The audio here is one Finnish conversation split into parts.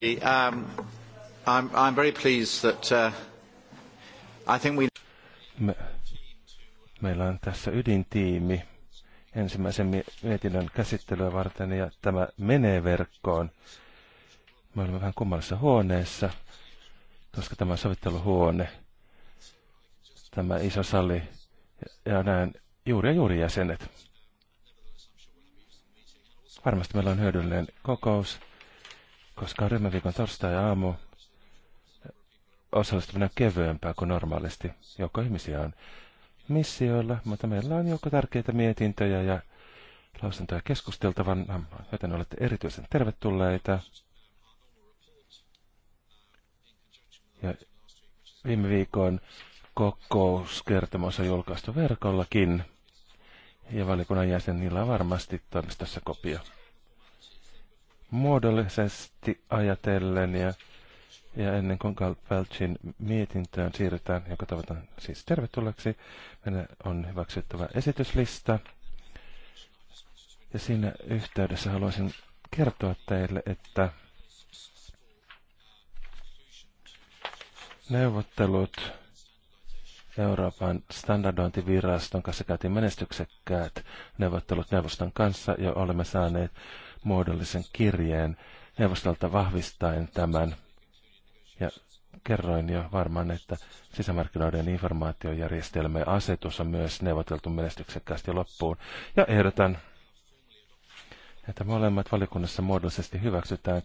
Um, very pleased that uh, I think we... Me, meillä on tässä ydintiimi ensimmäisen mietinnön käsittelyä varten ja tämä menee verkkoon. Me olemme vähän kummallisessa huoneessa, koska tämä on sovitteluhuone. Tämä iso sali ja näin juuri ja juuri jäsenet. Varmasti meillä on hyödyllinen kokous koska on ryhmäviikon torstai-aamu, osallistuminen on kevyempää kuin normaalisti. Joko ihmisiä on missioilla, mutta meillä on joko tärkeitä mietintöjä ja lausuntoja keskusteltavan, joten olette erityisen tervetulleita. Ja viime viikon kokouskertomus on julkaistu verkollakin, ja valikunnan jäsenillä on varmasti toimistossa kopio muodollisesti ajatellen ja, ja ennen kuin Gal mietintöön siirrytään, joka toivotan siis tervetulleeksi, meillä on hyväksyttävä esityslista. Ja siinä yhteydessä haluaisin kertoa teille, että neuvottelut Euroopan standardointiviraston kanssa käytiin menestyksekkäät neuvottelut neuvoston kanssa ja olemme saaneet muodollisen kirjeen neuvostolta vahvistaen tämän. Ja kerroin jo varmaan, että sisämarkkinoiden informaatiojärjestelmä asetus on myös neuvoteltu menestyksekkäästi loppuun. Ja ehdotan, että molemmat valiokunnassa muodollisesti hyväksytään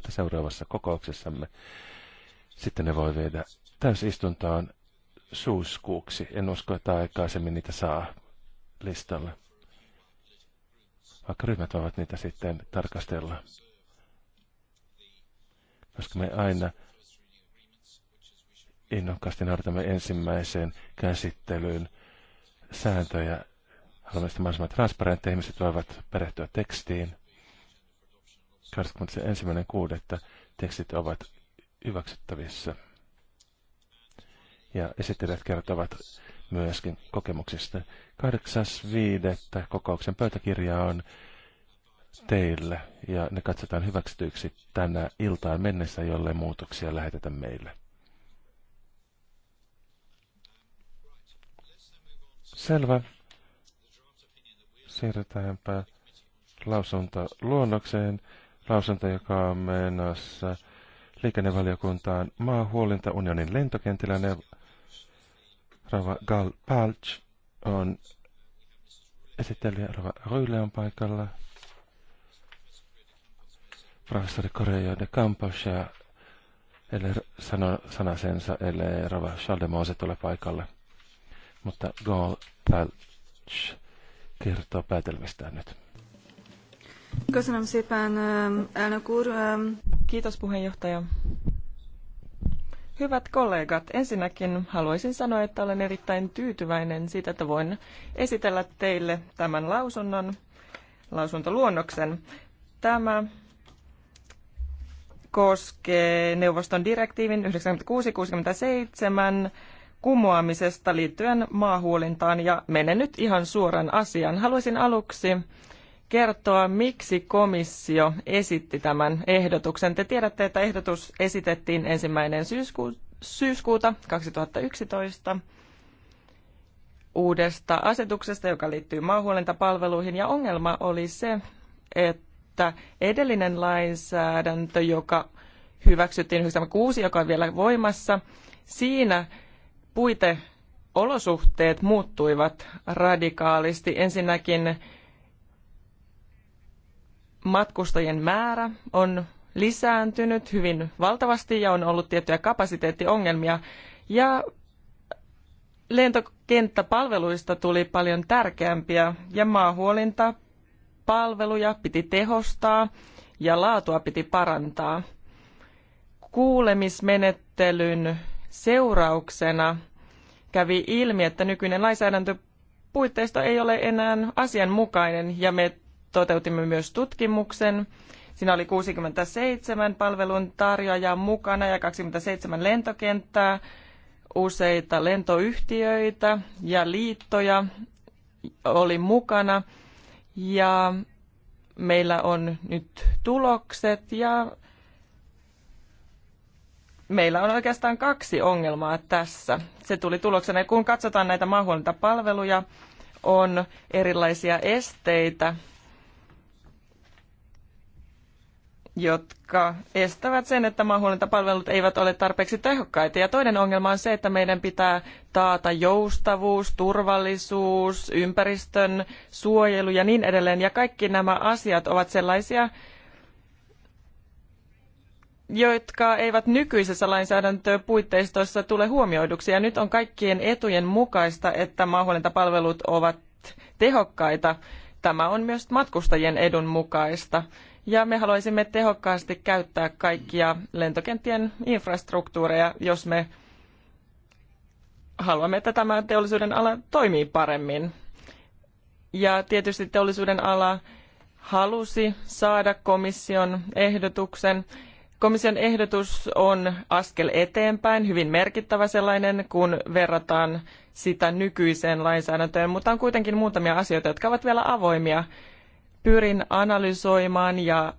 21.6. seuraavassa kokouksessamme. Sitten ne voi viedä täysistuntoon syyskuuksi. En usko, että aikaisemmin niitä saa listalle vaikka ryhmät voivat niitä sitten tarkastella. Koska me aina innokkaasti noudatamme ensimmäiseen käsittelyyn sääntöjä. Haluamme sitten mahdollisimman transparentteja. Ihmiset voivat perehtyä tekstiin. 21.6. tekstit ovat hyväksyttävissä. Ja esittelijät kertovat myöskin kokemuksista. 8.5. kokouksen pöytäkirja on teille ja ne katsotaan hyväksytyksi tänä iltaan mennessä, jolle muutoksia lähetetä meille. Selvä. Siirrytäänpä lausunto luonnokseen. Lausunto, joka on menossa liikennevaliokuntaan maahuolinta unionin lentokentillä. Ne Rava Gal Palch on esittelijä, Rava Ruile on paikalla. Professori Correio de Campos ja ellei sano sanasensa, ellei Rava Chaldemose tule paikalle. Mutta Gal Palch kertoo päätelmistään nyt. Köszönöm szépen, elnök úr. Kiitos puheenjohtaja. Hyvät kollegat, ensinnäkin haluaisin sanoa, että olen erittäin tyytyväinen siitä, että voin esitellä teille tämän lausunnon, lausuntoluonnoksen. Tämä koskee neuvoston direktiivin 96-67 kumoamisesta liittyen maahuolintaan ja menen nyt ihan suoran asian. Haluaisin aluksi kertoa, miksi komissio esitti tämän ehdotuksen. Te tiedätte, että ehdotus esitettiin ensimmäinen syysku- syyskuuta 2011 uudesta asetuksesta, joka liittyy maahuolentapalveluihin. Ja ongelma oli se, että edellinen lainsäädäntö, joka hyväksyttiin 96, joka on vielä voimassa, siinä puiteolosuhteet muuttuivat radikaalisti. Ensinnäkin matkustajien määrä on lisääntynyt hyvin valtavasti ja on ollut tiettyjä kapasiteettiongelmia. Ja lentokenttäpalveluista tuli paljon tärkeämpiä ja maahuolintapalveluja palveluja piti tehostaa ja laatua piti parantaa. Kuulemismenettelyn seurauksena kävi ilmi, että nykyinen puitteisto ei ole enää asianmukainen ja me toteutimme myös tutkimuksen. Siinä oli 67 palvelun tarjoajaa mukana ja 27 lentokenttää, useita lentoyhtiöitä ja liittoja oli mukana. Ja meillä on nyt tulokset ja meillä on oikeastaan kaksi ongelmaa tässä. Se tuli tuloksena, kun katsotaan näitä maahuolintapalveluja, on erilaisia esteitä jotka estävät sen, että maahuolintapalvelut eivät ole tarpeeksi tehokkaita. Ja toinen ongelma on se, että meidän pitää taata joustavuus, turvallisuus, ympäristön suojelu ja niin edelleen. Ja kaikki nämä asiat ovat sellaisia, jotka eivät nykyisessä lainsäädäntöpuitteistossa tule huomioiduksi. Ja nyt on kaikkien etujen mukaista, että maahuolintapalvelut ovat tehokkaita Tämä on myös matkustajien edun mukaista ja me haluaisimme tehokkaasti käyttää kaikkia lentokenttien infrastruktuureja, jos me haluamme, että tämä teollisuuden ala toimii paremmin. Ja tietysti teollisuuden ala halusi saada komission ehdotuksen Komission ehdotus on askel eteenpäin, hyvin merkittävä sellainen, kun verrataan sitä nykyiseen lainsäädäntöön, mutta on kuitenkin muutamia asioita, jotka ovat vielä avoimia. Pyrin analysoimaan ja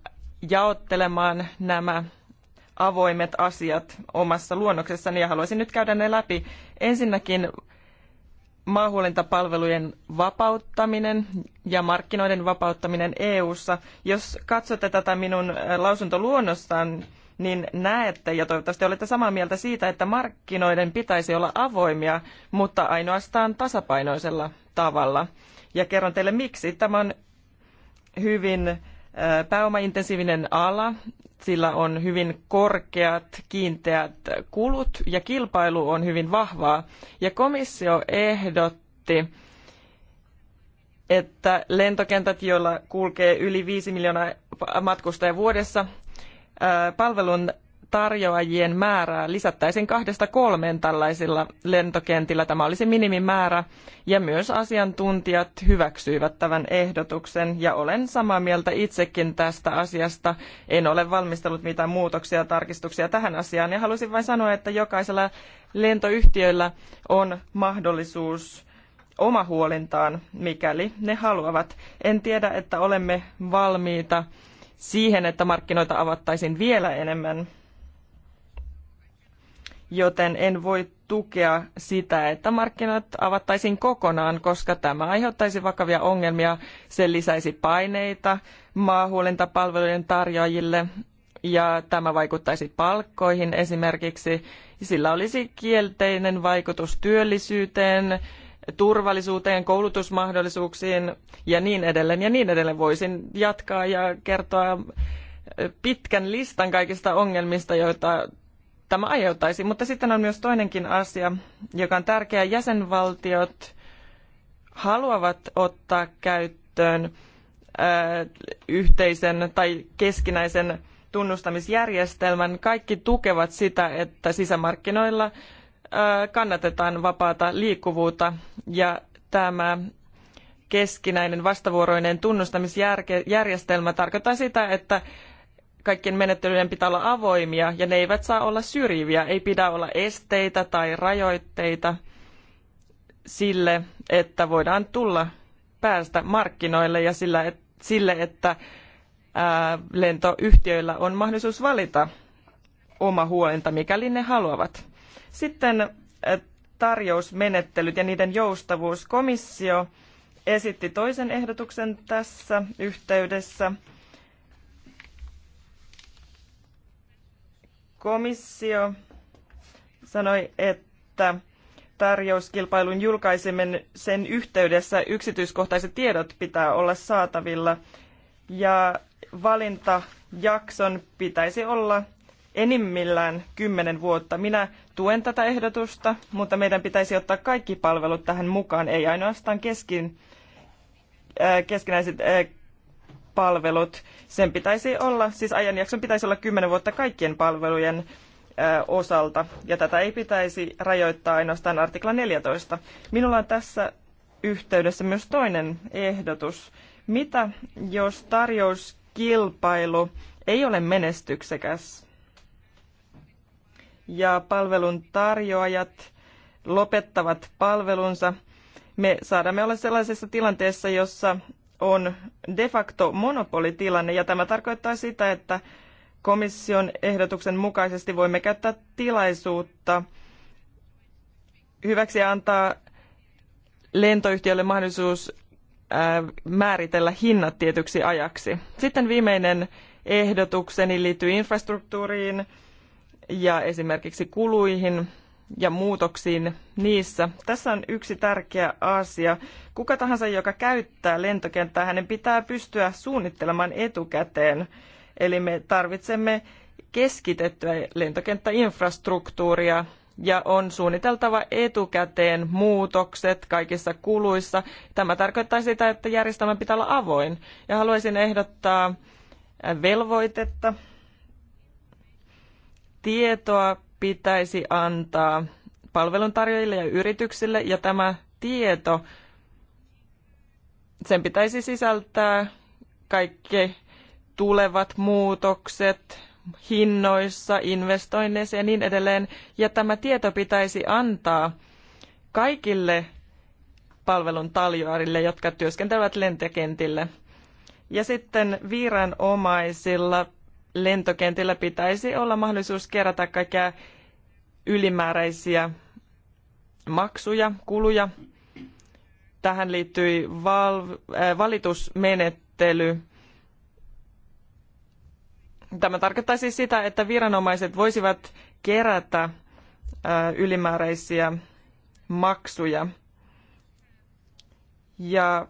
jaottelemaan nämä avoimet asiat omassa luonnoksessani ja haluaisin nyt käydä ne läpi. Ensinnäkin maahuolentapalvelujen vapauttaminen ja markkinoiden vapauttaminen EU:ssa. Jos katsotte tätä minun äh, lausuntoluonnostaan, niin näette ja toivottavasti olette samaa mieltä siitä, että markkinoiden pitäisi olla avoimia, mutta ainoastaan tasapainoisella tavalla. Ja kerron teille miksi. Tämä on hyvin pääomaintensiivinen ala, sillä on hyvin korkeat kiinteät kulut ja kilpailu on hyvin vahvaa. Ja komissio ehdotti, että lentokentät, joilla kulkee yli viisi miljoonaa matkustajaa vuodessa, palvelun tarjoajien määrää lisättäisiin kahdesta kolmeen tällaisilla lentokentillä. Tämä olisi minimimäärä ja myös asiantuntijat hyväksyivät tämän ehdotuksen ja olen samaa mieltä itsekin tästä asiasta. En ole valmistellut mitään muutoksia ja tarkistuksia tähän asiaan ja haluaisin vain sanoa, että jokaisella lentoyhtiöllä on mahdollisuus oma huolintaan, mikäli ne haluavat. En tiedä, että olemme valmiita siihen, että markkinoita avattaisiin vielä enemmän joten en voi tukea sitä, että markkinat avattaisiin kokonaan, koska tämä aiheuttaisi vakavia ongelmia. Se lisäisi paineita maahuolintapalvelujen tarjoajille ja tämä vaikuttaisi palkkoihin esimerkiksi. Sillä olisi kielteinen vaikutus työllisyyteen, turvallisuuteen, koulutusmahdollisuuksiin ja niin edelleen ja niin edelleen. Voisin jatkaa ja kertoa pitkän listan kaikista ongelmista, joita tämä aiheuttaisi. Mutta sitten on myös toinenkin asia, joka on tärkeä. Jäsenvaltiot haluavat ottaa käyttöön äh, yhteisen tai keskinäisen tunnustamisjärjestelmän. Kaikki tukevat sitä, että sisämarkkinoilla äh, kannatetaan vapaata liikkuvuutta ja tämä keskinäinen vastavuoroinen tunnustamisjärjestelmä tarkoittaa sitä, että kaikkien menettelyjen pitää olla avoimia ja ne eivät saa olla syrjiviä. Ei pidä olla esteitä tai rajoitteita sille, että voidaan tulla päästä markkinoille ja sillä, sille, että ää, lentoyhtiöillä on mahdollisuus valita oma huolenta, mikäli ne haluavat. Sitten tarjousmenettelyt ja niiden joustavuus. Komissio esitti toisen ehdotuksen tässä yhteydessä Komissio sanoi, että tarjouskilpailun julkaiseminen sen yhteydessä yksityiskohtaiset tiedot pitää olla saatavilla ja valintajakson pitäisi olla enimmillään kymmenen vuotta. Minä tuen tätä ehdotusta, mutta meidän pitäisi ottaa kaikki palvelut tähän mukaan, ei ainoastaan keskin, äh, keskinäiset äh, palvelut. Sen pitäisi olla, siis ajanjakson pitäisi olla kymmenen vuotta kaikkien palvelujen osalta, ja tätä ei pitäisi rajoittaa ainoastaan artikla 14. Minulla on tässä yhteydessä myös toinen ehdotus. Mitä jos tarjouskilpailu ei ole menestyksekäs ja palvelun tarjoajat lopettavat palvelunsa? Me saadamme olla sellaisessa tilanteessa, jossa on de facto monopolitilanne ja tämä tarkoittaa sitä, että komission ehdotuksen mukaisesti voimme käyttää tilaisuutta hyväksi ja antaa lentoyhtiölle mahdollisuus äh, määritellä hinnat tietyksi ajaksi. Sitten viimeinen ehdotukseni liittyy infrastruktuuriin ja esimerkiksi kuluihin ja muutoksiin niissä. Tässä on yksi tärkeä asia. Kuka tahansa, joka käyttää lentokenttää, hänen pitää pystyä suunnittelemaan etukäteen. Eli me tarvitsemme keskitettyä lentokenttäinfrastruktuuria ja on suunniteltava etukäteen muutokset kaikissa kuluissa. Tämä tarkoittaa sitä, että järjestelmä pitää olla avoin. Ja haluaisin ehdottaa velvoitetta tietoa pitäisi antaa palveluntarjoajille ja yrityksille, ja tämä tieto, sen pitäisi sisältää kaikki tulevat muutokset hinnoissa, investoinneissa ja niin edelleen. Ja tämä tieto pitäisi antaa kaikille palvelun jotka työskentelevät lentokentille. Ja sitten viranomaisilla lentokentillä pitäisi olla mahdollisuus kerätä kaikkia ylimääräisiä maksuja, kuluja. Tähän liittyi äh, valitusmenettely. Tämä tarkoittaa siis sitä, että viranomaiset voisivat kerätä äh, ylimääräisiä maksuja. Ja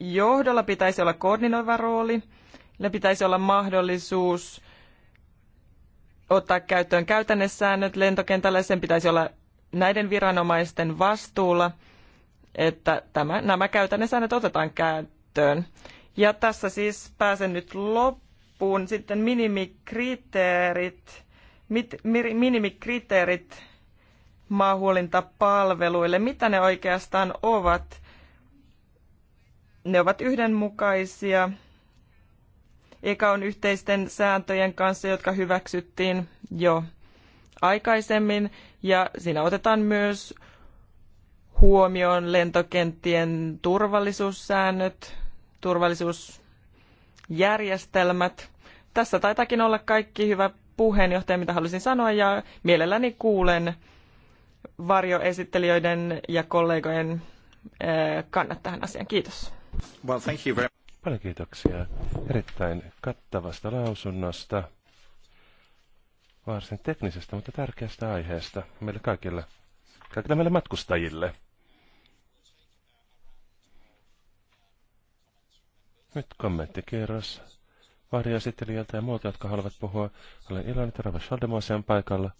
johdolla pitäisi olla koordinoiva rooli – pitäisi olla mahdollisuus ottaa käyttöön käytännessäännöt lentokentällä. Sen pitäisi olla näiden viranomaisten vastuulla, että tämä, nämä käytännössäännöt otetaan käyttöön. Ja tässä siis pääsen nyt loppuun. Sitten minimikriteerit, mit, mir, minimikriteerit maahuolintapalveluille. Mitä ne oikeastaan ovat? Ne ovat yhdenmukaisia on yhteisten sääntöjen kanssa, jotka hyväksyttiin jo aikaisemmin. Ja siinä otetaan myös huomioon lentokenttien turvallisuussäännöt, turvallisuusjärjestelmät. Tässä taitakin olla kaikki hyvä puheenjohtaja, mitä halusin sanoa, ja mielelläni kuulen varjoesittelijöiden ja kollegojen eh, kannat tähän asiaan. Kiitos. Well, Paljon kiitoksia erittäin kattavasta lausunnosta, varsin teknisestä, mutta tärkeästä aiheesta meille kaikille, kaikille meille matkustajille. Nyt kommenttikierros varjoesittelijöiltä ja muilta, jotka haluavat puhua. Olen iloinen, että Rava Schaldemose on paikalla.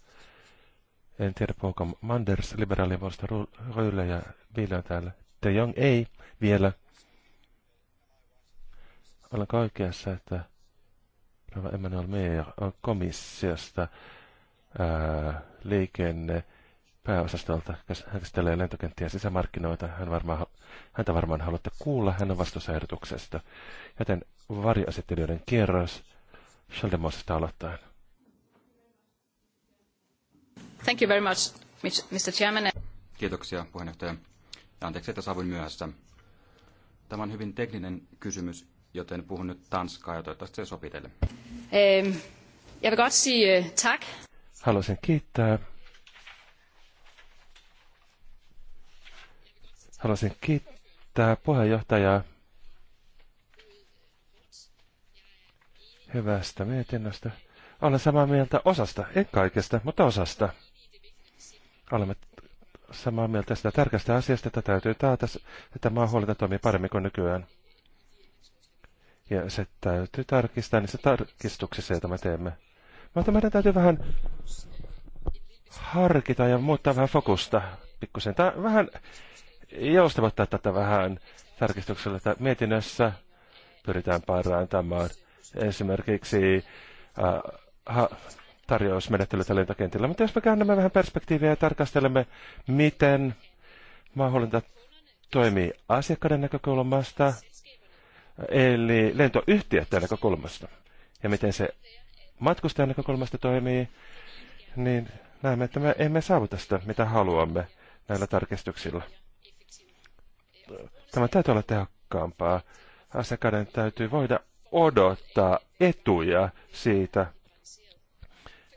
En tiedä, puhuuko Manders liberaalien puolesta Ryylle ja Viile on täällä. De Jong ei vielä olen oikeassa, että Rava Emmanuel Meijer on komissiosta ää, liikenne pääosastolta. Hän käsittelee lentokenttiä sisämarkkinoita. Hän varmaan, häntä varmaan haluatte kuulla. Hän on vastuussa ehdotuksesta. Joten varjoasettelijoiden kierros Sheldemosesta aloittaa. Thank you very much, Mr. Chairman. Kiitoksia puheenjohtaja. Ja anteeksi, että saavuin myöhässä. Tämä on hyvin tekninen kysymys joten puhun nyt tanskaa ja toivottavasti se sopii teille. Jeg vil godt sige øh, tak. Haluaisin kiittää. Haluaisin kiittää puheenjohtajaa hyvästä mietinnöstä. Olen samaa mieltä osasta, en kaikesta, mutta osasta. Olemme samaa mieltä sitä tärkeästä asiasta, että täytyy taata, että maa toimii paremmin kuin nykyään. Ja se täytyy tarkistaa niissä tarkistuksissa, joita me teemme. Mutta meidän täytyy vähän harkita ja muuttaa vähän fokusta pikkusen. Tämä vähän joustavattaa tätä vähän tarkistuksella, että mietinnössä pyritään parantamaan esimerkiksi äh, tarjousmenettelyt tarjousmenettelytä lentokentillä. Mutta jos me käännämme vähän perspektiiviä ja tarkastelemme, miten maahuolinta toimii asiakkaiden näkökulmasta, eli lentoyhtiöiden näkökulmasta. Ja miten se matkustajan näkökulmasta toimii, niin näemme, että me emme saavuta sitä, mitä haluamme näillä tarkistuksilla. Tämä täytyy olla tehokkaampaa. Asiakkaiden täytyy voida odottaa etuja siitä,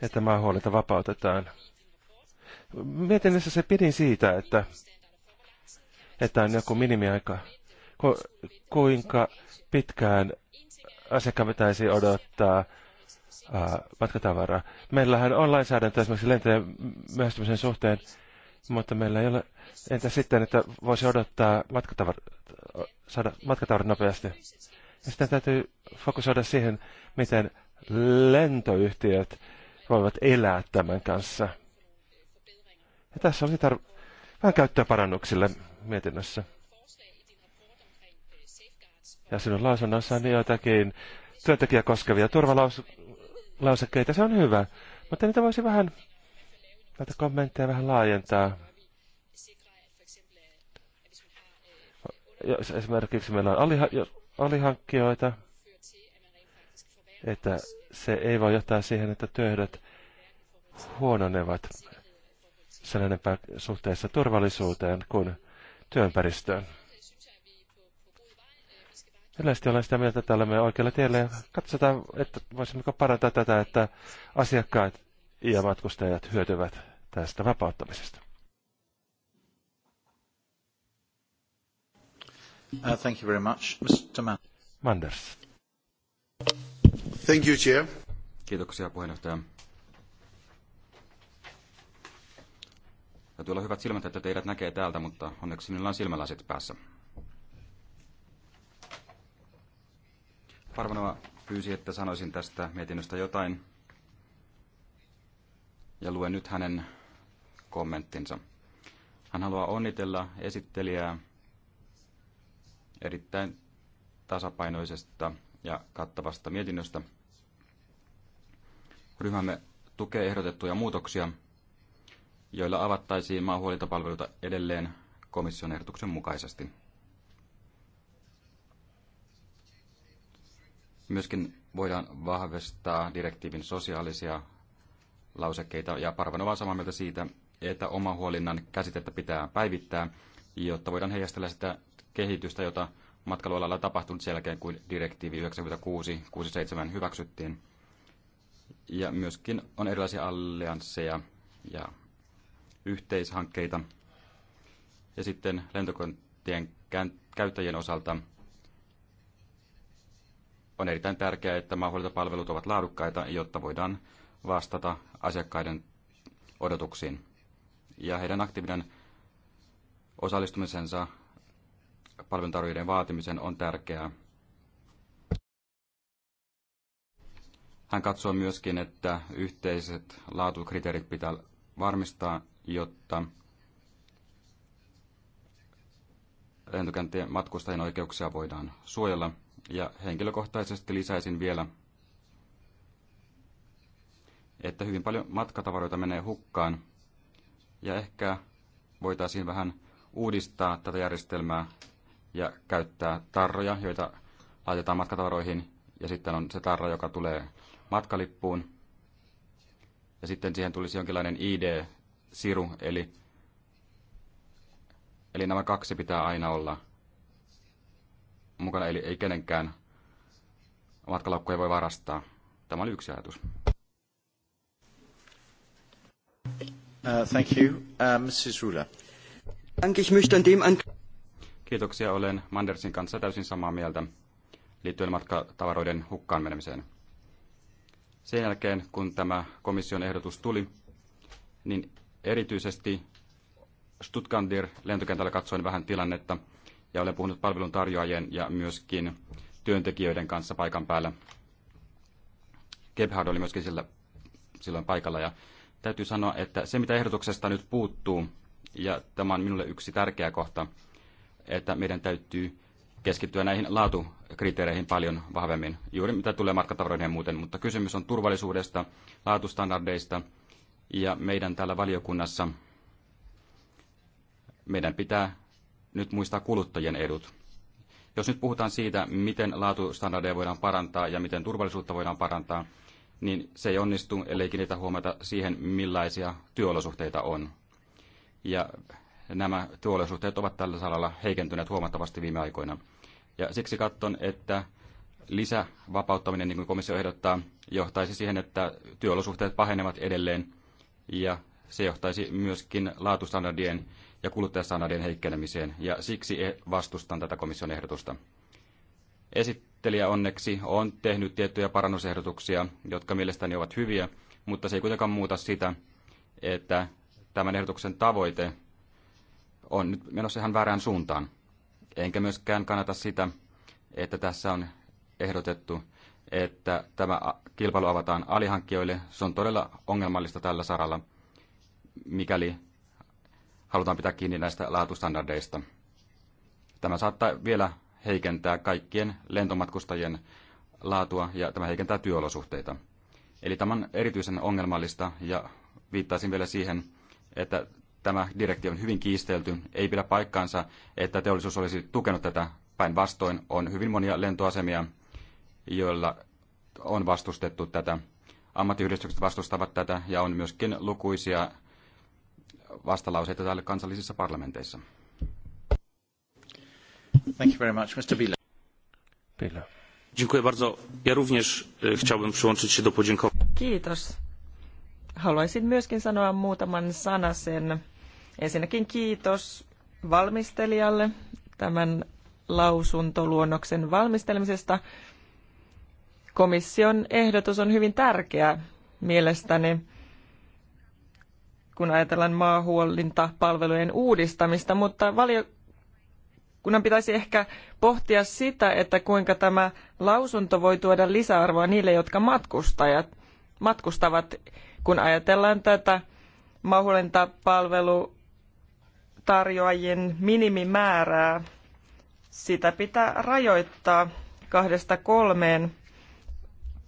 että maahuolta vapautetaan. Mietinnässä se pidin siitä, että, että on joku minimiaika. kuinka pitkään asiakkaan pitäisi odottaa ää, matkatavaraa. Meillähän on lainsäädäntö esimerkiksi lentojen myöhästymisen suhteen, mutta meillä ei ole, entä sitten, että voisi odottaa matkatavar, saada matkatavarat nopeasti. Ja sitten täytyy fokusoida siihen, miten lentoyhtiöt voivat elää tämän kanssa. Ja tässä olisi tar- vähän käyttöä parannuksille mietinnössä. Ja sinun lausunnossa on joitakin työntekijä koskevia turvalausekkeita. Se on hyvä. Mutta niitä voisi vähän, näitä kommentteja vähän laajentaa. Jos esimerkiksi meillä on alihankkijoita, että se ei voi johtaa siihen, että työhdöt huononevat sen enempää suhteessa turvallisuuteen kuin työympäristöön. Yleisesti olen sitä mieltä, että olemme oikealla tiellä ja katsotaan, että voisimmeko parantaa tätä, että asiakkaat ja matkustajat hyötyvät tästä vapauttamisesta. Uh, thank you very much. Mr. Man. Manders. Thank you, Chair. Kiitoksia puheenjohtaja. Täytyy olla hyvät silmät, että teidät näkee täältä, mutta onneksi minulla on silmälasit päässä. Parvanova pyysi, että sanoisin tästä mietinnöstä jotain. Ja luen nyt hänen kommenttinsa. Hän haluaa onnitella esittelijää erittäin tasapainoisesta ja kattavasta mietinnöstä. Ryhmämme tukee ehdotettuja muutoksia, joilla avattaisiin maahuolintapalveluita edelleen komission ehdotuksen mukaisesti. Myöskin voidaan vahvistaa direktiivin sosiaalisia lausekkeita, ja Parvan on samaa mieltä siitä, että oma huolinnan käsitettä pitää päivittää, jotta voidaan heijastella sitä kehitystä, jota matkailualalla tapahtunut sen jälkeen, kun direktiivi 96-67 hyväksyttiin. Ja myöskin on erilaisia alliansseja ja yhteishankkeita. Ja sitten lentokonttien käyttäjien osalta – on erittäin tärkeää, että maahuoltopalvelut ovat laadukkaita, jotta voidaan vastata asiakkaiden odotuksiin. Ja heidän aktiivinen osallistumisensa palveluntarvijoiden vaatimisen on tärkeää. Hän katsoo myöskin, että yhteiset laatukriteerit pitää varmistaa, jotta lentokenttien matkustajien oikeuksia voidaan suojella – ja henkilökohtaisesti lisäisin vielä, että hyvin paljon matkatavaroita menee hukkaan. Ja ehkä voitaisiin vähän uudistaa tätä järjestelmää ja käyttää tarroja, joita laitetaan matkatavaroihin. Ja sitten on se tarra, joka tulee matkalippuun. Ja sitten siihen tulisi jonkinlainen ID-siru, eli, eli nämä kaksi pitää aina olla mukana, eli ei kenenkään matkalaukkuja voi varastaa. Tämä oli yksi ajatus. Uh, thank you. Uh, Mrs. Rula. Kiitoksia, olen Mandersin kanssa täysin samaa mieltä liittyen matkatavaroiden hukkaan menemiseen. Sen jälkeen, kun tämä komission ehdotus tuli, niin erityisesti Stuttgandir lentokentällä katsoin vähän tilannetta, ja olen puhunut palveluntarjoajien ja myöskin työntekijöiden kanssa paikan päällä. Gebhard oli myöskin sillä, silloin paikalla ja täytyy sanoa, että se mitä ehdotuksesta nyt puuttuu, ja tämä on minulle yksi tärkeä kohta, että meidän täytyy keskittyä näihin laatukriteereihin paljon vahvemmin, juuri mitä tulee matkatavaroiden ja muuten, mutta kysymys on turvallisuudesta, laatustandardeista, ja meidän täällä valiokunnassa meidän pitää nyt muistaa kuluttajien edut. Jos nyt puhutaan siitä, miten laatustandardeja voidaan parantaa ja miten turvallisuutta voidaan parantaa, niin se ei onnistu, ellei kiinnitä huomata siihen, millaisia työolosuhteita on. Ja nämä työolosuhteet ovat tällä salalla heikentyneet huomattavasti viime aikoina. Ja siksi katson, että lisävapauttaminen, niin kuin komissio ehdottaa, johtaisi siihen, että työolosuhteet pahenevat edelleen ja se johtaisi myöskin laatustandardien ja kuluttajastandardien heikkenemiseen, ja siksi e- vastustan tätä komission ehdotusta. Esittelijä onneksi on tehnyt tiettyjä parannusehdotuksia, jotka mielestäni ovat hyviä, mutta se ei kuitenkaan muuta sitä, että tämän ehdotuksen tavoite on nyt menossa ihan väärään suuntaan. Enkä myöskään kannata sitä, että tässä on ehdotettu, että tämä kilpailu avataan alihankkijoille. Se on todella ongelmallista tällä saralla, mikäli halutaan pitää kiinni näistä laatustandardeista. Tämä saattaa vielä heikentää kaikkien lentomatkustajien laatua ja tämä heikentää työolosuhteita. Eli tämä on erityisen ongelmallista ja viittaisin vielä siihen, että tämä direktiivi on hyvin kiistelty. Ei pidä paikkaansa, että teollisuus olisi tukenut tätä päinvastoin. On hyvin monia lentoasemia, joilla on vastustettu tätä. Ammattiyhdistykset vastustavat tätä ja on myöskin lukuisia vastalauseita täällä kansallisissa parlamenteissa. Thank you very much. Mr. Bile. Bile. Dziękuję bardzo. Ja również e, chciałbym przyłączyć się do podziękowań. Kiitos. Haluaisin myöskin sanoa muutaman sanasen. Ensinnäkin kiitos valmistelijalle tämän lausuntoluonnoksen valmistelemisesta. Komission ehdotus on hyvin tärkeä mielestäni kun ajatellaan maahuollintapalvelujen uudistamista, mutta valiokunnan pitäisi ehkä pohtia sitä, että kuinka tämä lausunto voi tuoda lisäarvoa niille, jotka matkustajat, matkustavat, kun ajatellaan tätä maahuollintapalvelutarjoajien minimimäärää. Sitä pitää rajoittaa kahdesta kolmeen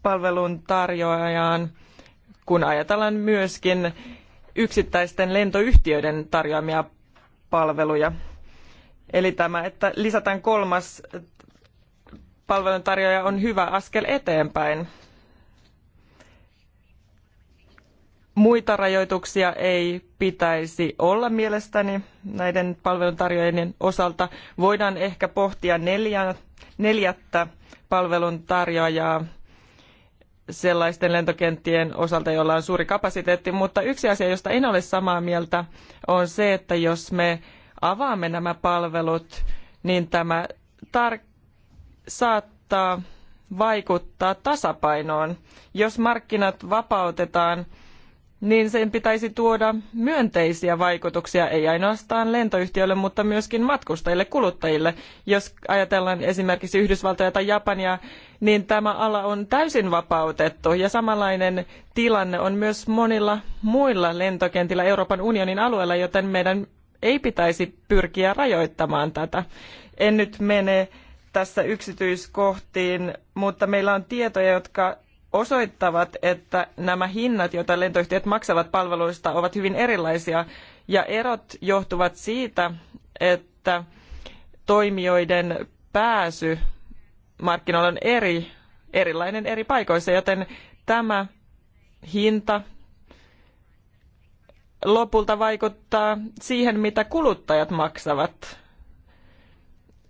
palvelun tarjoajaan, kun ajatellaan myöskin yksittäisten lentoyhtiöiden tarjoamia palveluja. Eli tämä, että lisätään kolmas palveluntarjoaja on hyvä askel eteenpäin. Muita rajoituksia ei pitäisi olla mielestäni näiden palveluntarjoajien osalta. Voidaan ehkä pohtia neljä, neljättä palveluntarjoajaa sellaisten lentokenttien osalta, joilla on suuri kapasiteetti, mutta yksi asia, josta en ole samaa mieltä, on se, että jos me avaamme nämä palvelut, niin tämä saattaa vaikuttaa tasapainoon. Jos markkinat vapautetaan, niin sen pitäisi tuoda myönteisiä vaikutuksia ei ainoastaan lentoyhtiöille, mutta myöskin matkustajille, kuluttajille. Jos ajatellaan esimerkiksi Yhdysvaltoja tai Japania, niin tämä ala on täysin vapautettu ja samanlainen tilanne on myös monilla muilla lentokentillä Euroopan unionin alueella, joten meidän ei pitäisi pyrkiä rajoittamaan tätä. En nyt mene tässä yksityiskohtiin, mutta meillä on tietoja, jotka osoittavat, että nämä hinnat, joita lentoyhtiöt maksavat palveluista, ovat hyvin erilaisia. Ja erot johtuvat siitä, että toimijoiden pääsy markkinoille on eri, erilainen eri paikoissa, joten tämä hinta lopulta vaikuttaa siihen, mitä kuluttajat maksavat.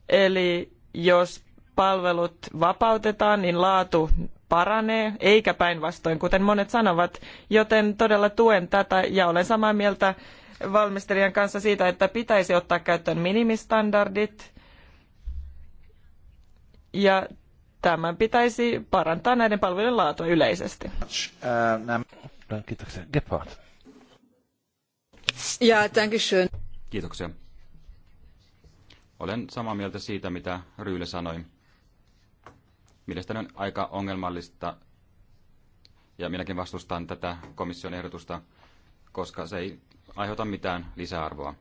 Eli jos palvelut vapautetaan, niin laatu paranee, eikä päinvastoin, kuten monet sanovat, joten todella tuen tätä ja olen samaa mieltä valmistelijan kanssa siitä, että pitäisi ottaa käyttöön minimistandardit ja tämän pitäisi parantaa näiden palvelujen laatua yleisesti. Kiitoksia. Gebhardt. Ja, Kiitoksia. Olen samaa mieltä siitä, mitä Ryyle sanoi. Mielestäni on aika ongelmallista, ja minäkin vastustan tätä komission ehdotusta, koska se ei aiheuta mitään lisäarvoa.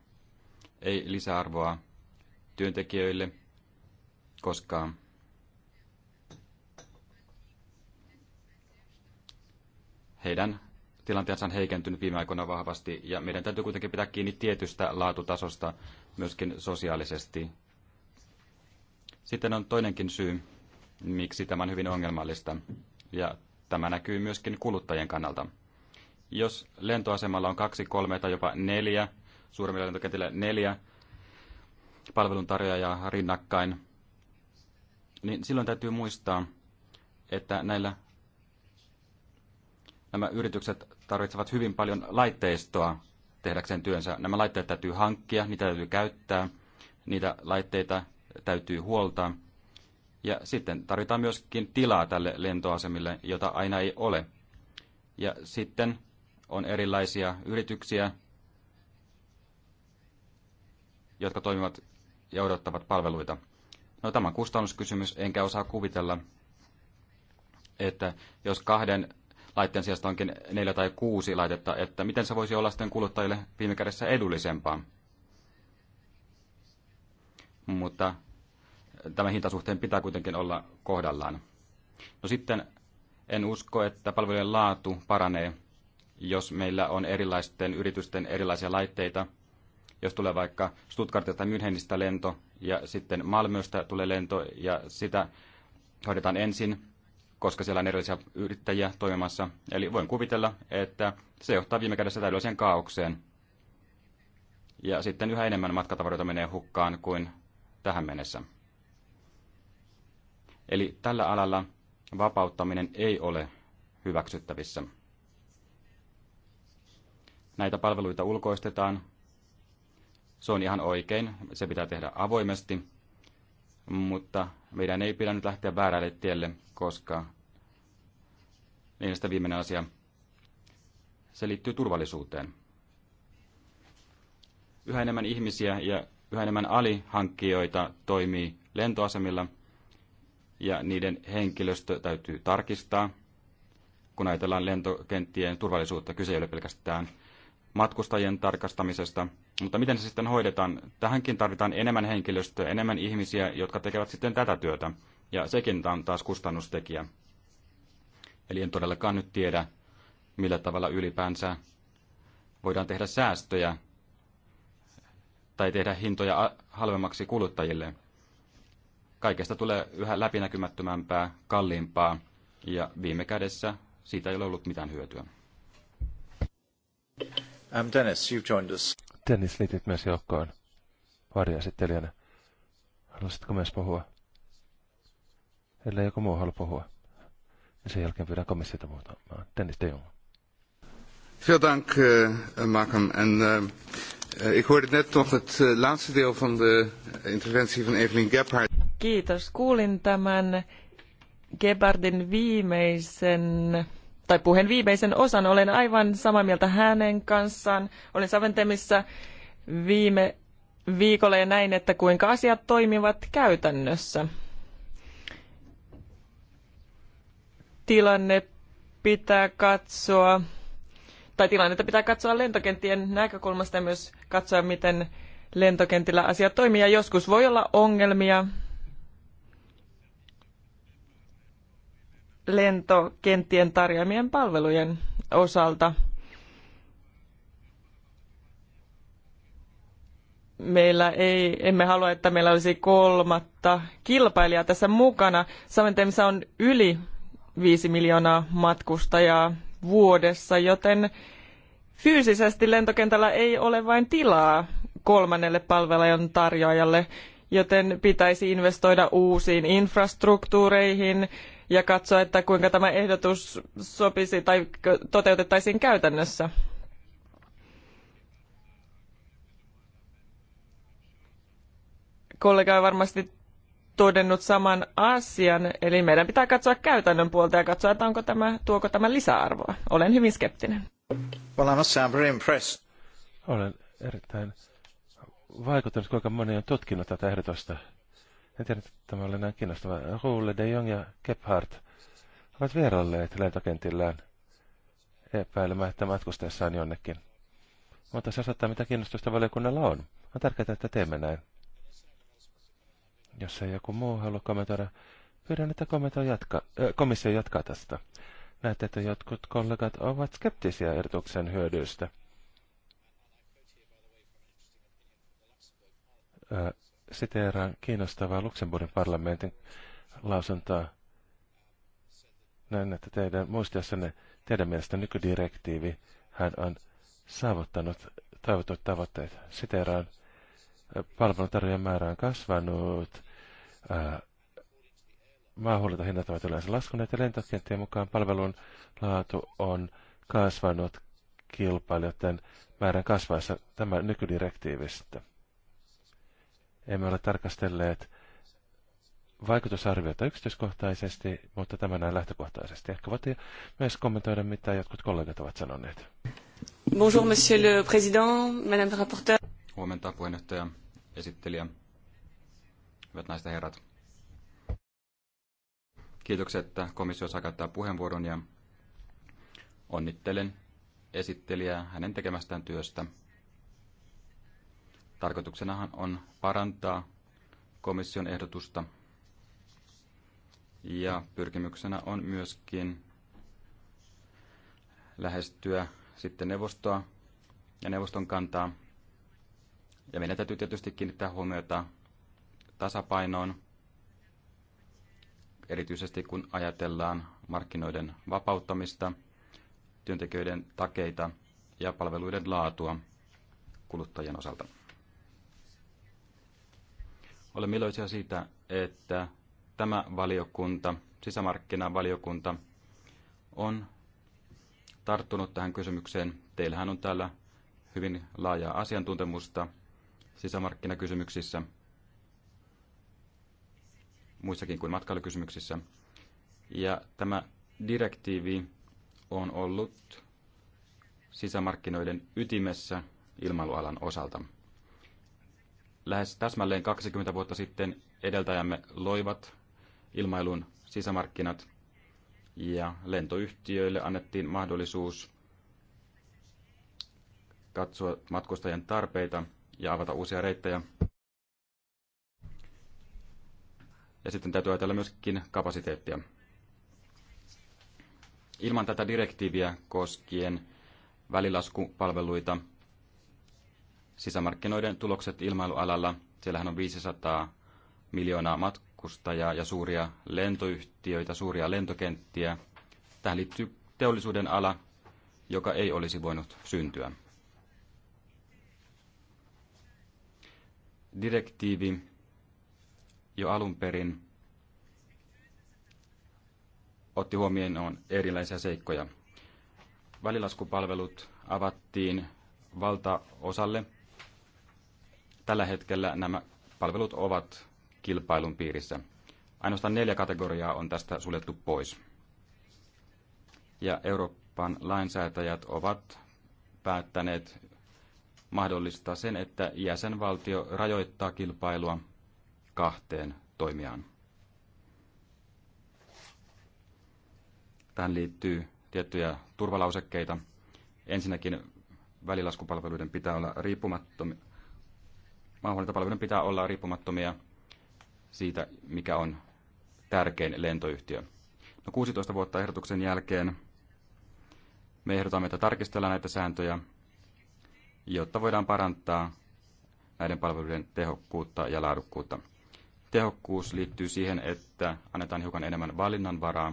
Ei lisäarvoa työntekijöille, koska heidän tilanteensa on heikentynyt viime aikoina vahvasti, ja meidän täytyy kuitenkin pitää kiinni tietystä laatutasosta myöskin sosiaalisesti. Sitten on toinenkin syy, miksi tämä on hyvin ongelmallista. Ja tämä näkyy myöskin kuluttajien kannalta. Jos lentoasemalla on kaksi, kolme tai jopa neljä, suurimmilla lentokentillä neljä palveluntarjoajaa rinnakkain, niin silloin täytyy muistaa, että näillä nämä yritykset tarvitsevat hyvin paljon laitteistoa tehdäkseen työnsä. Nämä laitteet täytyy hankkia, niitä täytyy käyttää, niitä laitteita täytyy huoltaa – ja sitten tarvitaan myöskin tilaa tälle lentoasemille, jota aina ei ole. Ja sitten on erilaisia yrityksiä, jotka toimivat ja odottavat palveluita. No tämä on kustannuskysymys, enkä osaa kuvitella, että jos kahden laitteen sijasta onkin neljä tai kuusi laitetta, että miten se voisi olla sitten kuluttajille viime kädessä edullisempaa. Mutta tämän hintasuhteen pitää kuitenkin olla kohdallaan. No sitten en usko, että palvelujen laatu paranee, jos meillä on erilaisten yritysten erilaisia laitteita. Jos tulee vaikka Stuttgartista tai Münchenistä lento ja sitten Malmöstä tulee lento ja sitä hoidetaan ensin, koska siellä on erilaisia yrittäjiä toimimassa. Eli voin kuvitella, että se johtaa viime kädessä täydelliseen kaaukseen. Ja sitten yhä enemmän matkatavaroita menee hukkaan kuin tähän mennessä. Eli tällä alalla vapauttaminen ei ole hyväksyttävissä. Näitä palveluita ulkoistetaan. Se on ihan oikein. Se pitää tehdä avoimesti. Mutta meidän ei pidä nyt lähteä väärälle tielle, koska niistä viimeinen asia, se liittyy turvallisuuteen. Yhä enemmän ihmisiä ja yhä enemmän alihankkijoita toimii lentoasemilla – ja niiden henkilöstö täytyy tarkistaa. Kun ajatellaan lentokenttien turvallisuutta, kyse ei ole pelkästään matkustajien tarkastamisesta, mutta miten se sitten hoidetaan? Tähänkin tarvitaan enemmän henkilöstöä, enemmän ihmisiä, jotka tekevät sitten tätä työtä, ja sekin on taas kustannustekijä. Eli en todellakaan nyt tiedä, millä tavalla ylipäänsä voidaan tehdä säästöjä tai tehdä hintoja halvemmaksi kuluttajille – kaikesta tulee yhä läpinäkymättömämpää, kalliimpaa ja viime kädessä siitä ei ole ollut mitään hyötyä. I'm um, Dennis, you've joined us. Dennis, liityt myös joukkoon varjaesittelijänä. Haluaisitko myös puhua? Ellei joku muu halua puhua. Ja niin sen jälkeen pyydän komissiota muutamaan. Dennis de Jong. Veel dank, uh, Malcolm. En uh, ik hoorde net nog het uh, laatste deel van de interventie van Evelyn Gebhardt. Kiitos. Kuulin tämän Gebardin viimeisen tai puheen viimeisen osan. Olen aivan samaa mieltä hänen kanssaan. Olin Saventemissä viime viikolla ja näin, että kuinka asiat toimivat käytännössä. Tilanne pitää katsoa, tai tilannetta pitää katsoa lentokenttien näkökulmasta ja myös katsoa, miten lentokentillä asiat toimii. Ja joskus voi olla ongelmia lentokenttien tarjoamien palvelujen osalta. Meillä ei, emme halua, että meillä olisi kolmatta kilpailijaa tässä mukana. Saventemissa on yli viisi miljoonaa matkustajaa vuodessa, joten fyysisesti lentokentällä ei ole vain tilaa kolmannelle palvelujen tarjoajalle, joten pitäisi investoida uusiin infrastruktuureihin, ja katsoa, että kuinka tämä ehdotus sopisi tai toteutettaisiin käytännössä. Kollega on varmasti todennut saman asian, eli meidän pitää katsoa käytännön puolta ja katsoa, että onko tämä, tuoko tämä lisäarvoa. Olen hyvin skeptinen. Well, I'm also I'm very impressed. Olen erittäin vaikuttanut, kuinka moni on tutkinut tätä ehdotusta. En tiedä, että tämä oli näin kiinnostava. Ruule, De Jong ja Gebhardt ovat vierailleet lentokentillään epäilemättä matkustessaan jonnekin. Mutta se osoittaa, mitä kiinnostusta valiokunnalla on. On tärkeää, että teemme näin. Jos ei joku muu halua kommentoida, pyydän, että jatka, äh, komissio jatkaa tästä. Näette, että jotkut kollegat ovat skeptisiä erityksen hyödyistä. Äh, siteeraan kiinnostavaa Luxemburgin parlamentin lausuntoa. Näin, että teidän muistiossanne teidän mielestä nykydirektiivi hän on saavuttanut toivotut tavoitteet. Siteeraan, palveluntarjoajan määrä on kasvanut, hinnat ovat yleensä laskuneet ja lentokenttien mukaan palvelun laatu on kasvanut kilpailijoiden määrän kasvaessa tämä nykydirektiivistä. Emme ole tarkastelleet vaikutusarviota yksityiskohtaisesti, mutta tämä näin lähtökohtaisesti. Ehkä voitte myös kommentoida, mitä jotkut kollegat ovat sanoneet. Bonjour, monsieur le président, madame la rapporteur. Huomenta puheenjohtaja, esittelijä, hyvät naiset ja herrat. Kiitokset, että komissio saa käyttää puheenvuoron ja onnittelen esittelijää hänen tekemästään työstä Tarkoituksenahan on parantaa komission ehdotusta ja pyrkimyksenä on myöskin lähestyä sitten neuvostoa ja neuvoston kantaa. Ja meidän täytyy tietysti kiinnittää huomiota tasapainoon, erityisesti kun ajatellaan markkinoiden vapauttamista, työntekijöiden takeita ja palveluiden laatua kuluttajien osalta. Olemme iloisia siitä, että tämä valiokunta, sisämarkkinavaliokunta, on tarttunut tähän kysymykseen. Teillähän on täällä hyvin laajaa asiantuntemusta sisämarkkinakysymyksissä, muissakin kuin matkailukysymyksissä. Ja tämä direktiivi on ollut sisämarkkinoiden ytimessä ilmailualan osalta. Lähes täsmälleen 20 vuotta sitten edeltäjämme loivat ilmailun sisämarkkinat ja lentoyhtiöille annettiin mahdollisuus katsoa matkustajien tarpeita ja avata uusia reittejä. Ja sitten täytyy ajatella myöskin kapasiteettia. Ilman tätä direktiiviä koskien välilaskupalveluita sisämarkkinoiden tulokset ilmailualalla. Siellähän on 500 miljoonaa matkustajaa ja suuria lentoyhtiöitä, suuria lentokenttiä. Tähän liittyy teollisuuden ala, joka ei olisi voinut syntyä. Direktiivi jo alun perin otti huomioon erilaisia seikkoja. Välilaskupalvelut avattiin valtaosalle Tällä hetkellä nämä palvelut ovat kilpailun piirissä. Ainoastaan neljä kategoriaa on tästä suljettu pois. Ja Euroopan lainsäätäjät ovat päättäneet mahdollistaa sen, että jäsenvaltio rajoittaa kilpailua kahteen toimijaan. Tähän liittyy tiettyjä turvalausekkeita. Ensinnäkin välilaskupalveluiden pitää olla maahanmuuttopalveluiden pitää olla riippumattomia siitä, mikä on tärkein lentoyhtiö. No 16 vuotta ehdotuksen jälkeen me ehdotamme, että tarkistellaan näitä sääntöjä, jotta voidaan parantaa näiden palveluiden tehokkuutta ja laadukkuutta. Tehokkuus liittyy siihen, että annetaan hiukan enemmän valinnanvaraa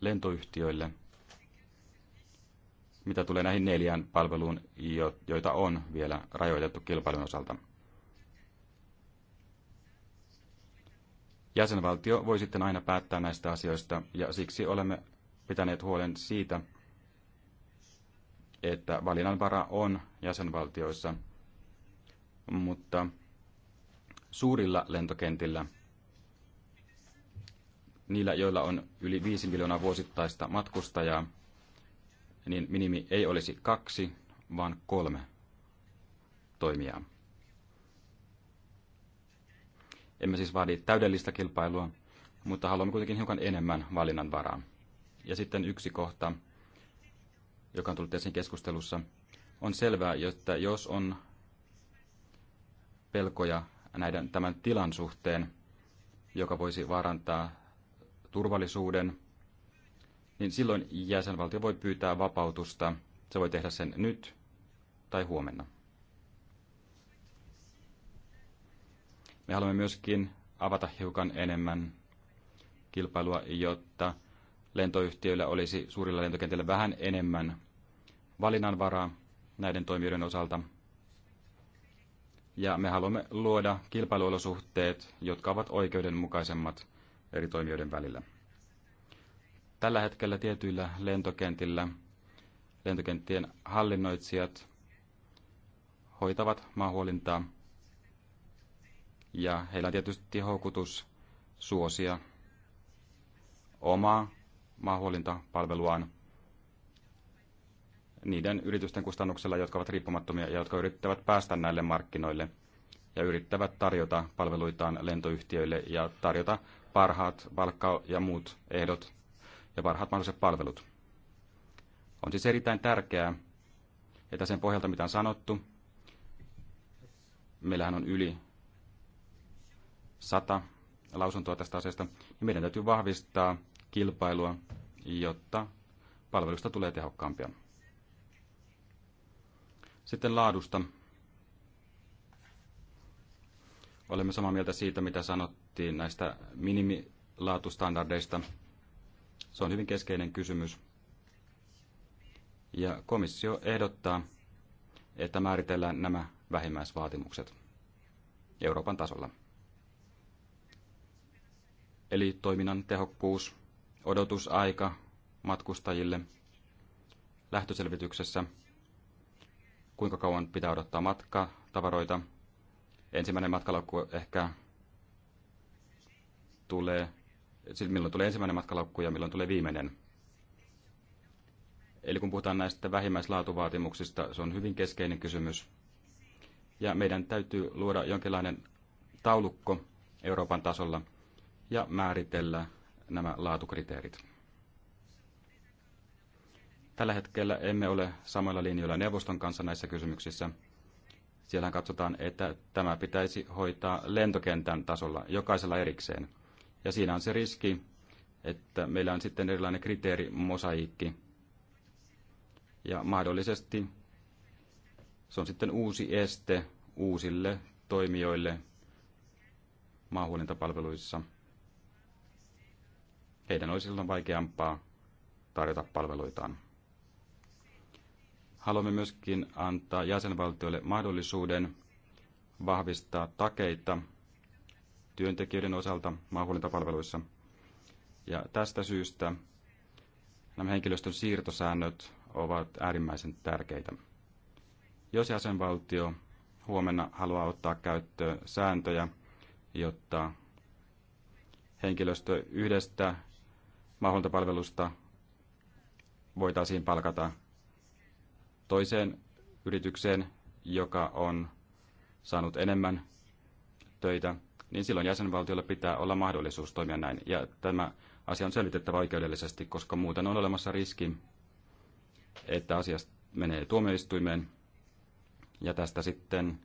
lentoyhtiöille, mitä tulee näihin neljään palveluun, joita on vielä rajoitettu kilpailun osalta. Jäsenvaltio voi sitten aina päättää näistä asioista ja siksi olemme pitäneet huolen siitä, että valinnanvara on jäsenvaltioissa, mutta suurilla lentokentillä, niillä joilla on yli 5 miljoonaa vuosittaista matkustajaa, niin minimi ei olisi kaksi, vaan kolme toimijaa. Emme siis vaadi täydellistä kilpailua, mutta haluamme kuitenkin hiukan enemmän varaa. Ja sitten yksi kohta, joka on tullut esiin keskustelussa, on selvää, että jos on pelkoja näiden, tämän tilan suhteen, joka voisi vaarantaa turvallisuuden, niin silloin jäsenvaltio voi pyytää vapautusta. Se voi tehdä sen nyt tai huomenna. Me haluamme myöskin avata hiukan enemmän kilpailua, jotta lentoyhtiöillä olisi suurilla lentokentillä vähän enemmän valinnanvaraa näiden toimijoiden osalta. Ja me haluamme luoda kilpailuolosuhteet, jotka ovat oikeudenmukaisemmat eri toimijoiden välillä. Tällä hetkellä tietyillä lentokentillä lentokenttien hallinnoitsijat hoitavat maahuolintaa ja heillä on tietysti houkutus suosia omaa maahuolintapalveluaan niiden yritysten kustannuksella, jotka ovat riippumattomia ja jotka yrittävät päästä näille markkinoille ja yrittävät tarjota palveluitaan lentoyhtiöille ja tarjota parhaat palkka- ja muut ehdot ja parhaat mahdolliset palvelut. On siis erittäin tärkeää, että sen pohjalta mitä on sanottu, meillähän on yli sata lausuntoa tästä asiasta, niin meidän täytyy vahvistaa kilpailua, jotta palvelusta tulee tehokkaampia. Sitten laadusta. Olemme samaa mieltä siitä, mitä sanottiin näistä minimilaatustandardeista. Se on hyvin keskeinen kysymys. Ja komissio ehdottaa, että määritellään nämä vähimmäisvaatimukset Euroopan tasolla eli toiminnan tehokkuus, odotusaika matkustajille lähtöselvityksessä, kuinka kauan pitää odottaa matkaa, tavaroita. Ensimmäinen matkalaukku ehkä tulee, siis milloin tulee ensimmäinen matkalaukku ja milloin tulee viimeinen. Eli kun puhutaan näistä vähimmäislaatuvaatimuksista, se on hyvin keskeinen kysymys. Ja meidän täytyy luoda jonkinlainen taulukko Euroopan tasolla – ja määritellä nämä laatukriteerit. Tällä hetkellä emme ole samoilla linjoilla neuvoston kanssa näissä kysymyksissä. Siellä katsotaan, että tämä pitäisi hoitaa lentokentän tasolla jokaisella erikseen. Ja siinä on se riski, että meillä on sitten erilainen kriteeri, mosaikki. Ja mahdollisesti se on sitten uusi este uusille toimijoille maahuolintapalveluissa – heidän olisi silloin vaikeampaa tarjota palveluitaan. Haluamme myöskin antaa jäsenvaltioille mahdollisuuden vahvistaa takeita työntekijöiden osalta maahuolintapalveluissa. Ja tästä syystä nämä henkilöstön siirtosäännöt ovat äärimmäisen tärkeitä. Jos jäsenvaltio huomenna haluaa ottaa käyttöön sääntöjä, jotta henkilöstö yhdestä maahanmuuttopalvelusta voitaisiin palkata toiseen yritykseen, joka on saanut enemmän töitä, niin silloin jäsenvaltiolla pitää olla mahdollisuus toimia näin. Ja tämä asia on selvitettävä oikeudellisesti, koska muuten on olemassa riski, että asia menee tuomioistuimeen ja tästä sitten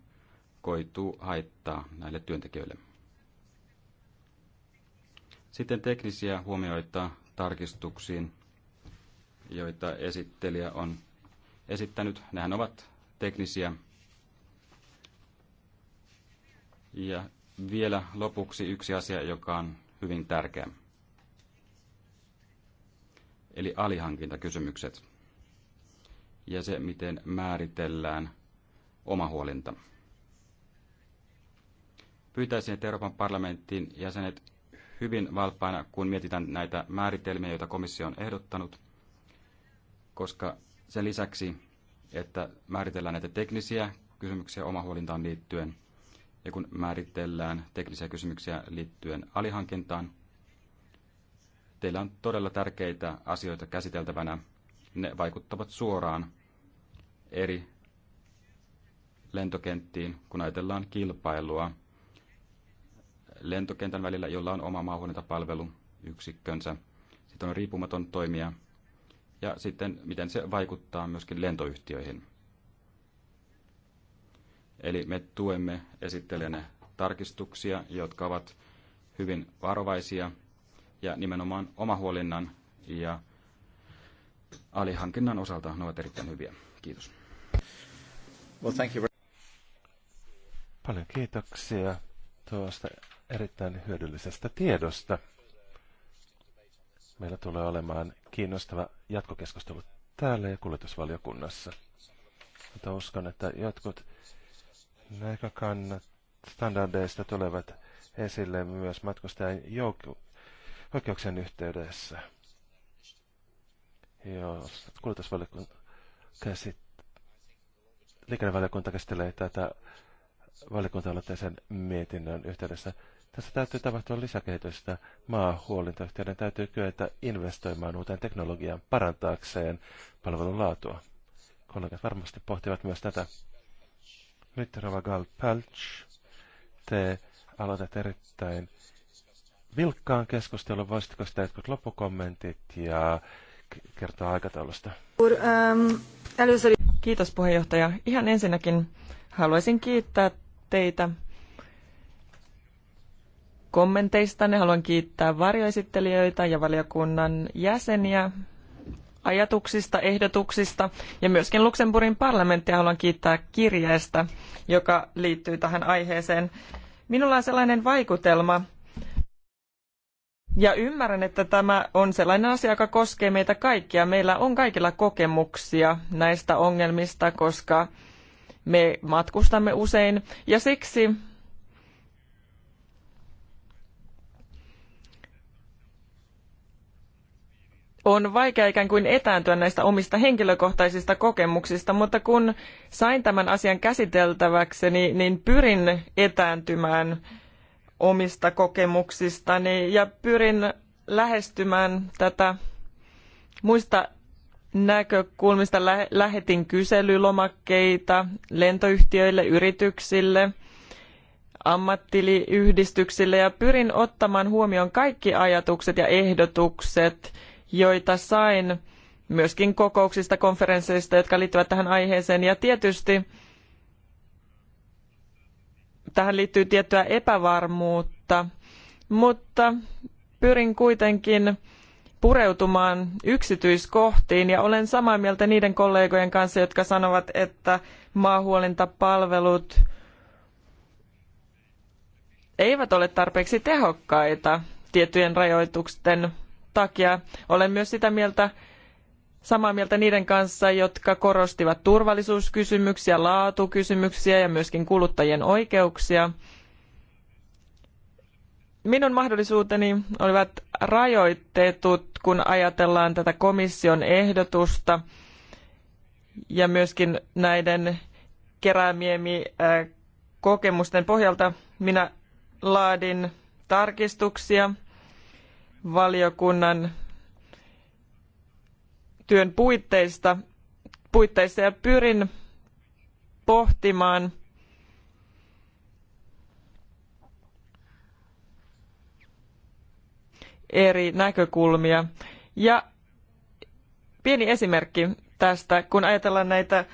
koituu haittaa näille työntekijöille. Sitten teknisiä huomioita tarkistuksiin, joita esittelijä on esittänyt. Nehän ovat teknisiä. Ja vielä lopuksi yksi asia, joka on hyvin tärkeä. Eli alihankintakysymykset ja se, miten määritellään oma huolinta. Pyytäisin, että Euroopan parlamentin jäsenet hyvin valppaina, kun mietitään näitä määritelmiä, joita komissio on ehdottanut, koska sen lisäksi, että määritellään näitä teknisiä kysymyksiä omahuolintaan liittyen, ja kun määritellään teknisiä kysymyksiä liittyen alihankintaan, teillä on todella tärkeitä asioita käsiteltävänä. Ne vaikuttavat suoraan eri lentokenttiin, kun ajatellaan kilpailua lentokentän välillä, jolla on oma yksikkönsä, Sitten on riippumaton toimija ja sitten miten se vaikuttaa myöskin lentoyhtiöihin. Eli me tuemme esittelijänä tarkistuksia, jotka ovat hyvin varovaisia ja nimenomaan omahuolinnan ja alihankinnan osalta ne ovat erittäin hyviä. Kiitos. Well, thank you. Paljon kiitoksia tuosta erittäin hyödyllisestä tiedosta. Meillä tulee olemaan kiinnostava jatkokeskustelu täällä ja kuljetusvaliokunnassa. Mutta uskon, että jotkut näkökannat standardeista tulevat esille myös matkustajan oikeuksien yhteydessä. Jos kuljetusvaliokunta käsit- liikennevaliokunta käsittelee tätä valiokunta-aloitteisen mietinnön yhteydessä, tässä täytyy tapahtua lisäkehitystä. Maahuolintayhtiöiden täytyy kyetä investoimaan uuteen teknologiaan parantaakseen palvelun laatua. Kollegat varmasti pohtivat myös tätä. Nyt Rova Gal Pelch te aloitat erittäin vilkkaan keskustelun. Voisitko sitä jotkut loppukommentit ja kertoa aikataulusta? Ähm, Kiitos puheenjohtaja. Ihan ensinnäkin haluaisin kiittää teitä Kommenteista ne Haluan kiittää varjoesittelijöitä ja valiokunnan jäseniä ajatuksista, ehdotuksista ja myöskin Luxemburgin parlamenttia haluan kiittää kirjeestä, joka liittyy tähän aiheeseen. Minulla on sellainen vaikutelma, ja ymmärrän, että tämä on sellainen asia, joka koskee meitä kaikkia. Meillä on kaikilla kokemuksia näistä ongelmista, koska me matkustamme usein. Ja siksi on vaikea ikään kuin etääntyä näistä omista henkilökohtaisista kokemuksista, mutta kun sain tämän asian käsiteltäväkseni, niin, niin pyrin etääntymään omista kokemuksistani ja pyrin lähestymään tätä muista näkökulmista. Lähetin kyselylomakkeita lentoyhtiöille, yrityksille, ammattiliyhdistyksille ja pyrin ottamaan huomioon kaikki ajatukset ja ehdotukset – joita sain myöskin kokouksista, konferensseista, jotka liittyvät tähän aiheeseen. Ja tietysti tähän liittyy tiettyä epävarmuutta, mutta pyrin kuitenkin pureutumaan yksityiskohtiin ja olen samaa mieltä niiden kollegojen kanssa, jotka sanovat, että maahuolintapalvelut eivät ole tarpeeksi tehokkaita tiettyjen rajoitusten takia olen myös sitä mieltä, samaa mieltä niiden kanssa, jotka korostivat turvallisuuskysymyksiä, laatukysymyksiä ja myöskin kuluttajien oikeuksia. Minun mahdollisuuteni olivat rajoitetut, kun ajatellaan tätä komission ehdotusta ja myöskin näiden keräämiemi äh, kokemusten pohjalta minä laadin tarkistuksia valiokunnan työn puitteissa ja pyrin pohtimaan eri näkökulmia. Ja pieni esimerkki tästä, kun ajatellaan näitä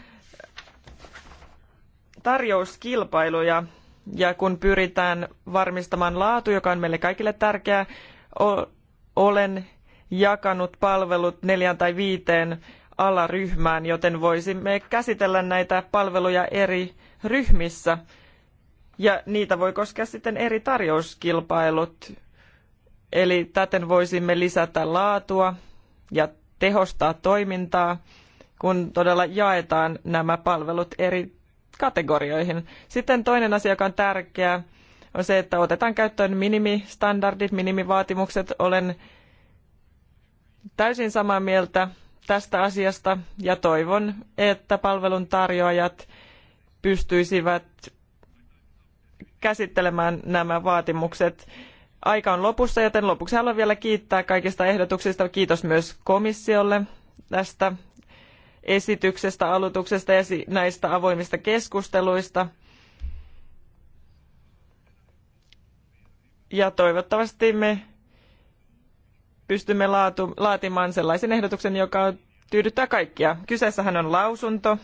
tarjouskilpailuja ja kun pyritään varmistamaan laatu, joka on meille kaikille tärkeää, olen jakanut palvelut neljään tai viiteen alaryhmään, joten voisimme käsitellä näitä palveluja eri ryhmissä. Ja niitä voi koskea sitten eri tarjouskilpailut. Eli täten voisimme lisätä laatua ja tehostaa toimintaa, kun todella jaetaan nämä palvelut eri kategorioihin. Sitten toinen asia, joka on tärkeä, on se, että otetaan käyttöön minimistandardit, minimivaatimukset. Olen täysin samaa mieltä tästä asiasta ja toivon, että palveluntarjoajat pystyisivät käsittelemään nämä vaatimukset. Aika on lopussa, joten lopuksi haluan vielä kiittää kaikista ehdotuksista. Kiitos myös komissiolle tästä esityksestä, aloituksesta ja näistä avoimista keskusteluista. Ja toivottavasti me pystymme laatu, laatimaan sellaisen ehdotuksen, joka tyydyttää kaikkia. Kyseessähän on lausunto,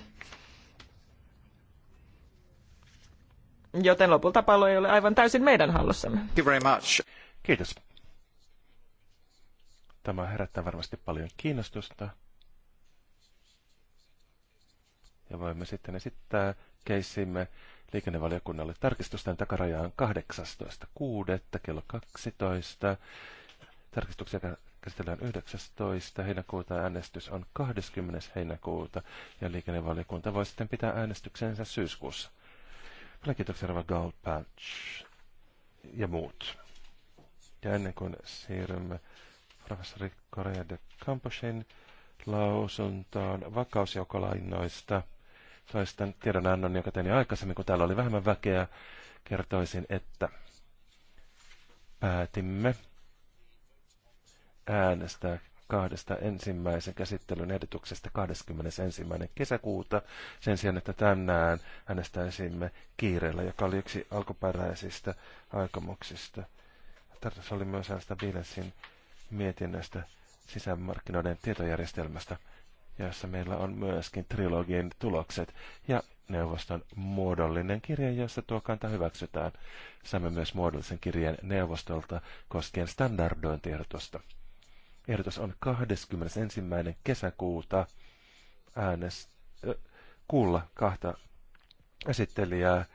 joten lopulta pallo ei ole aivan täysin meidän hallussamme. Thank you very much. Kiitos. Tämä herättää varmasti paljon kiinnostusta. Ja voimme sitten esittää keissimme liikennevaliokunnalle. Tarkistusten takarajaan on 18.6. kello 12. Tarkistuksia käsitellään 19. heinäkuuta. Äänestys on 20. heinäkuuta. Ja liikennevaliokunta voi sitten pitää äänestyksensä syyskuussa. Kyllä kiitoksia Rava Galpatch ja muut. Ja ennen kuin siirrymme professori Correa de Camposin lausuntoon vakausjoukolainnoista – toistan tiedonannon, joka tein jo aikaisemmin, kun täällä oli vähemmän väkeä, kertoisin, että päätimme äänestää kahdesta ensimmäisen käsittelyn ehdotuksesta 21. kesäkuuta sen sijaan, että tänään äänestäisimme kiireellä, joka oli yksi alkuperäisistä aikomuksista. Tässä oli myös äänestä Bilesin mietinnöstä sisämarkkinoiden tietojärjestelmästä jossa meillä on myöskin trilogien tulokset ja neuvoston muodollinen kirja, jossa tuo kanta hyväksytään. Saamme myös muodollisen kirjeen neuvostolta koskien standardointiehdotusta. Ehdotus on 21. kesäkuuta äänest, äh, kuulla kahta esittelijää.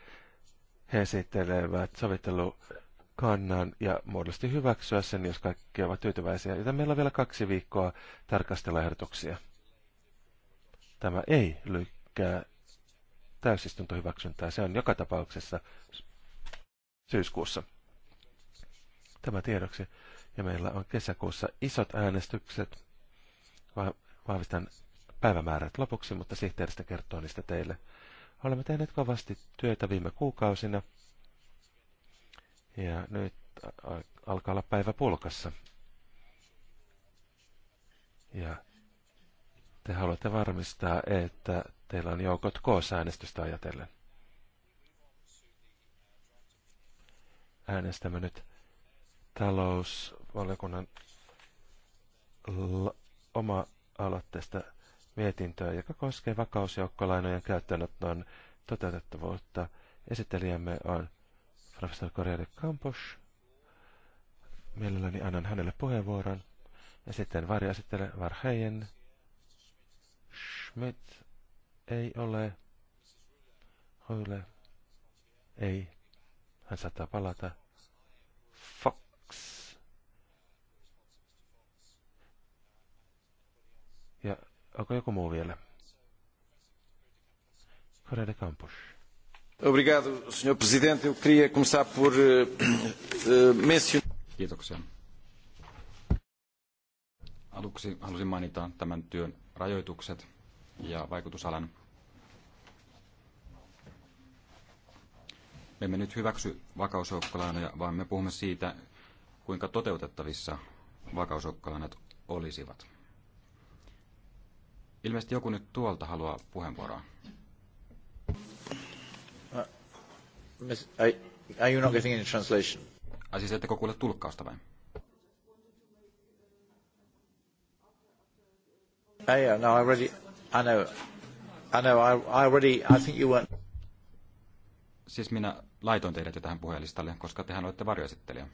He esittelevät sovittelukannan ja muodollisesti hyväksyä sen, jos kaikki ovat tyytyväisiä. Joten meillä on vielä kaksi viikkoa tarkastella ehdotuksia. Tämä ei lykkää täysistuntohyväksyntää. Se on joka tapauksessa syyskuussa. Tämä tiedoksi. Ja meillä on kesäkuussa isot äänestykset. Vahvistan päivämäärät lopuksi, mutta sihteeristä kertoo niistä teille. Olemme tehneet kovasti työtä viime kuukausina. Ja nyt alkaa olla päivä pulkassa. Ja te haluatte varmistaa, että teillä on joukot äänestystä ajatellen. Äänestämme nyt talousvaliokunnan oma-aloitteesta mietintöä, joka koskee vakausjoukkolainojen käyttöönoton toteutettavuutta. Esittelijämme on professori Correa de Campos. Mielelläni annan hänelle puheenvuoron. Ja sitten esittelee Varheijen Schmidt ei ole. Hoyle ei. Hän saattaa palata. Fox. Ja onko joku muu vielä? Correia de Campos. Obrigado, senhor Presidente. Eu queria começar por uh, mencionar... Kiitoksia. Aluksi halusin mainita tämän työn rajoitukset ja vaikutusalan. Me emme nyt hyväksy vakausjoukkolainoja, vaan me puhumme siitä, kuinka toteutettavissa vakausjoukkolainat olisivat. Ilmeisesti joku nyt tuolta haluaa puheenvuoroa. Uh, are, you not getting any translation? Ai siis ettekö kuule tulkkausta vai? Ah, no, I already, I know. I know. I already. I think you weren't. Siis minä laitoin teidät jo tähän puhelistalle, koska tehän olette varjoesittelijä.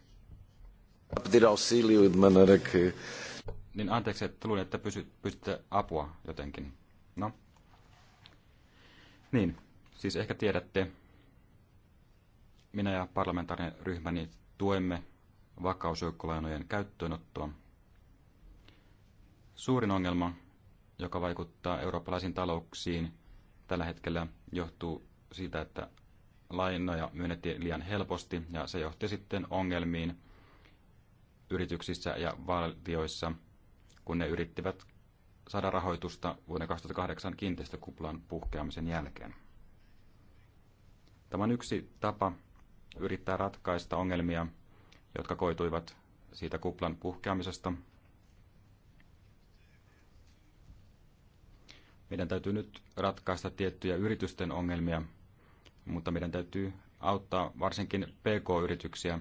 Niin anteeksi, että luulin, että pysy, pystytte apua jotenkin. No. Niin, siis ehkä tiedätte, minä ja parlamentaarinen ryhmäni tuemme vakausjoukkolainojen käyttöönottoa. Suurin ongelma joka vaikuttaa eurooppalaisiin talouksiin tällä hetkellä, johtuu siitä, että lainoja myönnettiin liian helposti ja se johti sitten ongelmiin yrityksissä ja valtioissa, kun ne yrittivät saada rahoitusta vuoden 2008 kiinteistökuplan puhkeamisen jälkeen. Tämä on yksi tapa yrittää ratkaista ongelmia, jotka koituivat siitä kuplan puhkeamisesta Meidän täytyy nyt ratkaista tiettyjä yritysten ongelmia, mutta meidän täytyy auttaa varsinkin PK-yrityksiä,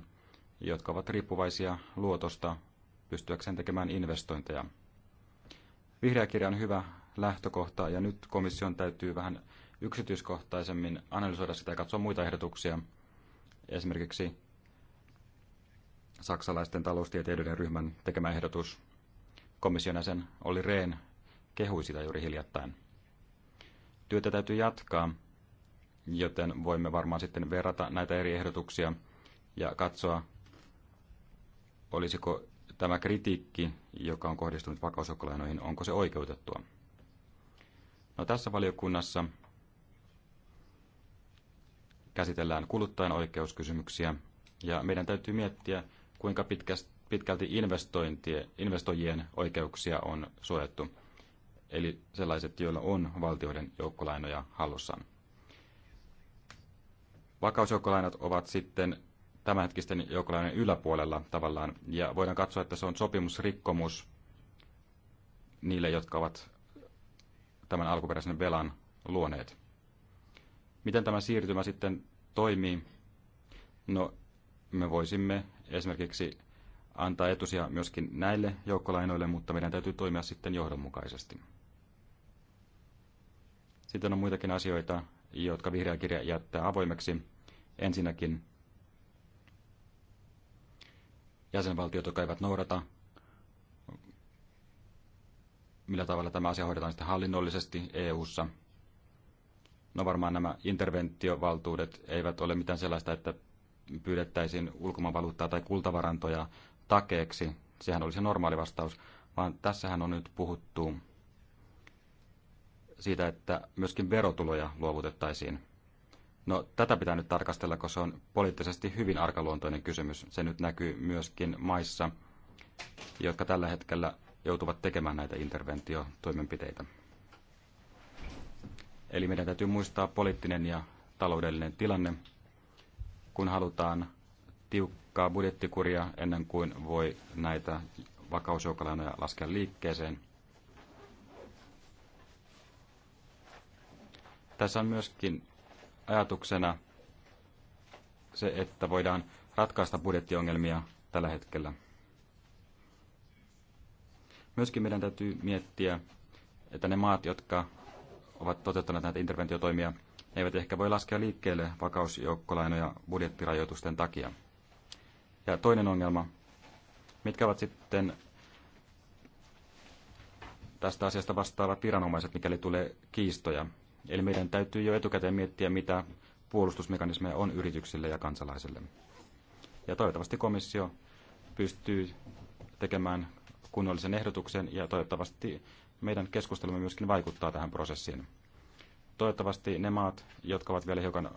jotka ovat riippuvaisia luotosta pystyäkseen tekemään investointeja. Vihreä kirja on hyvä lähtökohta ja nyt komission täytyy vähän yksityiskohtaisemmin analysoida sitä ja katsoa muita ehdotuksia. Esimerkiksi saksalaisten taloustieteilijöiden ryhmän tekemä ehdotus komission jäsen oli Rehn kehui sitä juuri hiljattain. Työtä täytyy jatkaa, joten voimme varmaan sitten verrata näitä eri ehdotuksia ja katsoa, olisiko tämä kritiikki, joka on kohdistunut vakausjoukkolainoihin, onko se oikeutettua. No, tässä valiokunnassa käsitellään kuluttajan oikeuskysymyksiä ja meidän täytyy miettiä, kuinka pitkästi pitkälti investointien, investoijien oikeuksia on suojattu eli sellaiset, joilla on valtioiden joukkolainoja hallussaan. Vakausjoukkolainat ovat sitten tämänhetkisten joukkolainojen yläpuolella tavallaan, ja voidaan katsoa, että se on sopimusrikkomus niille, jotka ovat tämän alkuperäisen velan luoneet. Miten tämä siirtymä sitten toimii? No, me voisimme esimerkiksi antaa etusia myöskin näille joukkolainoille, mutta meidän täytyy toimia sitten johdonmukaisesti. Sitten on muitakin asioita, jotka vihreä kirja jättää avoimeksi. Ensinnäkin jäsenvaltiot, jotka eivät noudata, millä tavalla tämä asia hoidetaan sitten hallinnollisesti EU-ssa. No varmaan nämä interventiovaltuudet eivät ole mitään sellaista, että pyydettäisiin ulkomaanvaluuttaa tai kultavarantoja takeeksi. Sehän olisi normaali vastaus, vaan tässähän on nyt puhuttu siitä, että myöskin verotuloja luovutettaisiin. No, tätä pitää nyt tarkastella, koska se on poliittisesti hyvin arkaluontoinen kysymys. Se nyt näkyy myöskin maissa, jotka tällä hetkellä joutuvat tekemään näitä interventiotoimenpiteitä. Eli meidän täytyy muistaa poliittinen ja taloudellinen tilanne, kun halutaan tiukkaa budjettikuria ennen kuin voi näitä vakausjoukolainoja laskea liikkeeseen – Tässä on myöskin ajatuksena se, että voidaan ratkaista budjettiongelmia tällä hetkellä. Myöskin meidän täytyy miettiä, että ne maat, jotka ovat toteuttaneet näitä interventiotoimia, ne eivät ehkä voi laskea liikkeelle vakausjoukkolainoja budjettirajoitusten takia. Ja toinen ongelma, mitkä ovat sitten tästä asiasta vastaavat viranomaiset, mikäli tulee kiistoja. Eli meidän täytyy jo etukäteen miettiä, mitä puolustusmekanismeja on yrityksille ja kansalaisille. Ja toivottavasti komissio pystyy tekemään kunnollisen ehdotuksen ja toivottavasti meidän keskustelumme myöskin vaikuttaa tähän prosessiin. Toivottavasti ne maat, jotka ovat vielä hiukan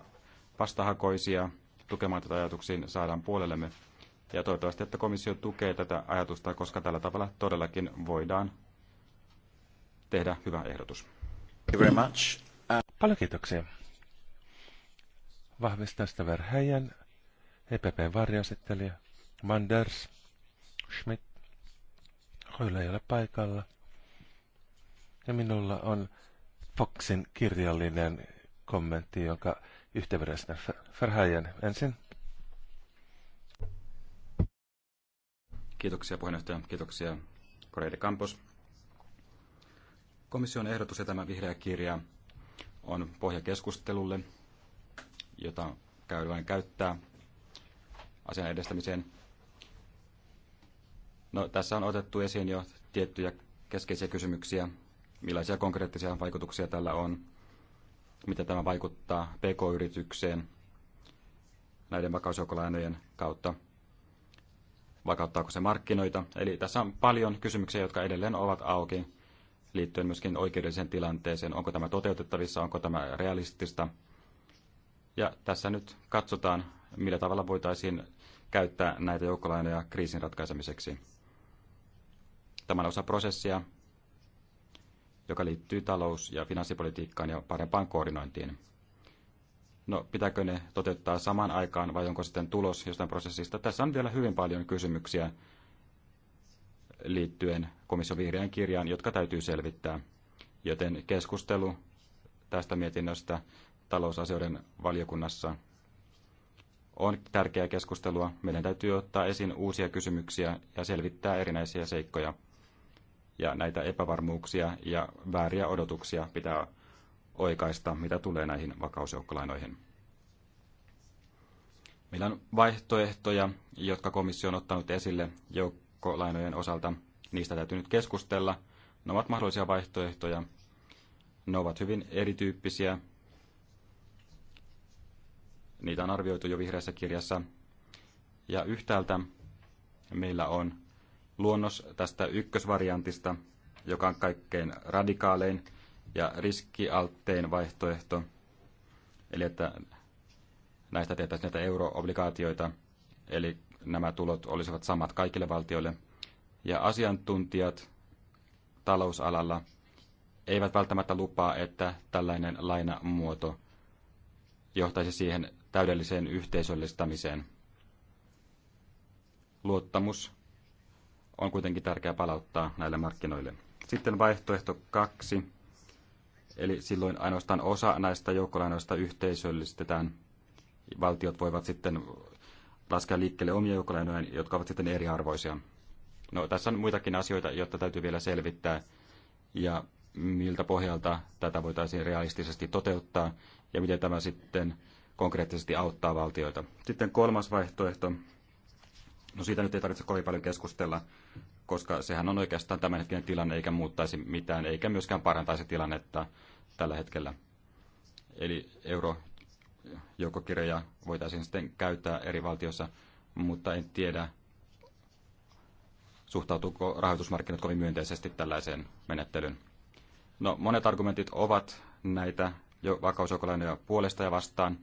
vastahakoisia tukemaan tätä ajatuksiin, saadaan puolellemme. Ja toivottavasti, että komissio tukee tätä ajatusta, koska tällä tavalla todellakin voidaan tehdä hyvä ehdotus. Thank you very much. Paljon kiitoksia. sitä Verheijän, EPPn varjoasettelija, Manders, Schmidt, Hoyle ei ole paikalla. Ja minulla on Foxin kirjallinen kommentti, jonka yhteydessä Verheijän ensin. Kiitoksia puheenjohtaja, kiitoksia Koreide Kampos. Komission ehdotus ja tämä vihreä kirja – on pohja keskustelulle, jota käydään käyttää asian edistämiseen. No, tässä on otettu esiin jo tiettyjä keskeisiä kysymyksiä, millaisia konkreettisia vaikutuksia tällä on, miten tämä vaikuttaa pk-yritykseen näiden vakausjoukkolainojen kautta, vakauttaako se markkinoita. Eli tässä on paljon kysymyksiä, jotka edelleen ovat auki liittyen myöskin oikeudelliseen tilanteeseen. Onko tämä toteutettavissa, onko tämä realistista? Ja tässä nyt katsotaan, millä tavalla voitaisiin käyttää näitä joukkolainoja kriisin ratkaisemiseksi. Tämä on osa prosessia, joka liittyy talous- ja finanssipolitiikkaan ja parempaan koordinointiin. No, pitääkö ne toteuttaa samaan aikaan vai onko sitten tulos jostain prosessista? Tässä on vielä hyvin paljon kysymyksiä, liittyen komission vihreään kirjaan, jotka täytyy selvittää. Joten keskustelu tästä mietinnöstä talousasioiden valiokunnassa on tärkeää keskustelua. Meidän täytyy ottaa esiin uusia kysymyksiä ja selvittää erinäisiä seikkoja. Ja näitä epävarmuuksia ja vääriä odotuksia pitää oikaista, mitä tulee näihin vakausjoukkolainoihin. Meillä on vaihtoehtoja, jotka komissio on ottanut esille jouk- pakkolainojen osalta. Niistä täytyy nyt keskustella. Ne ovat mahdollisia vaihtoehtoja. Ne ovat hyvin erityyppisiä. Niitä on arvioitu jo vihreässä kirjassa. Ja yhtäältä meillä on luonnos tästä ykkösvariantista, joka on kaikkein radikaalein ja riskialttein vaihtoehto. Eli että näistä tehtäisiin näitä euroobligaatioita, eli nämä tulot olisivat samat kaikille valtioille. Ja asiantuntijat talousalalla eivät välttämättä lupaa, että tällainen lainamuoto johtaisi siihen täydelliseen yhteisöllistämiseen. Luottamus on kuitenkin tärkeää palauttaa näille markkinoille. Sitten vaihtoehto kaksi, eli silloin ainoastaan osa näistä joukkolainoista yhteisöllistetään. Valtiot voivat sitten laskea liikkeelle omia joukkolainoja, jotka ovat sitten eriarvoisia. No, tässä on muitakin asioita, jotta täytyy vielä selvittää, ja miltä pohjalta tätä voitaisiin realistisesti toteuttaa, ja miten tämä sitten konkreettisesti auttaa valtioita. Sitten kolmas vaihtoehto. No siitä nyt ei tarvitse kovin paljon keskustella, koska sehän on oikeastaan tämänhetkinen tilanne, eikä muuttaisi mitään, eikä myöskään parantaisi tilannetta tällä hetkellä. Eli euro joukkokirjoja voitaisiin sitten käyttää eri valtiossa, mutta en tiedä, suhtautuuko rahoitusmarkkinat kovin myönteisesti tällaiseen menettelyyn. No, monet argumentit ovat näitä jo vakausjoukolainoja puolesta ja vastaan.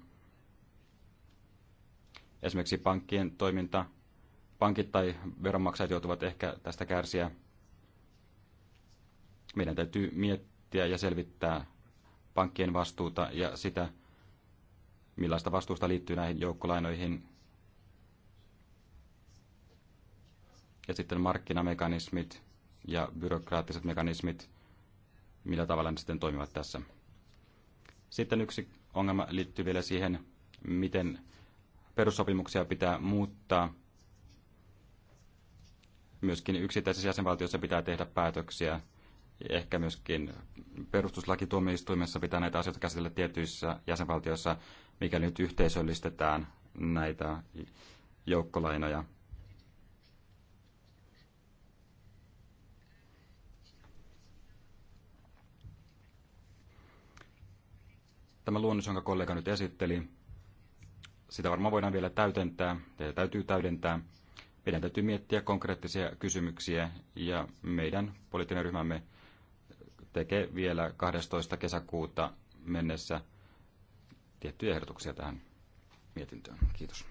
Esimerkiksi pankkien toiminta. Pankit tai veronmaksajat joutuvat ehkä tästä kärsiä. Meidän täytyy miettiä ja selvittää pankkien vastuuta ja sitä, millaista vastuusta liittyy näihin joukkolainoihin. Ja sitten markkinamekanismit ja byrokraattiset mekanismit, millä tavalla ne sitten toimivat tässä. Sitten yksi ongelma liittyy vielä siihen, miten perussopimuksia pitää muuttaa. Myöskin yksittäisissä jäsenvaltioissa pitää tehdä päätöksiä. Ehkä myöskin perustuslakituomioistuimessa pitää näitä asioita käsitellä tietyissä jäsenvaltioissa mikä nyt yhteisöllistetään näitä joukkolainoja. Tämä luonnos, jonka kollega nyt esitteli, sitä varmaan voidaan vielä täydentää, ja täytyy täydentää. Meidän täytyy miettiä konkreettisia kysymyksiä, ja meidän poliittinen ryhmämme tekee vielä 12. kesäkuuta mennessä tiettyjä ehdotuksia tähän mietintöön. Kiitos.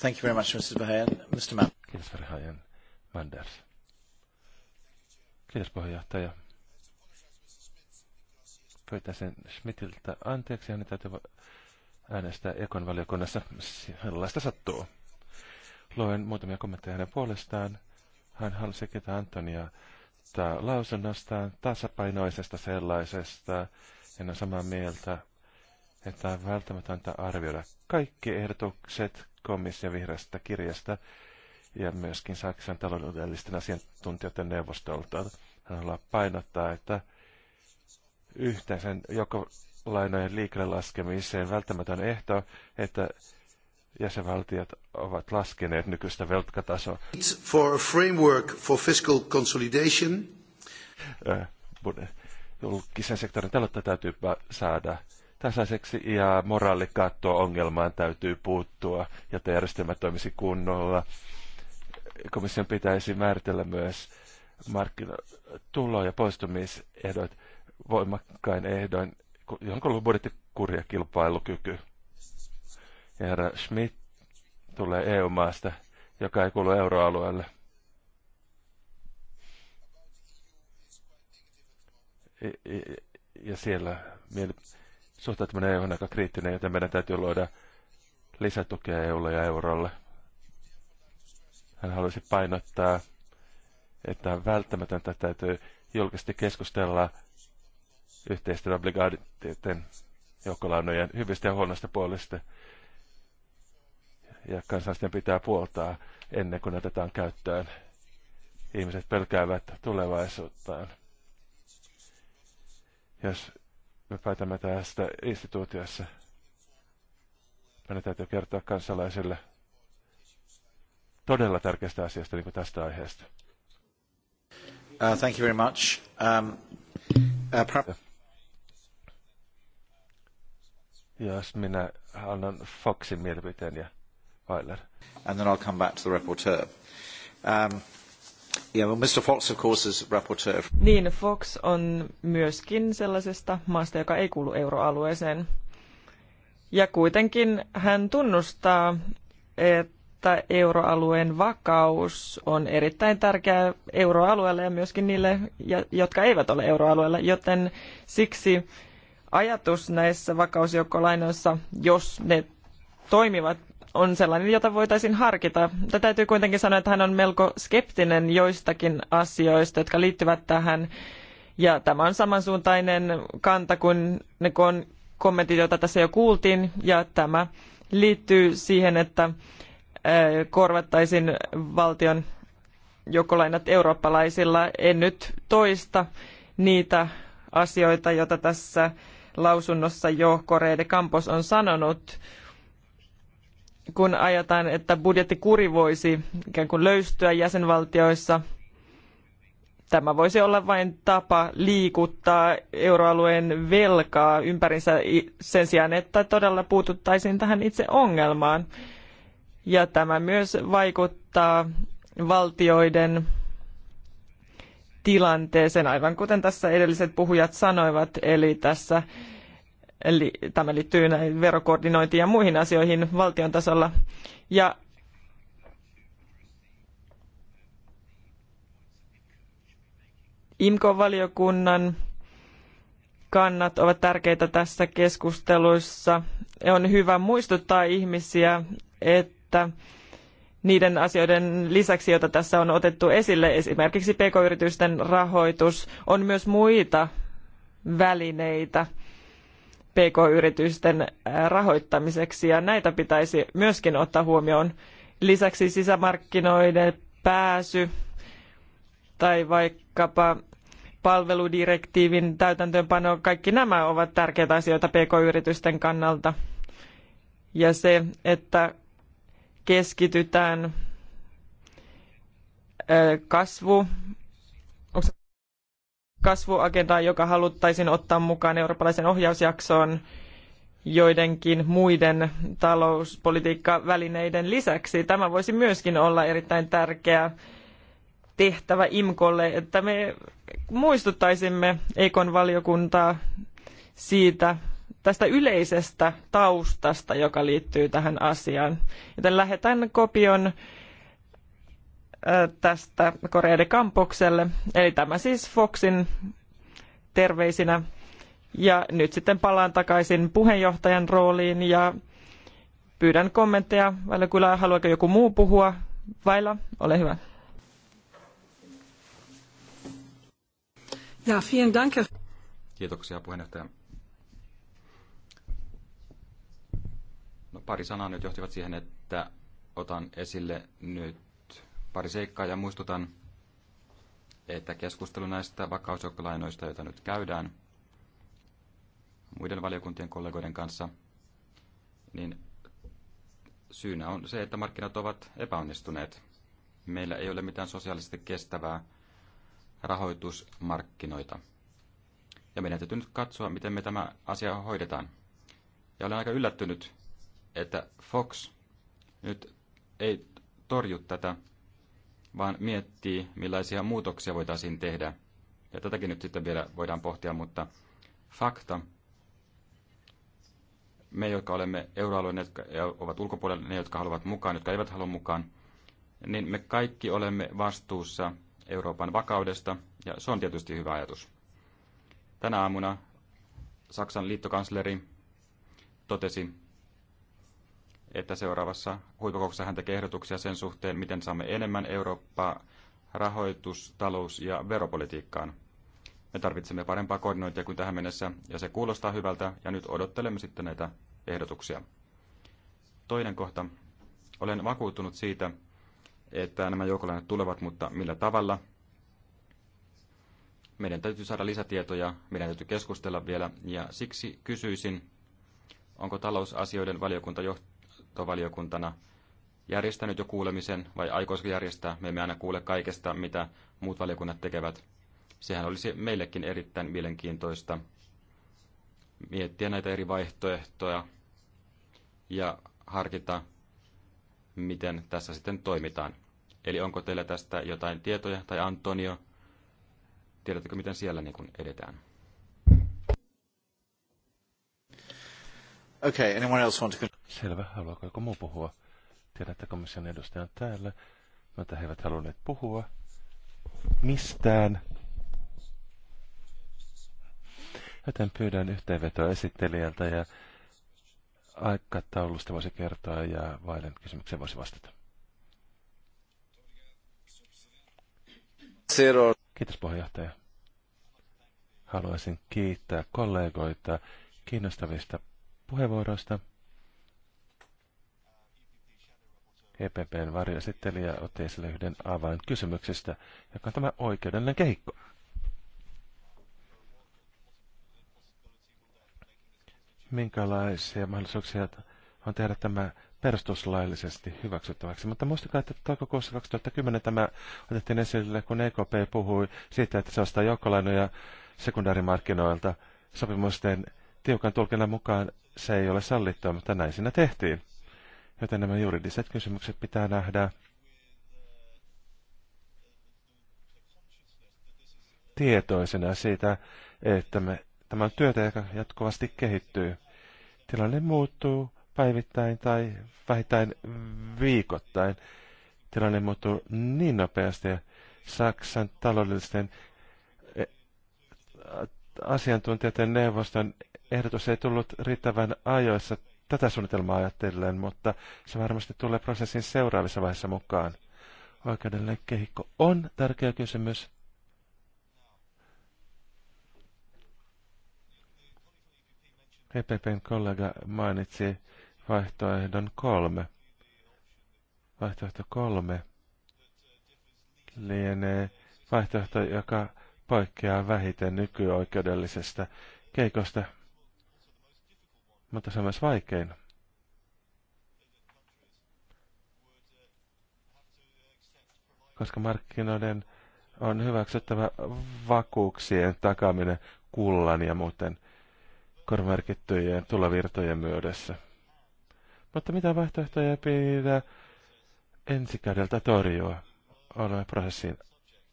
Thank you very much, Mr. Verheyen. Mr. Mann. Kiitos Verheyen. Manders. Kiitos puheenjohtaja. Pyytäisin Schmidtiltä anteeksi, hänen täytyy äänestää Ekon valiokunnassa. Sellaista sattuu. Luen muutamia kommentteja hänen puolestaan. Hän halusi ketään Antonia lausunnostaan, tasapainoisesta sellaisesta, en ole samaa mieltä, että on välttämätöntä arvioida kaikki ehdotukset komission vihreästä kirjasta ja myöskin Saksan taloudellisten asiantuntijoiden neuvostolta. Hän haluaa painottaa, että yhteisen joko lainojen liikkeelle laskemiseen välttämätön ehto, että jäsenvaltiot ovat laskeneet nykyistä velkatasoa. For a framework for fiscal consolidation julkisen sektorin taloutta täytyy saada tasaiseksi ja moraalikatto-ongelmaan täytyy puuttua, jotta järjestelmä toimisi kunnolla. Komission pitäisi määritellä myös markkinatulo- ja poistumisehdot voimakkain ehdoin, johon kuuluu budjettikuri ja kilpailukyky. Ja herra Schmidt tulee EU-maasta, joka ei kuulu euroalueelle. ja siellä suhtautuminen EU on aika kriittinen, joten meidän täytyy luoda lisätukea EUlle ja eurolle. Hän halusi painottaa, että on välttämätöntä että täytyy julkisesti keskustella yhteisten obligaatioiden joukkolainojen hyvistä ja huonoista puolista. Ja kansalaisten pitää puoltaa ennen kuin otetaan käyttöön. Ihmiset pelkäävät tulevaisuuttaan jos me päätämme tästä instituutiossa. Meidän täytyy kertoa kansalaisille todella tärkeästä asiasta, niin kuin tästä aiheesta. Uh, thank you very much. Um, uh, jos minä annan Foxin mielipiteen ja Weiler. And then I'll come back to the rapporteur. Um, Yeah, well, Mr. Fox, of course, is rapporteur. Niin, Fox on myöskin sellaisesta maasta, joka ei kuulu euroalueeseen. Ja kuitenkin hän tunnustaa, että euroalueen vakaus on erittäin tärkeä euroalueelle ja myöskin niille, jotka eivät ole euroalueella, joten siksi ajatus näissä vakausjoukkolainoissa, jos ne toimivat on sellainen, jota voitaisiin harkita. Mutta täytyy kuitenkin sanoa, että hän on melko skeptinen joistakin asioista, jotka liittyvät tähän. Ja tämä on samansuuntainen kanta kuin ne kommentit, joita tässä jo kuultiin. Ja tämä liittyy siihen, että eh, korvattaisiin valtion jokolainat eurooppalaisilla. En nyt toista niitä asioita, joita tässä lausunnossa jo Koreede Campos on sanonut kun ajetaan, että budjettikuri voisi ikään kuin löystyä jäsenvaltioissa, tämä voisi olla vain tapa liikuttaa euroalueen velkaa ympärinsä sen sijaan, että todella puututtaisiin tähän itse ongelmaan. Ja tämä myös vaikuttaa valtioiden tilanteeseen, aivan kuten tässä edelliset puhujat sanoivat, eli tässä Eli tämä liittyy näihin verokoordinointiin ja muihin asioihin valtion tasolla. Ja IMKO-valiokunnan kannat ovat tärkeitä tässä keskustelussa. On hyvä muistuttaa ihmisiä, että niiden asioiden lisäksi, joita tässä on otettu esille, esimerkiksi pk-yritysten rahoitus, on myös muita välineitä – PK-yritysten rahoittamiseksi ja näitä pitäisi myöskin ottaa huomioon. Lisäksi sisämarkkinoiden pääsy tai vaikkapa palveludirektiivin täytäntöönpano, kaikki nämä ovat tärkeitä asioita PK-yritysten kannalta. Ja se, että keskitytään kasvu kasvuagendaa, joka haluttaisiin ottaa mukaan eurooppalaisen ohjausjaksoon joidenkin muiden talouspolitiikkavälineiden lisäksi. Tämä voisi myöskin olla erittäin tärkeä tehtävä IMKOlle, että me muistuttaisimme Ekon valiokuntaa siitä tästä yleisestä taustasta, joka liittyy tähän asiaan. Joten lähetän kopion tästä Korea de Campokselle. Eli tämä siis Foxin terveisinä. Ja nyt sitten palaan takaisin puheenjohtajan rooliin ja pyydän kommentteja. Vailla kyllä, haluaako joku muu puhua? Vailla, ole hyvä. Ja, vielen dank. Kiitoksia puheenjohtaja. No, pari sanaa nyt johtivat siihen, että otan esille nyt pari seikkaa ja muistutan, että keskustelu näistä vakausjoukkolainoista, joita nyt käydään muiden valiokuntien kollegoiden kanssa, niin syynä on se, että markkinat ovat epäonnistuneet. Meillä ei ole mitään sosiaalisesti kestävää rahoitusmarkkinoita. Ja meidän täytyy nyt katsoa, miten me tämä asia hoidetaan. Ja olen aika yllättynyt, että Fox nyt ei torju tätä vaan miettii, millaisia muutoksia voitaisiin tehdä. Ja tätäkin nyt sitten vielä voidaan pohtia, mutta fakta, me, jotka olemme euroalueen, jotka ovat ulkopuolella, ne, jotka haluavat mukaan, jotka eivät halua mukaan, niin me kaikki olemme vastuussa Euroopan vakaudesta, ja se on tietysti hyvä ajatus. Tänä aamuna Saksan liittokansleri totesi, että seuraavassa huippukokouksessa hän tekee ehdotuksia sen suhteen, miten saamme enemmän Eurooppaa rahoitus-, talous- ja veropolitiikkaan. Me tarvitsemme parempaa koordinointia kuin tähän mennessä, ja se kuulostaa hyvältä, ja nyt odottelemme sitten näitä ehdotuksia. Toinen kohta. Olen vakuuttunut siitä, että nämä joukkolainat tulevat, mutta millä tavalla? Meidän täytyy saada lisätietoja, meidän täytyy keskustella vielä, ja siksi kysyisin, onko talousasioiden valiokunta hallintovaliokuntana järjestänyt jo kuulemisen vai aikoisiko järjestää? Me emme aina kuule kaikesta, mitä muut valiokunnat tekevät. Sehän olisi meillekin erittäin mielenkiintoista miettiä näitä eri vaihtoehtoja ja harkita, miten tässä sitten toimitaan. Eli onko teillä tästä jotain tietoja, tai Antonio, tiedättekö miten siellä niin kun edetään? Okay, anyone else want to... Selvä. Haluaako joku muu puhua? Tiedän, että komission edustaja on täällä, mutta he eivät halunneet puhua mistään. Joten pyydän yhteenvetoa esittelijältä ja aikataulusta voisi kertoa ja Vailen kysymykseen voisi vastata. Kiitos puheenjohtaja. Haluaisin kiittää kollegoita kiinnostavista puheenvuoroista. EPPn varjoesittelijä otti esille yhden avainkysymyksistä, joka on tämä oikeudellinen kehikko. Minkälaisia mahdollisuuksia on tehdä tämä perustuslaillisesti hyväksyttäväksi. Mutta muistakaa, että toukokuussa 2010 tämä otettiin esille, kun EKP puhui siitä, että se ostaa joukkolainoja sekundaarimarkkinoilta sopimusten tiukan tulkinnan mukaan se ei ole sallittua, mutta näin siinä tehtiin. Joten nämä juridiset kysymykset pitää nähdä tietoisena siitä, että me, tämä työtä, joka jatkuvasti kehittyy. Tilanne muuttuu päivittäin tai vähintään viikoittain. Tilanne muuttuu niin nopeasti ja Saksan taloudellisten e, asiantuntijoiden neuvoston ehdotus ei tullut riittävän ajoissa tätä suunnitelmaa ajatellen, mutta se varmasti tulee prosessin seuraavissa vaiheissa mukaan. Oikeudellinen kehikko on tärkeä kysymys. EPPn kollega mainitsi vaihtoehdon kolme. Vaihtoehto kolme lienee vaihtoehto, joka poikkeaa vähiten nykyoikeudellisesta keikosta mutta se on myös vaikein. Koska markkinoiden on hyväksyttävä vakuuksien takaminen kullan ja muuten korvamerkittyjen tulovirtojen myödessä. Mutta mitä vaihtoehtoja pitää ensikädeltä torjua? Olemme prosessin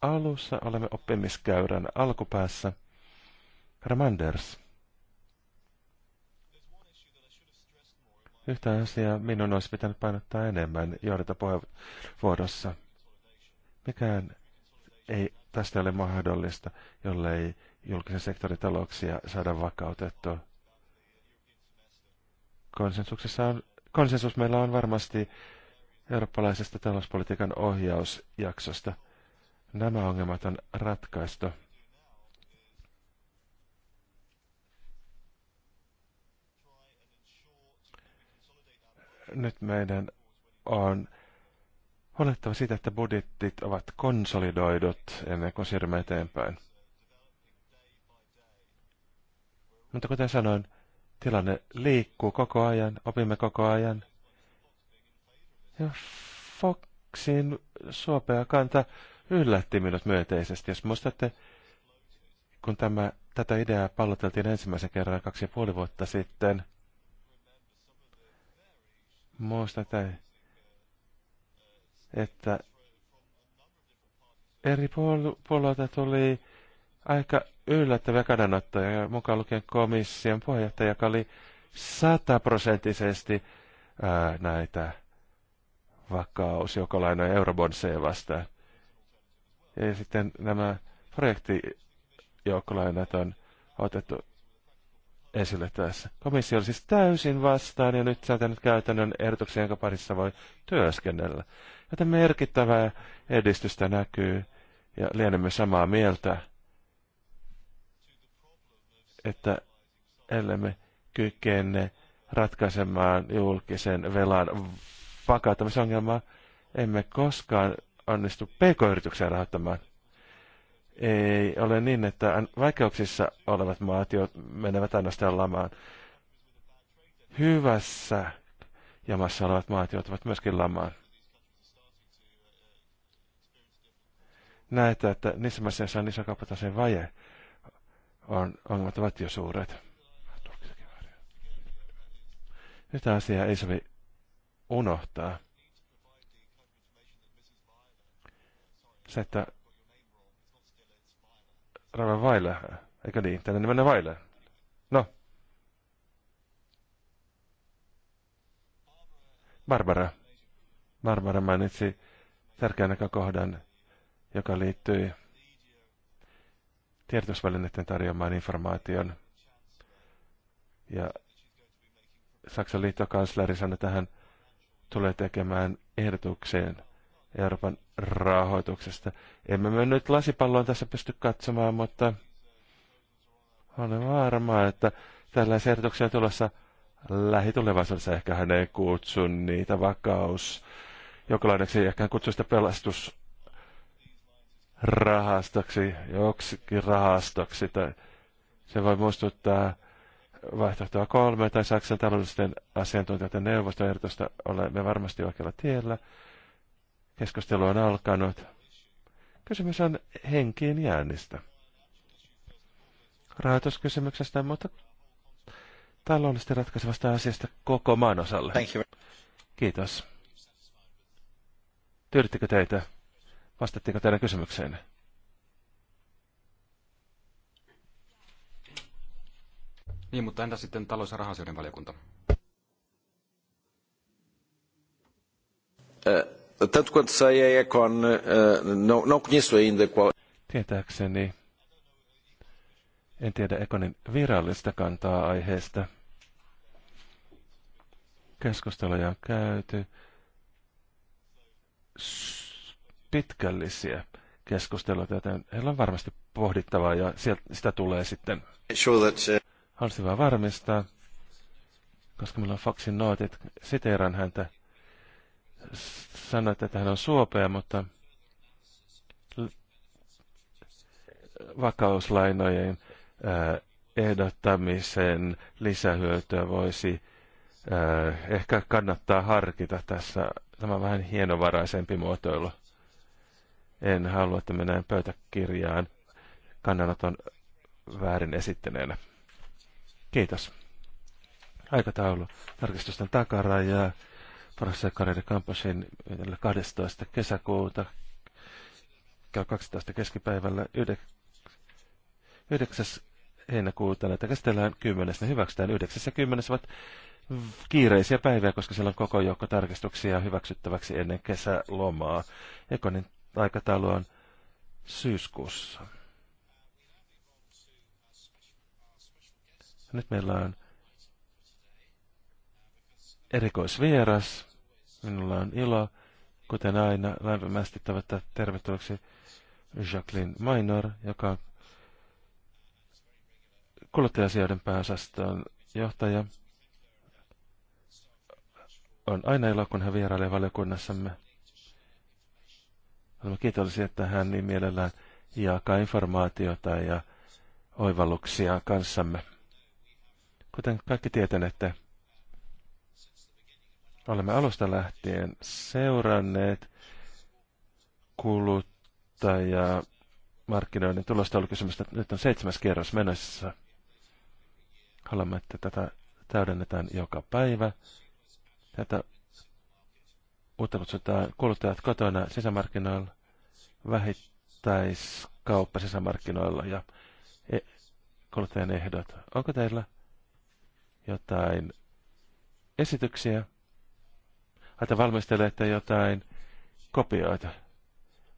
alussa, olemme oppimiskäyrän alkupäässä. Ramanders. Yhtä asiaa minun olisi pitänyt painottaa enemmän johdata puheenvuorossa. Mikään ei tästä ole mahdollista, jollei julkisen sektorin talouksia saada vakautettua. Konsensuksessa on, konsensus meillä on varmasti eurooppalaisesta talouspolitiikan ohjausjaksosta. Nämä ongelmat on ratkaistu. nyt meidän on huolehtiva siitä, että budjettit ovat konsolidoidut ennen kuin siirrymme eteenpäin. Mutta kuten sanoin, tilanne liikkuu koko ajan, opimme koko ajan. Ja Foxin suopea kanta yllätti minut myönteisesti. Jos muistatte, kun tämä, tätä ideaa palloteltiin ensimmäisen kerran kaksi ja puoli vuotta sitten – muistatte, että eri puolueilta tuli aika yllättäviä kannanottoja, mukaan lukien komission puheenjohtaja, joka oli sataprosenttisesti näitä vakausjokolainoja eurobonseja vastaan. Ja sitten nämä projektijoukkolainat on otettu esille tässä. Komissio oli siis täysin vastaan ja nyt säätänyt käytännön ehdotuksia, jonka parissa voi työskennellä. Joten merkittävää edistystä näkyy ja lienemme samaa mieltä, että ellemme kykene ratkaisemaan julkisen velan vakauttamisongelmaa, emme koskaan onnistu pk-yrityksiä rahoittamaan ei ole niin, että vaikeuksissa olevat maat jo menevät ainoastaan lamaan. Hyvässä jamassa olevat maat joutuvat myöskin lamaan. Näitä, että niissä maissa, joissa on iso kauppataseen vaje, on, ongelmat ovat jo suuret. Nyt asiaa ei sovi unohtaa. Se, että Rava Vaile, eikö niin? Tänne nimenä Vaile. No. Barbara. Barbara mainitsi tärkeän näkökohdan, joka liittyi tiedotusvälineiden tarjoamaan informaation. Ja Saksan liittokansleri sanoi, tähän tulee tekemään ehdotukseen – Euroopan rahoituksesta. Emme me nyt lasipalloon tässä pysty katsomaan, mutta olen varma, että tällaisia ehdotuksia tulossa lähitulevaisuudessa. Ehkä hän ei kutsu niitä vakaus. Jokalaiseksi ehkä hän kutsuu sitä pelastusrahastoksi, joksikin rahastoksi. Tai se voi muistuttaa vaihtoehtoa kolme tai Saksan taloudellisten asiantuntijoiden neuvoston ehdotusta. Olemme varmasti oikealla tiellä. Keskustelu on alkanut. Kysymys on henkiin jäännistä. Rahoituskysymyksestä, mutta taloudellisesti ratkaisevasta asiasta koko maan osalle. Kiitos. Tyydyttikö teitä? Vastattiinko teidän kysymykseen? Niin, mutta entä sitten talous- ja rahasioiden valiokunta? Uh tanto quanto sei, a Econ eh, uh, eh, não, não conheço ainda qual... Tietääkseni en tiedä Ekonin virallista kantaa aiheesta. Keskusteluja on käyty, pitkällisiä keskusteluja, joten heillä on varmasti pohdittavaa ja sieltä, sitä tulee sitten. Eh, Haluaisin vaan varmistaa, koska meillä on Foxin nootit, siteeran häntä – sanoitte, että hän on suopea, mutta vakauslainojen äh, ehdottamisen lisähyötyä voisi äh, ehkä kannattaa harkita tässä. Tämä on vähän hienovaraisempi muotoilu. En halua, että mennään pöytäkirjaan kannanoton väärin esittäneenä. Kiitos. Aikataulu tarkistusten takaraja professori Kareri Kampasin 12. kesäkuuta kello 12 keskipäivällä 9. heinäkuuta. Näitä käsitellään 10. Ne hyväksytään 9. ja 10. ovat kiireisiä päiviä, koska siellä on koko joukko tarkistuksia hyväksyttäväksi ennen kesälomaa. Ekonin aikataulu on syyskuussa. Nyt meillä on erikoisvieras. Minulla on ilo, kuten aina, lämpimästi tavoittaa tervetulleeksi Jacqueline Minor, joka on kuluttaja-asioiden pääosaston johtaja. On aina ilo, kun hän vierailee valiokunnassamme. Olemme kiitollisia, että hän niin mielellään jakaa informaatiota ja oivalluksia kanssamme. Kuten kaikki tietänette, Olemme alusta lähtien seuranneet kuluttaja markkinoinnin että Nyt on seitsemäs kierros menossa. Haluamme, että tätä täydennetään joka päivä. Tätä uutta kutsutaan kuluttajat kotona sisämarkkinoilla, vähittäiskauppa sisämarkkinoilla ja e- kuluttajan ehdot. Onko teillä jotain esityksiä? että valmistelette jotain kopioita.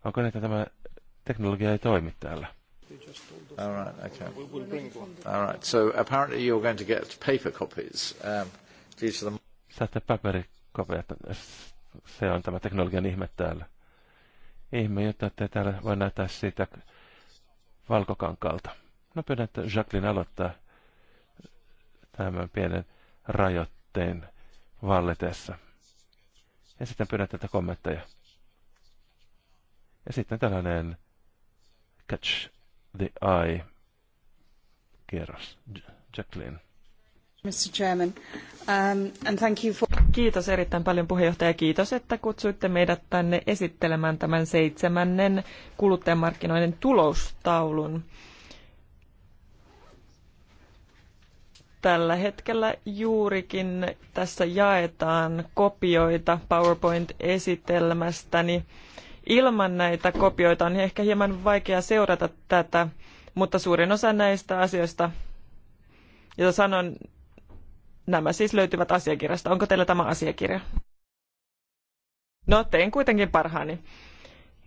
Onko näitä niin, tämä teknologia ei toimi täällä? All right, okay. All right, so apparently you're going to get paper copies um, due to the... Saatte paperikopiat. Se on tämä teknologian ihme täällä. Ihme, jotta te täällä voi näyttää siitä valkokankalta. No pyydän, että Jacqueline aloittaa tämän pienen rajoitteen vallitessa. Ja sitten pyydän tätä kommentteja. Ja sitten tällainen catch the eye kierros. Jacqueline. Mr. Chairman, um, and thank you for... Kiitos erittäin paljon puheenjohtaja. Kiitos, että kutsuitte meidät tänne esittelemään tämän seitsemännen kuluttajamarkkinoiden tulostaulun. tällä hetkellä juurikin tässä jaetaan kopioita PowerPoint-esitelmästäni. Ilman näitä kopioita on ehkä hieman vaikea seurata tätä, mutta suurin osa näistä asioista, joita sanon, nämä siis löytyvät asiakirjasta. Onko teillä tämä asiakirja? No, tein kuitenkin parhaani.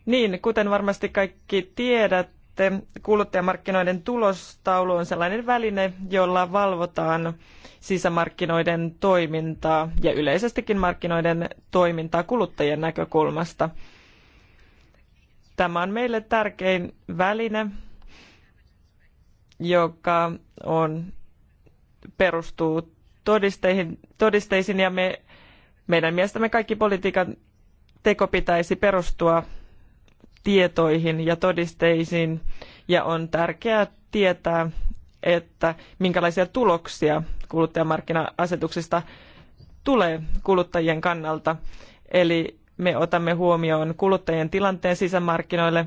Niin, kuten varmasti kaikki tiedät sitten kuluttajamarkkinoiden tulostaulu on sellainen väline, jolla valvotaan sisämarkkinoiden toimintaa ja yleisestikin markkinoiden toimintaa kuluttajien näkökulmasta. Tämä on meille tärkein väline, joka on, perustuu todisteihin, todisteisiin ja me, meidän mielestämme kaikki politiikan teko pitäisi perustua tietoihin ja todisteisiin ja on tärkeää tietää, että minkälaisia tuloksia kuluttajamarkkina-asetuksista tulee kuluttajien kannalta. Eli me otamme huomioon kuluttajien tilanteen sisämarkkinoille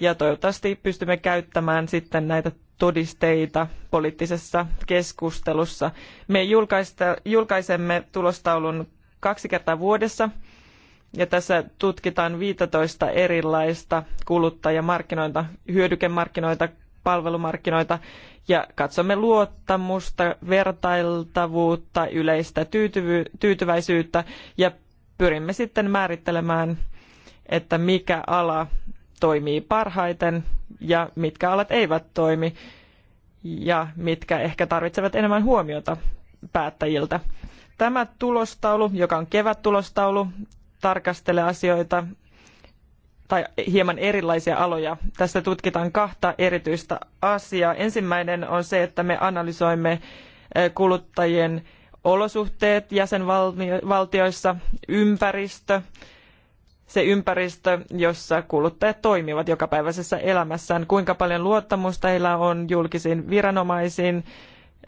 ja toivottavasti pystymme käyttämään sitten näitä todisteita poliittisessa keskustelussa. Me julkaisemme tulostaulun kaksi kertaa vuodessa ja tässä tutkitaan 15 erilaista kuluttajamarkkinoita, hyödykemarkkinoita, palvelumarkkinoita ja katsomme luottamusta, vertailtavuutta, yleistä tyytyvy- tyytyväisyyttä ja pyrimme sitten määrittelemään, että mikä ala toimii parhaiten ja mitkä alat eivät toimi ja mitkä ehkä tarvitsevat enemmän huomiota päättäjiltä. Tämä tulostaulu, joka on kevättulostaulu, tarkastele asioita tai hieman erilaisia aloja. Tässä tutkitaan kahta erityistä asiaa. Ensimmäinen on se, että me analysoimme eh, kuluttajien olosuhteet jäsenvaltioissa, ympäristö, se ympäristö, jossa kuluttajat toimivat jokapäiväisessä elämässään, kuinka paljon luottamusta heillä on julkisiin viranomaisiin,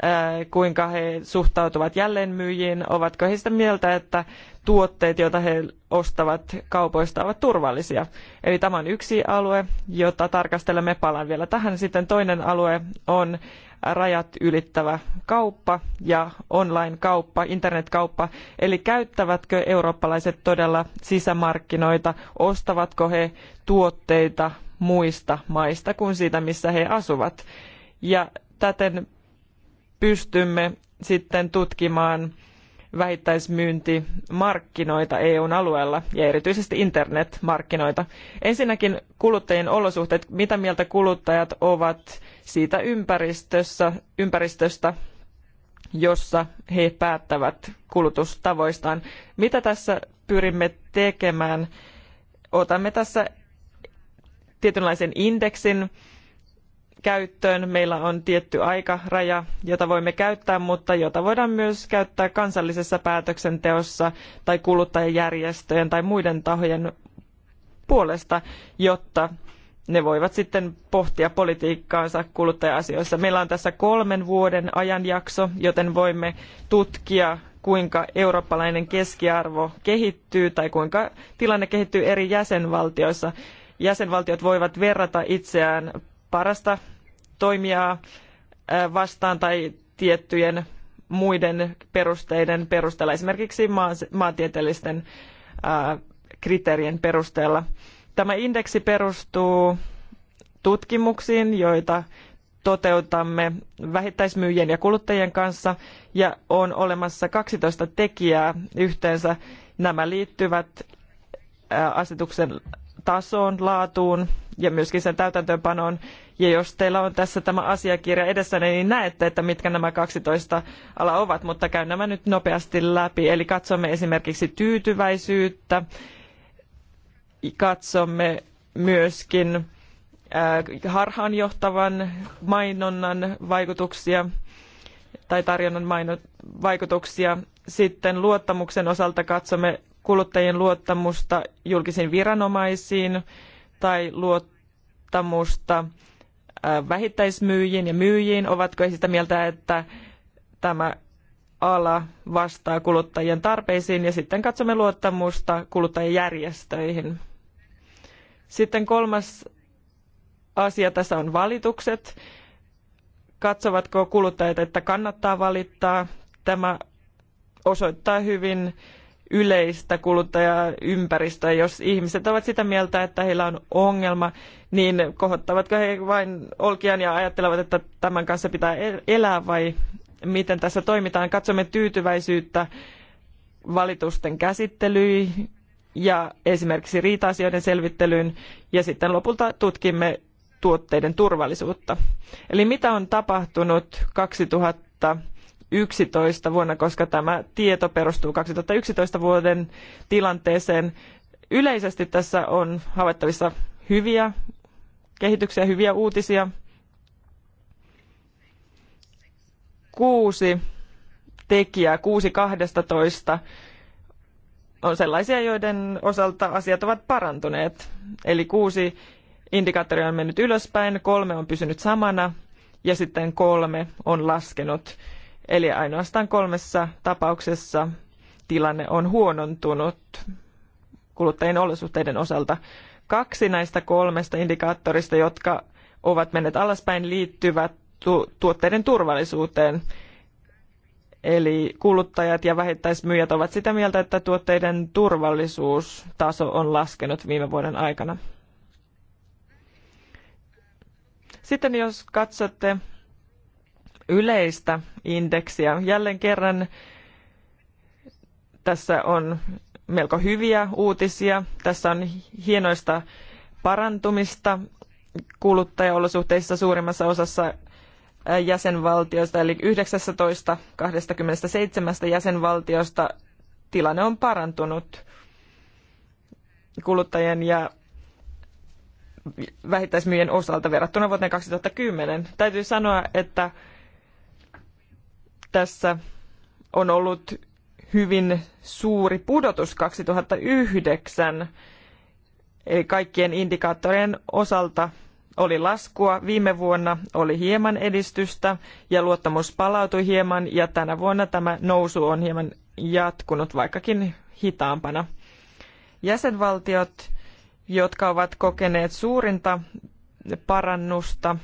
Äh, kuinka he suhtautuvat jälleenmyyjiin, ovatko he sitä mieltä, että tuotteet, joita he ostavat kaupoista, ovat turvallisia. Eli tämä on yksi alue, jota tarkastelemme. Palaan vielä tähän. Sitten toinen alue on rajat ylittävä kauppa ja online-kauppa, internetkauppa. Eli käyttävätkö eurooppalaiset todella sisämarkkinoita, ostavatko he tuotteita muista maista kuin siitä, missä he asuvat. Ja täten pystymme sitten tutkimaan vähittäismyyntimarkkinoita EUn alueella ja erityisesti internetmarkkinoita. Ensinnäkin kuluttajien olosuhteet, mitä mieltä kuluttajat ovat siitä ympäristössä, ympäristöstä, jossa he päättävät kulutustavoistaan. Mitä tässä pyrimme tekemään? Otamme tässä tietynlaisen indeksin käyttöön. Meillä on tietty aikaraja, jota voimme käyttää, mutta jota voidaan myös käyttää kansallisessa päätöksenteossa tai kuluttajajärjestöjen tai muiden tahojen puolesta, jotta ne voivat sitten pohtia politiikkaansa kuluttaja-asioissa. Meillä on tässä kolmen vuoden ajanjakso, joten voimme tutkia, kuinka eurooppalainen keskiarvo kehittyy tai kuinka tilanne kehittyy eri jäsenvaltioissa. Jäsenvaltiot voivat verrata itseään parasta toimijaa äh, vastaan tai tiettyjen muiden perusteiden perusteella, esimerkiksi maantieteellisten äh, kriteerien perusteella. Tämä indeksi perustuu tutkimuksiin, joita toteutamme vähittäismyyjien ja kuluttajien kanssa ja on olemassa 12 tekijää yhteensä. Nämä liittyvät äh, asetuksen tasoon, laatuun ja myöskin sen täytäntöönpanoon ja jos teillä on tässä tämä asiakirja edessä, niin näette, että mitkä nämä 12 ala ovat, mutta käyn nämä nyt nopeasti läpi. Eli katsomme esimerkiksi tyytyväisyyttä, katsomme myöskin äh, harhaanjohtavan mainonnan vaikutuksia tai tarjonnan vaikutuksia. Sitten luottamuksen osalta katsomme kuluttajien luottamusta julkisiin viranomaisiin tai luottamusta vähittäismyyjiin ja myyjiin? Ovatko he sitä mieltä, että tämä ala vastaa kuluttajien tarpeisiin ja sitten katsomme luottamusta kuluttajajärjestöihin. Sitten kolmas asia tässä on valitukset. Katsovatko kuluttajat, että kannattaa valittaa? Tämä osoittaa hyvin yleistä kuluttajaympäristöä. Jos ihmiset ovat sitä mieltä, että heillä on ongelma, niin kohottavatko he vain olkiaan ja ajattelevat, että tämän kanssa pitää elää vai miten tässä toimitaan? Katsomme tyytyväisyyttä valitusten käsittelyyn ja esimerkiksi riita-asioiden selvittelyyn ja sitten lopulta tutkimme tuotteiden turvallisuutta. Eli mitä on tapahtunut 2000 2011 vuonna, koska tämä tieto perustuu 2011 vuoden tilanteeseen. Yleisesti tässä on havaittavissa hyviä kehityksiä, hyviä uutisia. Kuusi tekijää, kuusi kahdestatoista, on sellaisia, joiden osalta asiat ovat parantuneet. Eli kuusi indikaattoria on mennyt ylöspäin, kolme on pysynyt samana ja sitten kolme on laskenut. Eli ainoastaan kolmessa tapauksessa tilanne on huonontunut kuluttajien olosuhteiden osalta. Kaksi näistä kolmesta indikaattorista, jotka ovat menneet alaspäin, liittyvät tuotteiden turvallisuuteen. Eli kuluttajat ja vähittäismyyjät ovat sitä mieltä, että tuotteiden turvallisuustaso on laskenut viime vuoden aikana. Sitten jos katsotte yleistä indeksiä. Jälleen kerran tässä on melko hyviä uutisia. Tässä on hienoista parantumista kuluttajaolosuhteissa suurimmassa osassa jäsenvaltioista, eli 19 27 jäsenvaltiosta tilanne on parantunut kuluttajien ja vähittäismyyjien osalta verrattuna vuoteen 2010. Täytyy sanoa, että tässä on ollut hyvin suuri pudotus 2009, eli kaikkien indikaattorien osalta oli laskua. Viime vuonna oli hieman edistystä ja luottamus palautui hieman ja tänä vuonna tämä nousu on hieman jatkunut, vaikkakin hitaampana. Jäsenvaltiot, jotka ovat kokeneet suurinta parannusta,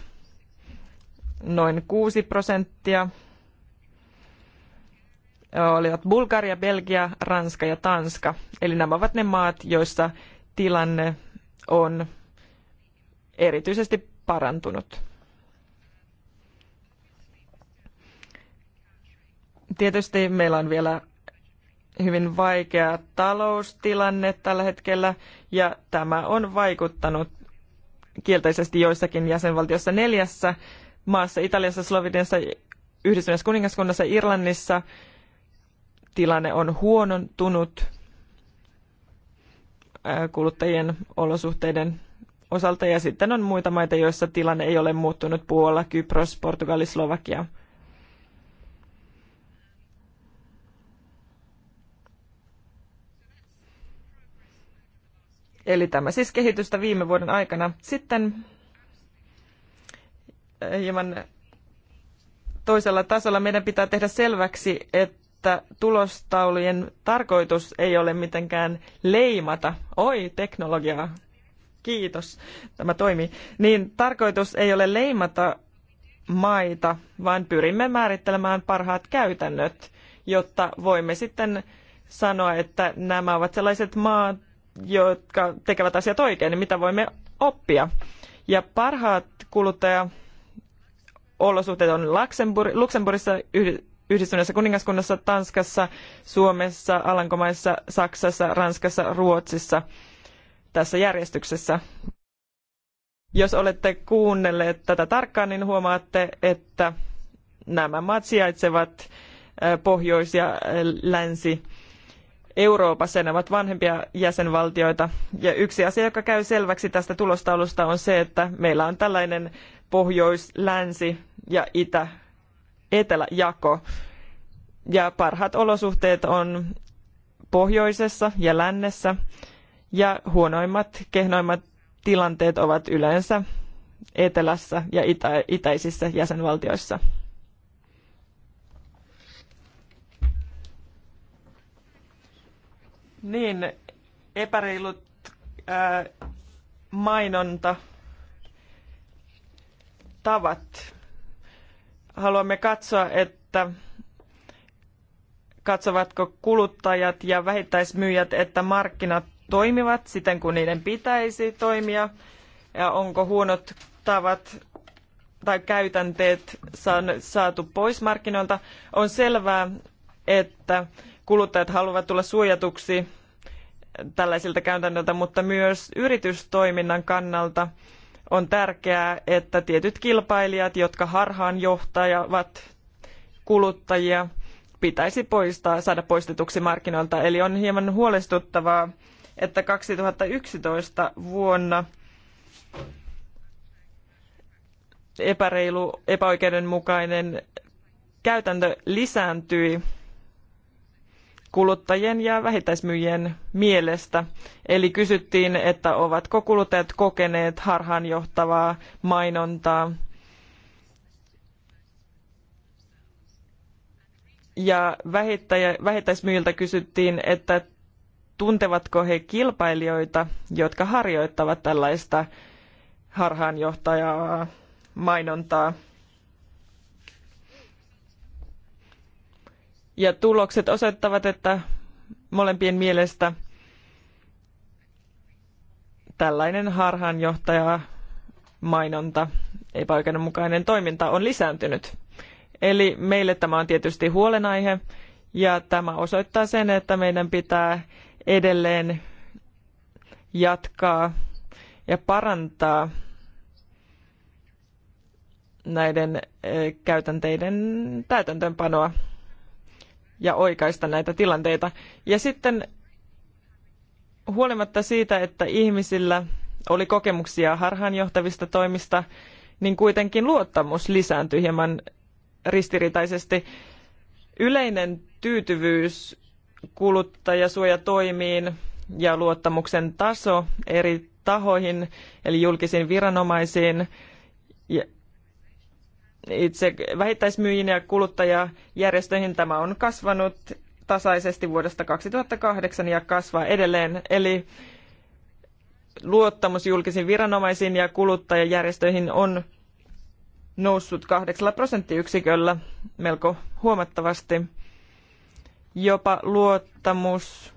noin kuusi prosenttia olivat Bulgaria, Belgia, Ranska ja Tanska. Eli nämä ovat ne maat, joissa tilanne on erityisesti parantunut. Tietysti meillä on vielä hyvin vaikea taloustilanne tällä hetkellä ja tämä on vaikuttanut kielteisesti joissakin jäsenvaltioissa neljässä maassa, Italiassa, Sloveniassa, Yhdistyneessä kuningaskunnassa, Irlannissa, tilanne on huonontunut kuluttajien olosuhteiden osalta ja sitten on muita maita, joissa tilanne ei ole muuttunut Puola, Kypros, Portugali, Slovakia. Eli tämä siis kehitystä viime vuoden aikana. Sitten hieman toisella tasolla meidän pitää tehdä selväksi, että että tulostaulujen tarkoitus ei ole mitenkään leimata. Oi, teknologiaa. Kiitos. Tämä toimii. Niin tarkoitus ei ole leimata maita, vaan pyrimme määrittelemään parhaat käytännöt, jotta voimme sitten sanoa, että nämä ovat sellaiset maat, jotka tekevät asiat oikein, niin mitä voimme oppia. Ja parhaat kuluttaja olosuhteet on Luxemburg, Luxemburgissa, Yhdistyneessä kuningaskunnassa, Tanskassa, Suomessa, Alankomaissa, Saksassa, Ranskassa, Ruotsissa tässä järjestyksessä. Jos olette kuunnelleet tätä tarkkaan, niin huomaatte, että nämä maat sijaitsevat Pohjois- ja Länsi-Euroopassa. Ne ovat vanhempia jäsenvaltioita. Ja yksi asia, joka käy selväksi tästä tulostaulusta, on se, että meillä on tällainen Pohjois-Länsi ja Itä eteläjako. Ja parhaat olosuhteet on pohjoisessa ja lännessä ja huonoimmat, kehnoimmat tilanteet ovat yleensä etelässä ja itä, itäisissä jäsenvaltioissa. Niin, epäreilut äh, mainonta tavat haluamme katsoa, että katsovatko kuluttajat ja vähittäismyyjät, että markkinat toimivat siten kuin niiden pitäisi toimia ja onko huonot tavat tai käytänteet saatu pois markkinoilta. On selvää, että kuluttajat haluavat tulla suojatuksi tällaisilta käytännöiltä, mutta myös yritystoiminnan kannalta – on tärkeää, että tietyt kilpailijat, jotka harhaan johtavat kuluttajia, pitäisi poistaa, saada poistetuksi markkinoilta. Eli on hieman huolestuttavaa, että 2011 vuonna epäreilu, epäoikeudenmukainen käytäntö lisääntyi kuluttajien ja vähittäismyyjien mielestä. Eli kysyttiin, että ovatko kuluttajat kokeneet harhaanjohtavaa mainontaa. Ja vähittäismyyjiltä kysyttiin, että tuntevatko he kilpailijoita, jotka harjoittavat tällaista harhaanjohtajaa mainontaa. Ja tulokset osoittavat, että molempien mielestä tällainen harhaanjohtaja mainonta, epäoikeudenmukainen toiminta on lisääntynyt. Eli meille tämä on tietysti huolenaihe ja tämä osoittaa sen, että meidän pitää edelleen jatkaa ja parantaa näiden eh, käytänteiden täytäntöönpanoa ja oikaista näitä tilanteita. Ja sitten huolimatta siitä, että ihmisillä oli kokemuksia harhaanjohtavista toimista, niin kuitenkin luottamus lisääntyi hieman ristiriitaisesti. Yleinen tyytyvyys kuluttajasuojatoimiin ja luottamuksen taso eri tahoihin, eli julkisiin viranomaisiin itse vähittäismyyjien ja kuluttajajärjestöihin tämä on kasvanut tasaisesti vuodesta 2008 ja kasvaa edelleen. Eli luottamus julkisiin viranomaisiin ja kuluttajajärjestöihin on noussut kahdeksalla prosenttiyksiköllä melko huomattavasti. Jopa luottamus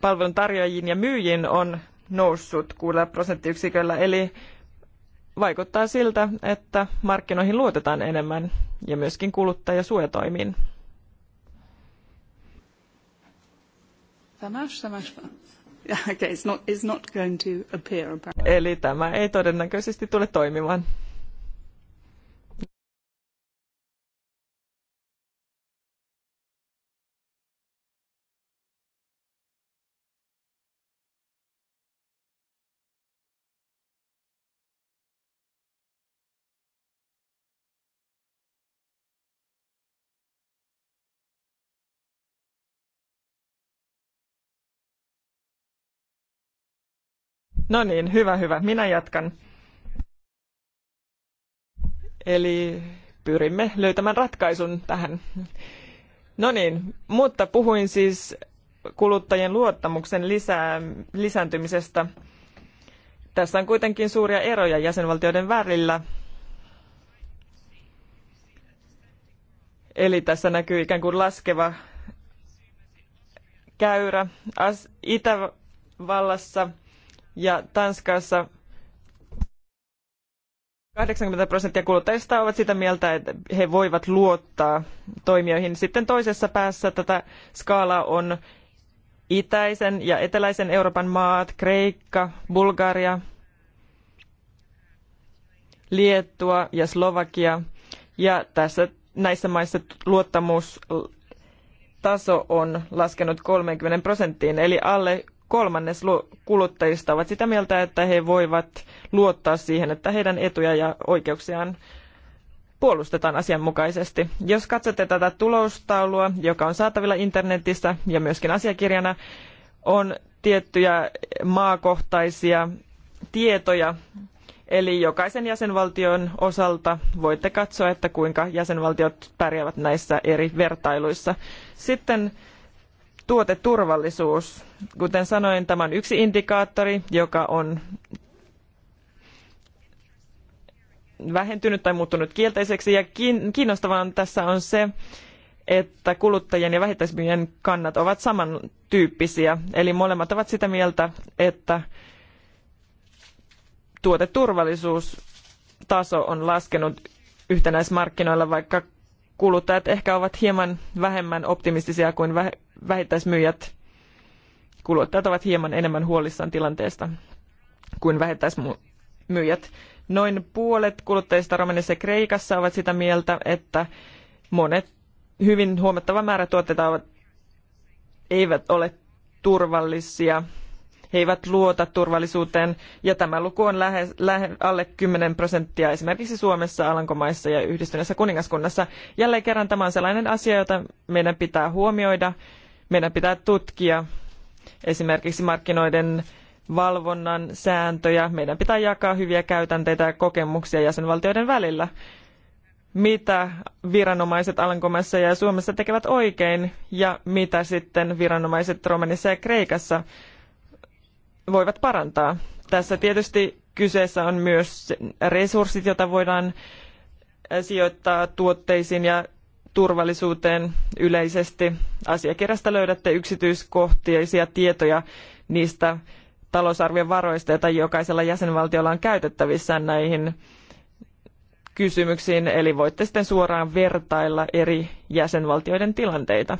palveluntarjoajiin ja myyjiin on noussut kuudella prosenttiyksiköllä, eli vaikuttaa siltä, että markkinoihin luotetaan enemmän ja myöskin kuluttajasuojatoimiin. Eli tämä ei todennäköisesti tule toimimaan. No niin, hyvä, hyvä. Minä jatkan. Eli pyrimme löytämään ratkaisun tähän. No niin, mutta puhuin siis kuluttajien luottamuksen lisää, lisääntymisestä. Tässä on kuitenkin suuria eroja jäsenvaltioiden välillä. Eli tässä näkyy ikään kuin laskeva käyrä. Itävallassa ja Tanskassa 80 prosenttia kuluttajista ovat sitä mieltä, että he voivat luottaa toimijoihin. Sitten toisessa päässä tätä skaalaa on itäisen ja eteläisen Euroopan maat, Kreikka, Bulgaria, Liettua ja Slovakia. Ja tässä, näissä maissa luottamustaso on laskenut 30 prosenttiin, eli alle kolmannes kuluttajista ovat sitä mieltä, että he voivat luottaa siihen, että heidän etuja ja oikeuksiaan puolustetaan asianmukaisesti. Jos katsotte tätä tulostaulua, joka on saatavilla internetissä ja myöskin asiakirjana, on tiettyjä maakohtaisia tietoja, Eli jokaisen jäsenvaltion osalta voitte katsoa, että kuinka jäsenvaltiot pärjäävät näissä eri vertailuissa. Sitten tuoteturvallisuus. Kuten sanoin, tämä on yksi indikaattori, joka on vähentynyt tai muuttunut kielteiseksi. Ja kiinnostavaa tässä on se, että kuluttajien ja vähittäismyyjien kannat ovat samantyyppisiä. Eli molemmat ovat sitä mieltä, että tuoteturvallisuustaso on laskenut yhtenäismarkkinoilla, vaikka kuluttajat ehkä ovat hieman vähemmän optimistisia kuin vähittäismyyjät. Kuluttajat ovat hieman enemmän huolissaan tilanteesta kuin vähittäismyyjät. Noin puolet kuluttajista Romaniassa ja Kreikassa ovat sitä mieltä, että monet hyvin huomattava määrä tuotteita ovat, eivät ole turvallisia he eivät luota turvallisuuteen ja tämä luku on lähes lähe, alle 10 prosenttia esimerkiksi Suomessa, Alankomaissa ja Yhdistyneessä kuningaskunnassa. Jälleen kerran tämä on sellainen asia, jota meidän pitää huomioida, meidän pitää tutkia esimerkiksi markkinoiden valvonnan sääntöjä. Meidän pitää jakaa hyviä käytänteitä ja kokemuksia jäsenvaltioiden välillä. Mitä viranomaiset Alankomaissa ja Suomessa tekevät oikein ja mitä sitten viranomaiset Romanissa ja Kreikassa voivat parantaa. Tässä tietysti kyseessä on myös resurssit, joita voidaan sijoittaa tuotteisiin ja turvallisuuteen yleisesti. Asiakirjasta löydätte yksityiskohtaisia tietoja niistä talousarvion varoista, joita jokaisella jäsenvaltiolla on käytettävissään näihin kysymyksiin, eli voitte sitten suoraan vertailla eri jäsenvaltioiden tilanteita.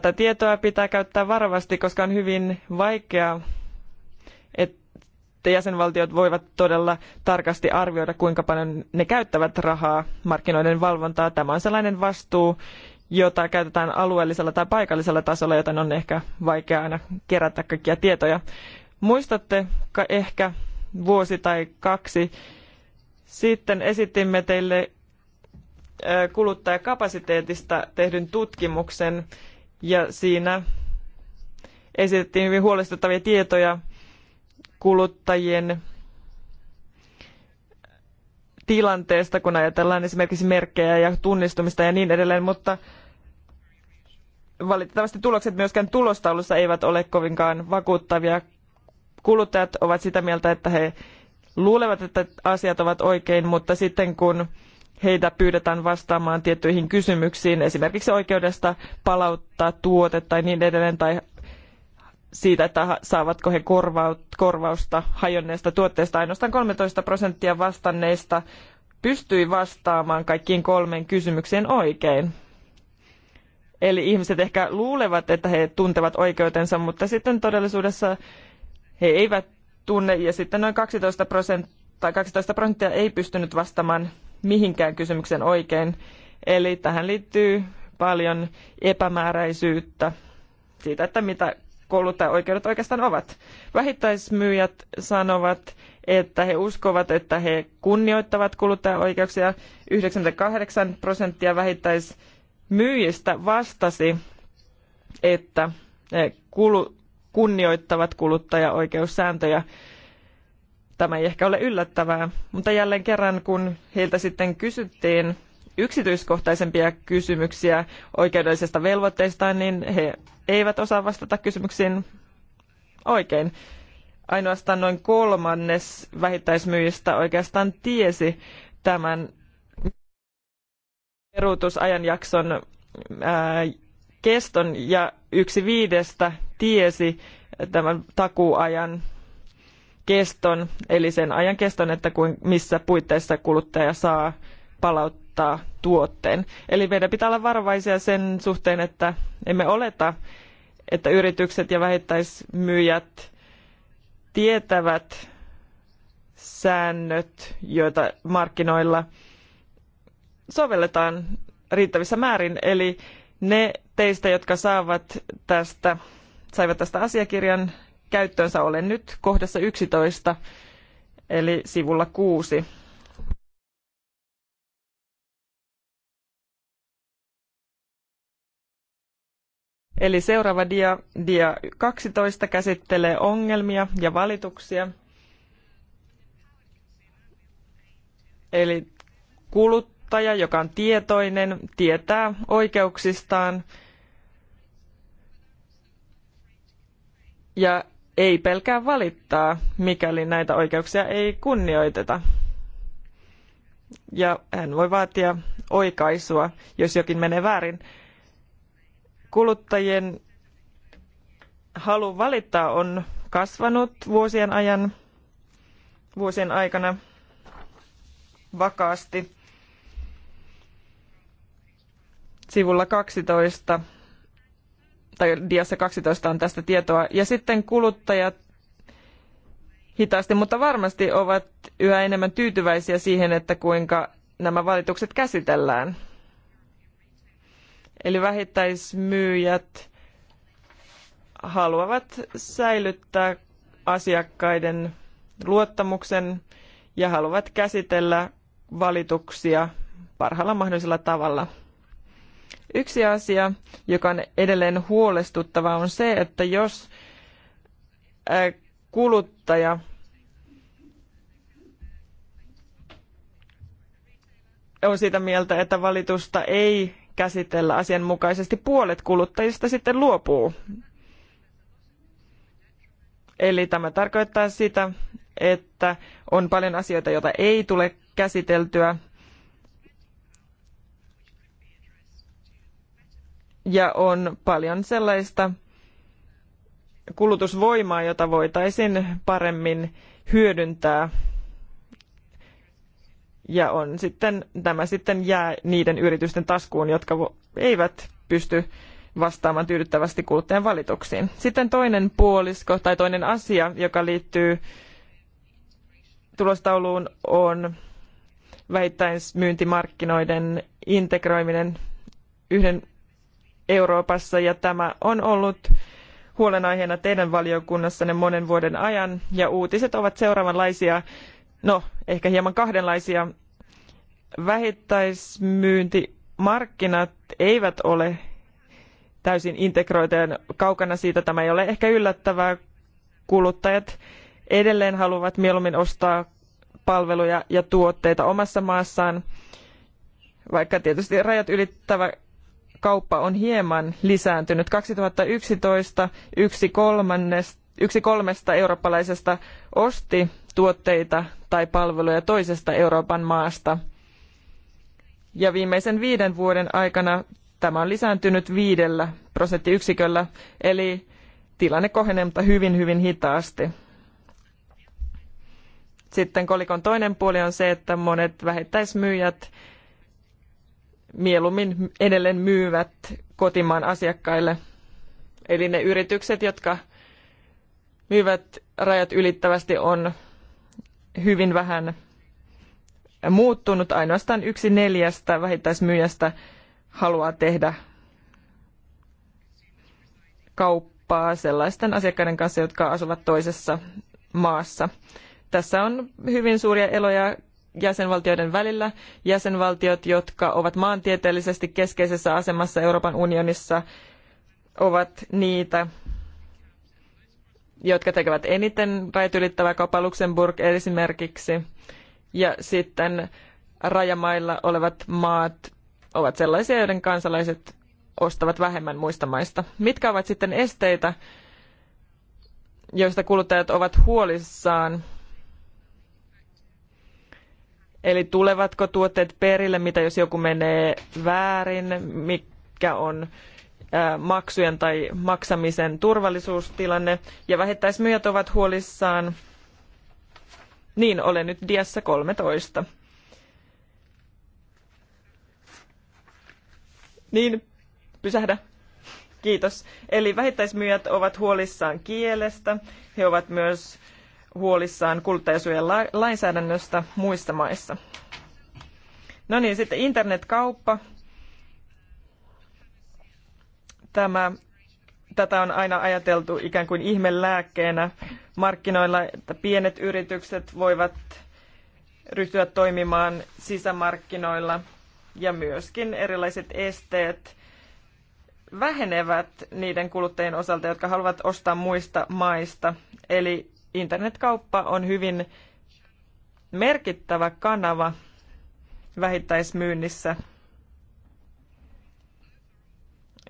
Tätä tietoa pitää käyttää varovasti, koska on hyvin vaikeaa, että jäsenvaltiot voivat todella tarkasti arvioida, kuinka paljon ne käyttävät rahaa markkinoiden valvontaa. Tämä on sellainen vastuu, jota käytetään alueellisella tai paikallisella tasolla, joten on ehkä vaikea aina kerätä kaikkia tietoja. Muistatte ehkä vuosi tai kaksi sitten esitimme teille kuluttajakapasiteetista tehdyn tutkimuksen ja siinä esitettiin hyvin huolestuttavia tietoja kuluttajien tilanteesta, kun ajatellaan esimerkiksi merkkejä ja tunnistumista ja niin edelleen, mutta valitettavasti tulokset myöskään tulostaulussa eivät ole kovinkaan vakuuttavia. Kuluttajat ovat sitä mieltä, että he luulevat, että asiat ovat oikein, mutta sitten kun heitä pyydetään vastaamaan tiettyihin kysymyksiin, esimerkiksi oikeudesta palauttaa tuote tai niin edelleen, tai siitä, että saavatko he korvausta hajonneesta tuotteesta. Ainoastaan 13 prosenttia vastanneista pystyi vastaamaan kaikkiin kolmeen kysymykseen oikein. Eli ihmiset ehkä luulevat, että he tuntevat oikeutensa, mutta sitten todellisuudessa he eivät tunne, ja sitten noin 12 prosenttia, 12 prosenttia ei pystynyt vastaamaan mihinkään kysymykseen oikein. Eli tähän liittyy paljon epämääräisyyttä siitä, että mitä kouluttajaoikeudet oikeastaan ovat. Vähittäismyyjät sanovat, että he uskovat, että he kunnioittavat kuluttajaoikeuksia. 98 prosenttia vähittäismyyjistä vastasi, että kunnioittavat kuluttajaoikeussääntöjä. Tämä ei ehkä ole yllättävää, mutta jälleen kerran kun heiltä sitten kysyttiin yksityiskohtaisempia kysymyksiä oikeudellisesta velvoitteesta, niin he eivät osaa vastata kysymyksiin oikein. Ainoastaan noin kolmannes vähittäismyyjistä oikeastaan tiesi tämän peruutusajanjakson ää, keston ja yksi viidestä tiesi tämän takuuajan keston, eli sen ajan keston, että kuin, missä puitteissa kuluttaja saa palauttaa tuotteen. Eli meidän pitää olla varovaisia sen suhteen, että emme oleta, että yritykset ja vähittäismyyjät tietävät säännöt, joita markkinoilla sovelletaan riittävissä määrin. Eli ne teistä, jotka saavat tästä, saivat tästä asiakirjan, käyttöönsä. Olen nyt kohdassa 11, eli sivulla 6. Eli seuraava dia, dia 12, käsittelee ongelmia ja valituksia. Eli kuluttaja, joka on tietoinen, tietää oikeuksistaan ja ei pelkää valittaa, mikäli näitä oikeuksia ei kunnioiteta. Ja hän voi vaatia oikaisua, jos jokin menee väärin. Kuluttajien halu valittaa on kasvanut vuosien ajan, vuosien aikana vakaasti. Sivulla 12 tai diassa 12 on tästä tietoa. Ja sitten kuluttajat hitaasti, mutta varmasti ovat yhä enemmän tyytyväisiä siihen, että kuinka nämä valitukset käsitellään. Eli vähittäismyyjät haluavat säilyttää asiakkaiden luottamuksen ja haluavat käsitellä valituksia parhaalla mahdollisella tavalla. Yksi asia, joka on edelleen huolestuttava, on se, että jos kuluttaja on sitä mieltä, että valitusta ei käsitellä asianmukaisesti, puolet kuluttajista sitten luopuu. Eli tämä tarkoittaa sitä, että on paljon asioita, joita ei tule käsiteltyä ja on paljon sellaista kulutusvoimaa, jota voitaisiin paremmin hyödyntää. Ja on sitten, tämä sitten jää niiden yritysten taskuun, jotka eivät pysty vastaamaan tyydyttävästi kuluttajan valituksiin. Sitten toinen puolisko tai toinen asia, joka liittyy tulostauluun, on vähittäismyyntimarkkinoiden integroiminen yhden Euroopassa ja tämä on ollut huolenaiheena teidän valiokunnassanne monen vuoden ajan ja uutiset ovat seuraavanlaisia, no ehkä hieman kahdenlaisia. Vähittäismyyntimarkkinat eivät ole täysin integroituja kaukana siitä tämä ei ole ehkä yllättävää. Kuluttajat edelleen haluavat mieluummin ostaa palveluja ja tuotteita omassa maassaan, vaikka tietysti rajat ylittävä kauppa on hieman lisääntynyt. 2011 yksi, kolmannesta, yksi kolmesta eurooppalaisesta osti tuotteita tai palveluja toisesta Euroopan maasta. Ja viimeisen viiden vuoden aikana tämä on lisääntynyt viidellä prosenttiyksiköllä, eli tilanne kohenee, mutta hyvin, hyvin hitaasti. Sitten kolikon toinen puoli on se, että monet vähittäismyyjät mieluummin edelleen myyvät kotimaan asiakkaille. Eli ne yritykset, jotka myyvät rajat ylittävästi, on hyvin vähän muuttunut. Ainoastaan yksi neljästä vähittäismyyjästä haluaa tehdä kauppaa sellaisten asiakkaiden kanssa, jotka asuvat toisessa maassa. Tässä on hyvin suuria eloja jäsenvaltioiden välillä. Jäsenvaltiot, jotka ovat maantieteellisesti keskeisessä asemassa Euroopan unionissa, ovat niitä, jotka tekevät eniten rajat ylittävää kauppaa, Luxemburg esimerkiksi. Ja sitten rajamailla olevat maat ovat sellaisia, joiden kansalaiset ostavat vähemmän muista maista. Mitkä ovat sitten esteitä, joista kuluttajat ovat huolissaan? Eli tulevatko tuotteet perille, mitä jos joku menee väärin, mikä on maksujen tai maksamisen turvallisuustilanne. Ja vähittäismyyjät ovat huolissaan. Niin, olen nyt diassa 13. Niin, pysähdä. Kiitos. Eli vähittäismyyjät ovat huolissaan kielestä. He ovat myös huolissaan kuluttajasuojan lainsäädännöstä muissa maissa. No niin, sitten internetkauppa. Tämä, tätä on aina ajateltu ikään kuin ihmelääkkeenä markkinoilla, että pienet yritykset voivat ryhtyä toimimaan sisämarkkinoilla ja myöskin erilaiset esteet vähenevät niiden kuluttajien osalta, jotka haluavat ostaa muista maista. Eli internetkauppa on hyvin merkittävä kanava vähittäismyynnissä.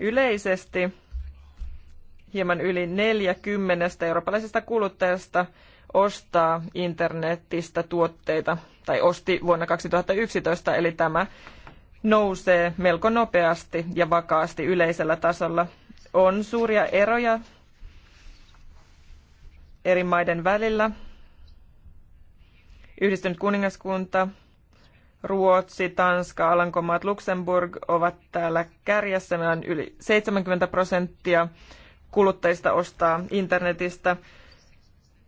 Yleisesti hieman yli 40 eurooppalaisesta kuluttajasta ostaa internetistä tuotteita tai osti vuonna 2011, eli tämä nousee melko nopeasti ja vakaasti yleisellä tasolla. On suuria eroja eri maiden välillä. Yhdistynyt kuningaskunta, Ruotsi, Tanska, Alankomaat, Luxemburg ovat täällä kärjessä. Meillä on yli 70 prosenttia kuluttajista ostaa internetistä.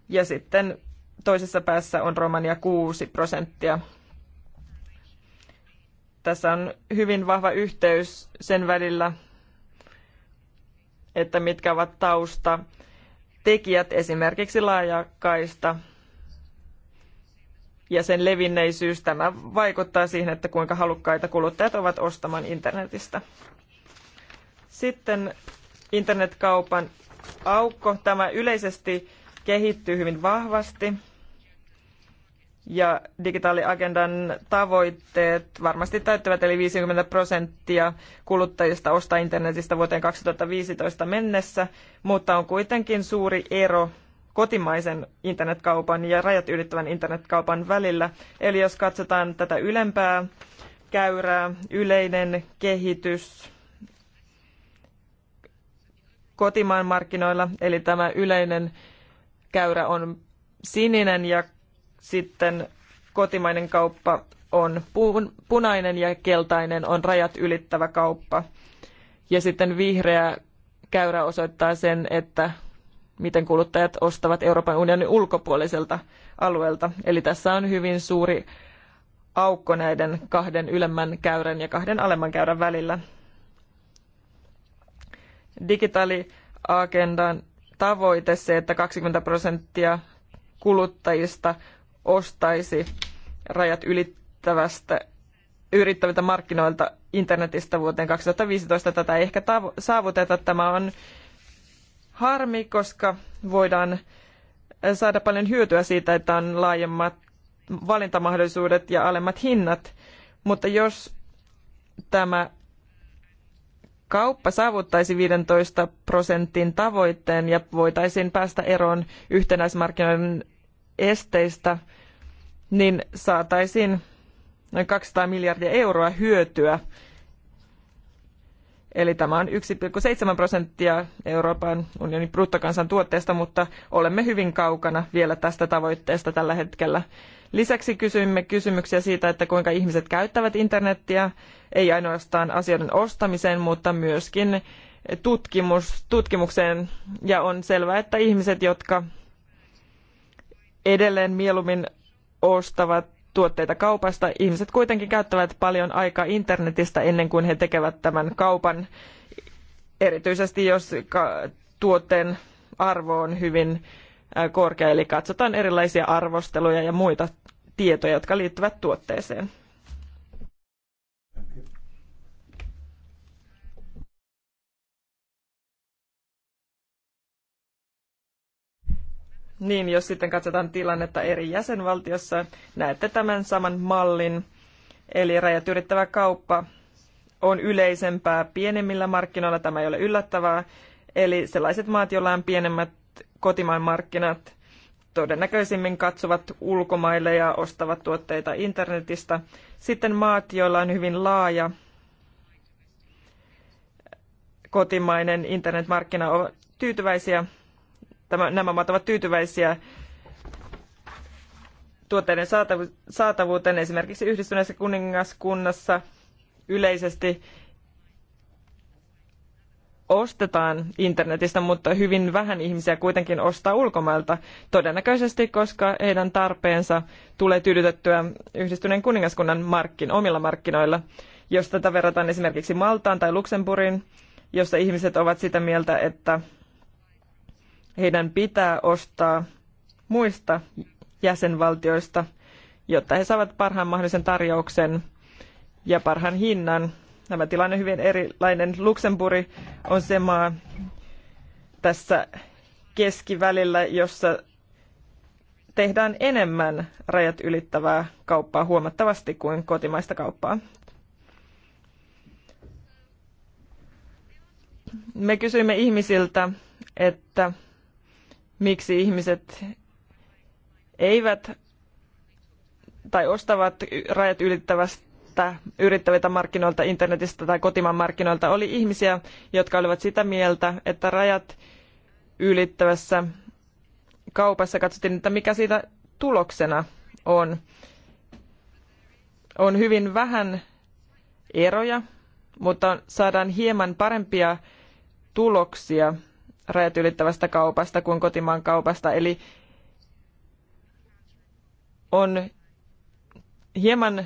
Ja sitten toisessa päässä on Romania 6 prosenttia. Tässä on hyvin vahva yhteys sen välillä, että mitkä ovat tausta tekijät, esimerkiksi laajakaista ja sen levinneisyys, tämä vaikuttaa siihen, että kuinka halukkaita kuluttajat ovat ostamaan internetistä. Sitten internetkaupan aukko. Tämä yleisesti kehittyy hyvin vahvasti ja digitaaliagendan tavoitteet varmasti täyttävät, eli 50 prosenttia kuluttajista ostaa internetistä vuoteen 2015 mennessä, mutta on kuitenkin suuri ero kotimaisen internetkaupan ja rajat ylittävän internetkaupan välillä. Eli jos katsotaan tätä ylempää käyrää, yleinen kehitys kotimaan markkinoilla, eli tämä yleinen käyrä on sininen ja sitten kotimainen kauppa on punainen ja keltainen on rajat ylittävä kauppa. Ja sitten vihreä käyrä osoittaa sen, että miten kuluttajat ostavat Euroopan unionin ulkopuoliselta alueelta. Eli tässä on hyvin suuri aukko näiden kahden ylemmän käyrän ja kahden alemman käyrän välillä. Digitaaliagendan tavoite se, että 20 prosenttia kuluttajista ostaisi rajat ylittävästä yrittäviltä markkinoilta internetistä vuoteen 2015. Tätä ei ehkä saavuteta. Tämä on harmi, koska voidaan saada paljon hyötyä siitä, että on laajemmat valintamahdollisuudet ja alemmat hinnat. Mutta jos tämä kauppa saavuttaisi 15 prosentin tavoitteen ja voitaisiin päästä eroon yhtenäismarkkinoiden esteistä, niin saataisiin noin 200 miljardia euroa hyötyä. Eli tämä on 1,7 prosenttia Euroopan unionin bruttokansantuotteesta, mutta olemme hyvin kaukana vielä tästä tavoitteesta tällä hetkellä. Lisäksi kysyimme kysymyksiä siitä, että kuinka ihmiset käyttävät internettiä, ei ainoastaan asioiden ostamiseen, mutta myöskin tutkimus, tutkimukseen. Ja on selvää, että ihmiset, jotka edelleen mieluummin ostavat tuotteita kaupasta. Ihmiset kuitenkin käyttävät paljon aikaa internetistä ennen kuin he tekevät tämän kaupan, erityisesti jos tuotteen arvo on hyvin korkea, eli katsotaan erilaisia arvosteluja ja muita tietoja, jotka liittyvät tuotteeseen. Niin, jos sitten katsotaan tilannetta eri jäsenvaltiossa, näette tämän saman mallin. Eli rajat yrittävä kauppa on yleisempää pienemmillä markkinoilla, tämä ei ole yllättävää. Eli sellaiset maat, joilla on pienemmät kotimaan markkinat, todennäköisimmin katsovat ulkomaille ja ostavat tuotteita internetistä. Sitten maat, joilla on hyvin laaja kotimainen internetmarkkina, ovat tyytyväisiä tämä, nämä maat ovat tyytyväisiä tuotteiden saatavuuteen esimerkiksi yhdistyneessä kuningaskunnassa yleisesti ostetaan internetistä, mutta hyvin vähän ihmisiä kuitenkin ostaa ulkomailta, todennäköisesti koska heidän tarpeensa tulee tyydytettyä yhdistyneen kuningaskunnan markkin, omilla markkinoilla. Jos tätä verrataan esimerkiksi Maltaan tai Luxemburgiin, jossa ihmiset ovat sitä mieltä, että heidän pitää ostaa muista jäsenvaltioista, jotta he saavat parhaan mahdollisen tarjouksen ja parhaan hinnan. Tämä tilanne on hyvin erilainen. Luxemburg on se maa tässä keskivälillä, jossa tehdään enemmän rajat ylittävää kauppaa huomattavasti kuin kotimaista kauppaa. Me kysyimme ihmisiltä, että miksi ihmiset eivät tai ostavat rajat ylittävästä yrittäviltä markkinoilta internetistä tai kotimaan markkinoilta oli ihmisiä, jotka olivat sitä mieltä, että rajat ylittävässä kaupassa katsottiin, että mikä siitä tuloksena on. On hyvin vähän eroja, mutta saadaan hieman parempia tuloksia – rajat ylittävästä kaupasta kuin kotimaan kaupasta. Eli on hieman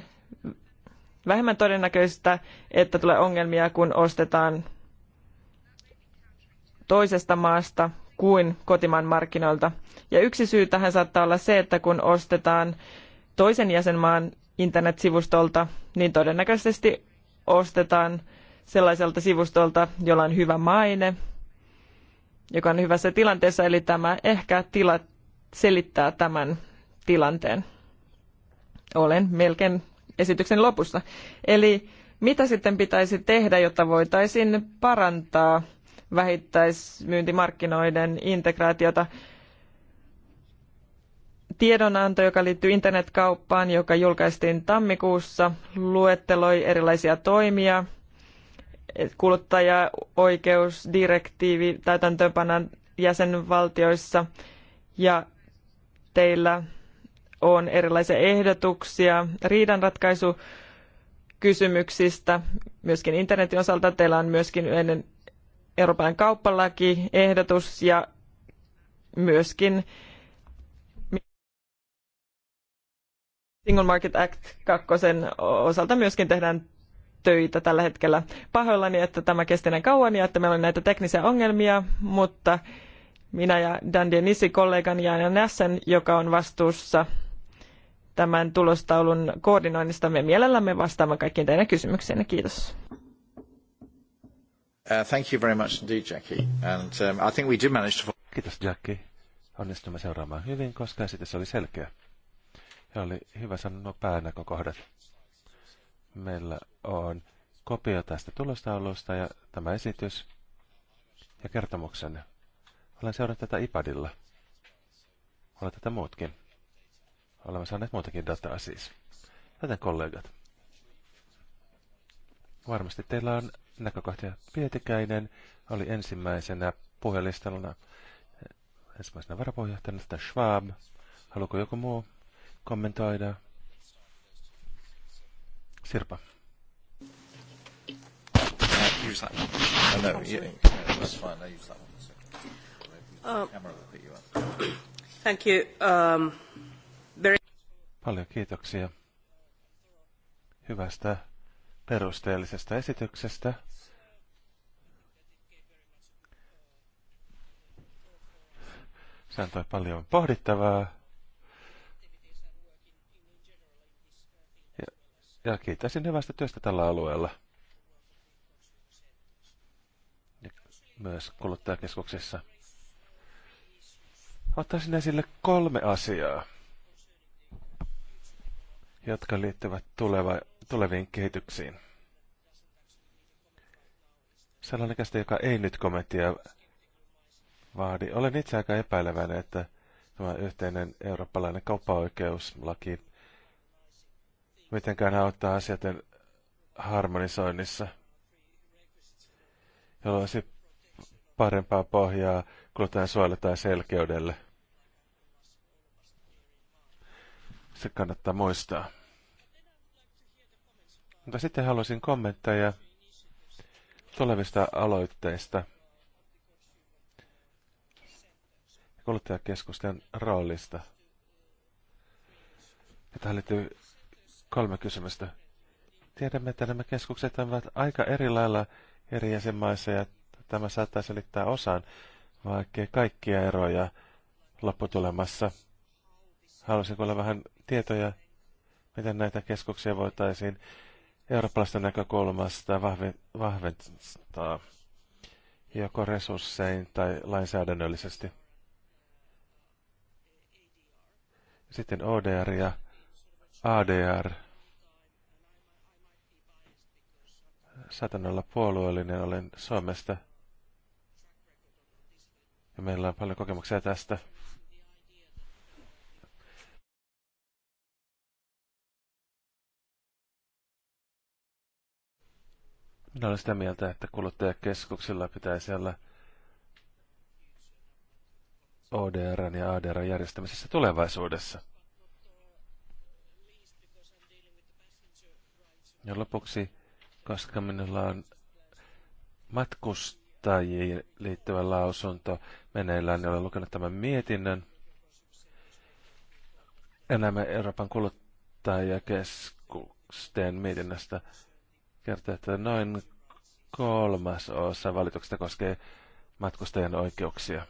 vähemmän todennäköistä, että tulee ongelmia, kun ostetaan toisesta maasta kuin kotimaan markkinoilta. Ja yksi syy tähän saattaa olla se, että kun ostetaan toisen jäsenmaan internetsivustolta, niin todennäköisesti ostetaan sellaiselta sivustolta, jolla on hyvä maine joka on hyvässä tilanteessa, eli tämä ehkä tila selittää tämän tilanteen. Olen melkein esityksen lopussa. Eli mitä sitten pitäisi tehdä, jotta voitaisiin parantaa vähittäismyyntimarkkinoiden integraatiota? Tiedonanto, joka liittyy internetkauppaan, joka julkaistiin tammikuussa, luetteloi erilaisia toimia, kuluttajaoikeusdirektiivi täytäntöönpanan jäsenvaltioissa ja teillä on erilaisia ehdotuksia riidanratkaisu kysymyksistä myöskin internetin osalta. Teillä on myöskin ennen Euroopan kauppalaki ehdotus ja myöskin Single Market Act 2 osalta myöskin tehdään töitä tällä hetkellä. Pahoillani, että tämä kesti näin kauan ja että meillä on näitä teknisiä ongelmia, mutta minä ja Dan Denisi kollegani ja Nässen, joka on vastuussa tämän tulostaulun koordinoinnista, me mielellämme vastaamme kaikkiin teidän kysymyksiinne. Kiitos. Uh, thank you very much indeed, Jackie. And um, I think we did manage to... Kiitos, Jackie. Onnistumme seuraamaan hyvin, koska esitys oli selkeä. Ja oli hyvä sanoa päänäkökohdat. Meillä on kopio tästä tulostaulusta ja tämä esitys ja kertomuksenne. Olen seurannut tätä iPadilla. Olen tätä muutkin. Olemme saaneet muutakin dataa siis. Joten kollegat, varmasti teillä on näkökohtia. Pietikäinen oli ensimmäisenä puhelistalla ensimmäisenä varapuheenjohtajana, sitten Schwab. Haluaako joku muu kommentoida? Sirpa. Use that one. Oh, no, yeah, yeah, that's fine. I use that one. Uh, camera put you Thank you. Um, very... Paljon kiitoksia hyvästä perusteellisesta esityksestä. Se antoi paljon pohdittavaa. Ja kiitäisin hyvästä työstä tällä alueella. Ja myös kuluttajakeskuksessa. Ottaisin esille kolme asiaa, jotka liittyvät tuleva, tuleviin kehityksiin. Sellainen käsite, joka ei nyt kommenttia vaadi. Olen itse aika epäileväinen, että tämä yhteinen eurooppalainen kauppaoikeuslaki mitenkään auttaa asioiden harmonisoinnissa, jolloin parempaa pohjaa kuluttajan suojalle tai selkeydelle. Se kannattaa muistaa. Mutta sitten haluaisin kommentteja tulevista aloitteista kuluttajakeskusten roolista. Ja tähän liittyy kolme kysymystä. Tiedämme, että nämä keskukset ovat aika eri lailla eri jäsenmaissa ja tämä saattaa selittää osan, vaikkei kaikkia eroja lopputulemassa. Haluaisin kuulla vähän tietoja, miten näitä keskuksia voitaisiin eurooppalaisesta näkökulmasta vahventaa joko resurssein tai lainsäädännöllisesti. Sitten ODR ja ADR. Saatan olla puolueellinen, olen Suomesta. Ja meillä on paljon kokemuksia tästä. Minä olen sitä mieltä, että kuluttajakeskuksilla pitäisi olla ODR ja ADR järjestämisessä tulevaisuudessa. Ja lopuksi, koska minulla on matkustajiin liittyvä lausunto meneillään, niin olen lukenut tämän mietinnön. Elämme Euroopan kuluttajakeskusten mietinnöstä kertoo, että noin kolmas osa valituksista koskee matkustajien oikeuksia.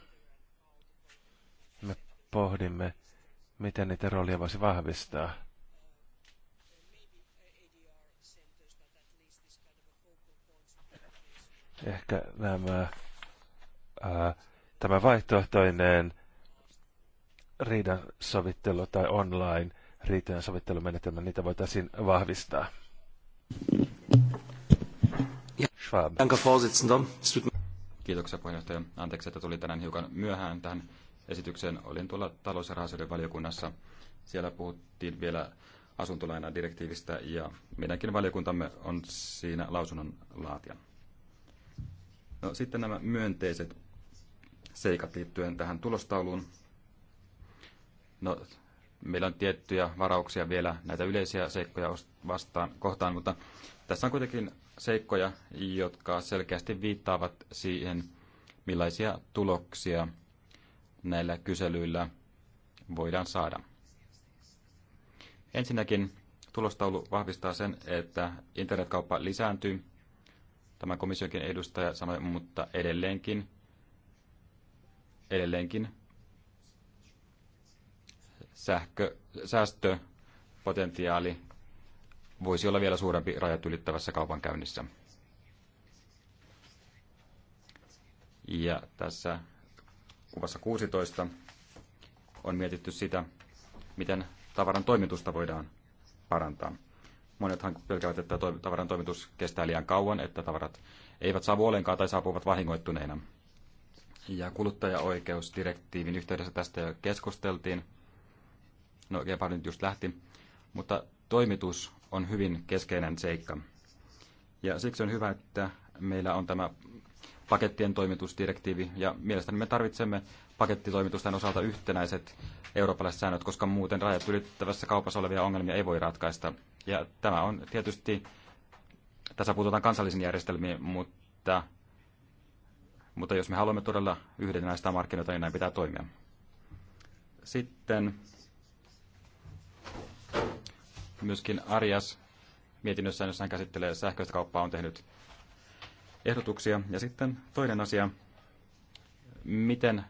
Me pohdimme, miten niitä roolia voisi vahvistaa. Ehkä nämä, ää, tämä vaihtoehtoinen riidan sovittelu tai online riitojen sovittelumenetelmä, niitä voitaisiin vahvistaa. Schwab. Kiitoksia puheenjohtaja. Anteeksi, että tuli tänään hiukan myöhään tähän esitykseen. Olin tuolla talous- ja valiokunnassa. Siellä puhuttiin vielä asuntolainadirektiivistä ja meidänkin valiokuntamme on siinä lausunnon laatijana. No, sitten nämä myönteiset seikat liittyen tähän tulostauluun. No, meillä on tiettyjä varauksia vielä näitä yleisiä seikkoja vastaan kohtaan, mutta tässä on kuitenkin seikkoja, jotka selkeästi viittaavat siihen, millaisia tuloksia näillä kyselyillä voidaan saada. Ensinnäkin tulostaulu vahvistaa sen, että internetkauppa lisääntyy Tämä komissionkin edustaja sanoi, mutta edelleenkin, edelleenkin sähkö, säästöpotentiaali voisi olla vielä suurempi rajat ylittävässä kaupankäynnissä. Ja tässä kuvassa 16 on mietitty sitä, miten tavaran toimitusta voidaan parantaa. Monet pelkäävät, että tavaran toimitus kestää liian kauan, että tavarat eivät saavu ollenkaan tai saapuvat vahingoittuneina. Ja kuluttajaoikeusdirektiivin yhteydessä tästä jo keskusteltiin. No, Gepard nyt just lähti. Mutta toimitus on hyvin keskeinen seikka. Ja siksi on hyvä, että meillä on tämä pakettien toimitusdirektiivi, ja mielestäni me tarvitsemme pakettitoimitusten osalta yhtenäiset eurooppalaiset säännöt, koska muuten rajat ylittävässä kaupassa olevia ongelmia ei voi ratkaista. Ja tämä on tietysti, tässä puututaan kansallisiin järjestelmiin, mutta, mutta jos me haluamme todella yhdenäistä markkinoita, niin näin pitää toimia. Sitten myöskin Arias mietinnössään, jossa hän käsittelee sähköistä kauppaa, on tehnyt ehdotuksia. Ja sitten toinen asia, miten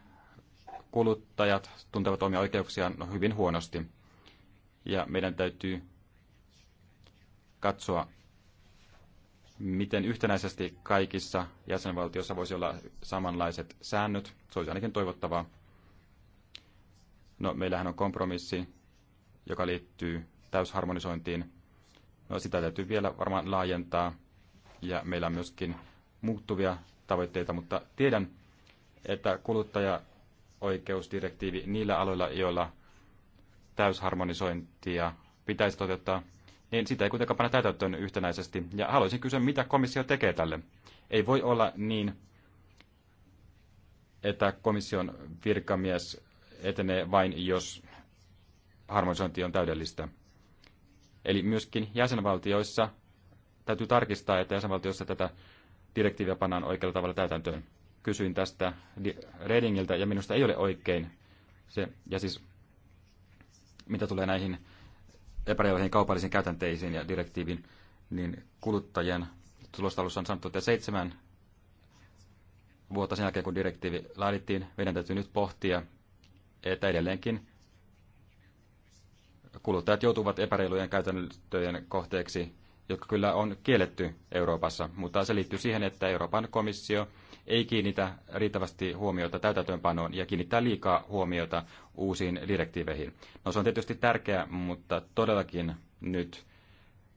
kuluttajat tuntevat omia oikeuksiaan no, hyvin huonosti. Ja meidän täytyy katsoa, miten yhtenäisesti kaikissa jäsenvaltioissa voisi olla samanlaiset säännöt. Se olisi ainakin toivottavaa. No, meillähän on kompromissi, joka liittyy täysharmonisointiin. No, sitä täytyy vielä varmaan laajentaa. Ja meillä on myöskin muuttuvia tavoitteita, mutta tiedän, että kuluttajaoikeusdirektiivi niillä aloilla, joilla täysharmonisointia pitäisi toteuttaa, niin sitä ei kuitenkaan panna täytäntöön yhtenäisesti. Ja haluaisin kysyä, mitä komissio tekee tälle. Ei voi olla niin, että komission virkamies etenee vain, jos harmonisointi on täydellistä. Eli myöskin jäsenvaltioissa täytyy tarkistaa, että jäsenvaltioissa tätä direktiiviä pannaan oikealla tavalla täytäntöön. Kysyin tästä Redingiltä ja minusta ei ole oikein se, ja siis mitä tulee näihin epäreiluihin kaupallisiin käytänteisiin ja direktiivin, niin kuluttajien tulostalussa on sanottu, että seitsemän vuotta sen jälkeen, kun direktiivi laadittiin, meidän täytyy nyt pohtia, että edelleenkin kuluttajat joutuvat epäreilujen käytäntöjen kohteeksi, jotka kyllä on kielletty Euroopassa, mutta se liittyy siihen, että Euroopan komissio – ei kiinnitä riittävästi huomiota täytäntöönpanoon ja kiinnittää liikaa huomiota uusiin direktiiveihin. No se on tietysti tärkeää, mutta todellakin nyt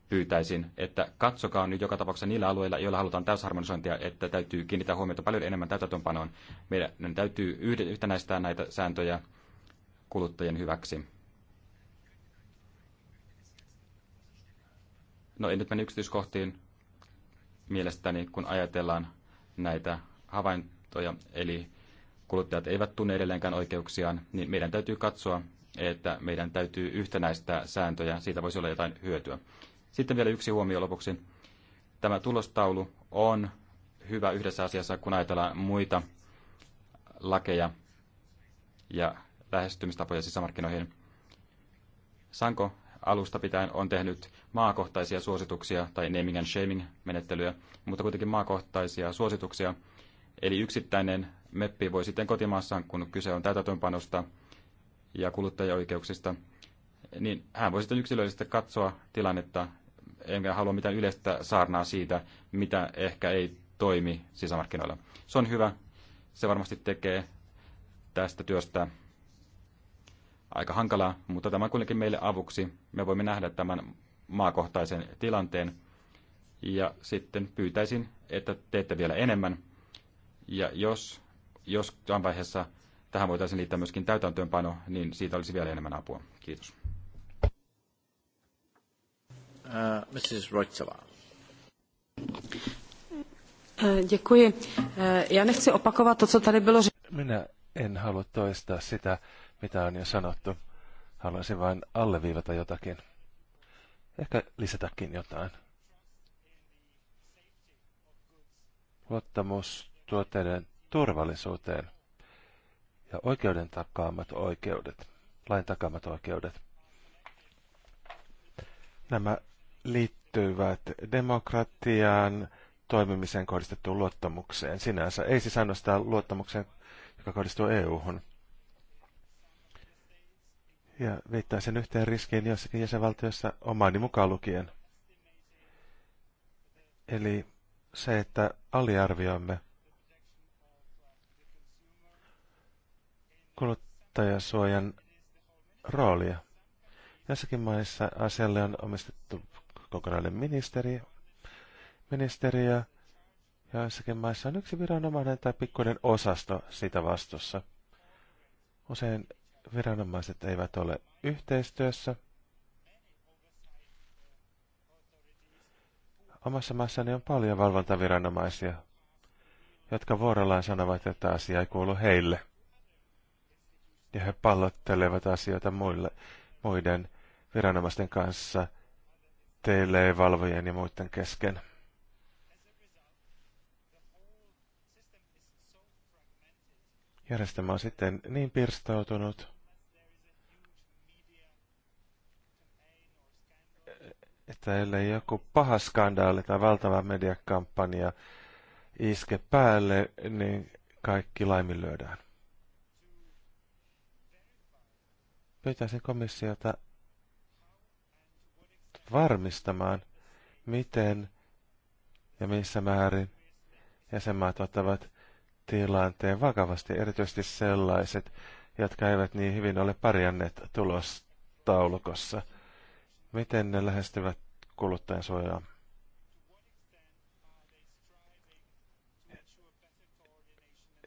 pyytäisin, että katsokaa nyt joka tapauksessa niillä alueilla, joilla halutaan täysharmonisointia, että täytyy kiinnittää huomiota paljon enemmän täytäntöönpanoon. Meidän täytyy yhtenäistää näitä sääntöjä kuluttajien hyväksi. No en nyt mene yksityiskohtiin mielestäni, kun ajatellaan näitä havaintoja, eli kuluttajat eivät tunne edelleenkään oikeuksiaan, niin meidän täytyy katsoa, että meidän täytyy yhtenäistää sääntöjä, siitä voisi olla jotain hyötyä. Sitten vielä yksi huomio lopuksi. Tämä tulostaulu on hyvä yhdessä asiassa, kun ajatellaan muita lakeja ja lähestymistapoja sisämarkkinoihin. Sanko alusta pitäen on tehnyt maakohtaisia suosituksia tai naming and shaming menettelyä, mutta kuitenkin maakohtaisia suosituksia, Eli yksittäinen meppi voi sitten kotimaassaan, kun kyse on täytäntöönpanosta ja kuluttajaoikeuksista, niin hän voi sitten yksilöllisesti katsoa tilannetta, enkä halua mitään yleistä saarnaa siitä, mitä ehkä ei toimi sisämarkkinoilla. Se on hyvä, se varmasti tekee tästä työstä aika hankalaa, mutta tämä on kuitenkin meille avuksi. Me voimme nähdä tämän maakohtaisen tilanteen ja sitten pyytäisin, että teette vielä enemmän ja jos jossain vaiheessa tähän voitaisiin liittää myöskin täytäntöönpano, niin siitä olisi vielä enemmän apua. Kiitos. Uh, Mrs. Reutzela. Eh, děkuji. Eh, já nechci opakovat to, co tady bylo Minä en halua toistaa sitä, mitä on jo sanottu. Haluaisin vain alleviivata jotakin. Ehkä lisätäkin jotain. Luottamus teidän turvallisuuteen ja oikeuden takaamat oikeudet, lain takaamat oikeudet. Nämä liittyvät demokratiaan, toimimiseen kohdistettuun luottamukseen sinänsä. Ei siis ainoastaan luottamukseen, joka kohdistuu EU-hun. Ja viittaa sen yhteen riskiin jossakin jäsenvaltiossa omaani mukaan lukien. Eli se, että aliarvioimme kuluttajasuojan roolia. Jossakin maissa asialle on omistettu kokonainen ministeri, ministeriö, ja joissakin maissa on yksi viranomainen tai pikkuinen osasto sitä vastuussa. Usein viranomaiset eivät ole yhteistyössä. Omassa maassani on paljon valvontaviranomaisia, jotka vuorollaan sanovat, että asia ei kuulu heille ja he pallottelevat asioita muille, muiden viranomaisten kanssa, teille valvojien ja muiden kesken. Järjestelmä on sitten niin pirstautunut, että ellei joku paha skandaali tai valtava mediakampanja iske päälle, niin kaikki laiminlyödään. pyytäisin komissiota varmistamaan, miten ja missä määrin jäsenmaat ottavat tilanteen vakavasti, erityisesti sellaiset, jotka eivät niin hyvin ole parjanneet tulostaulukossa. Miten ne lähestyvät kuluttajan suojaa?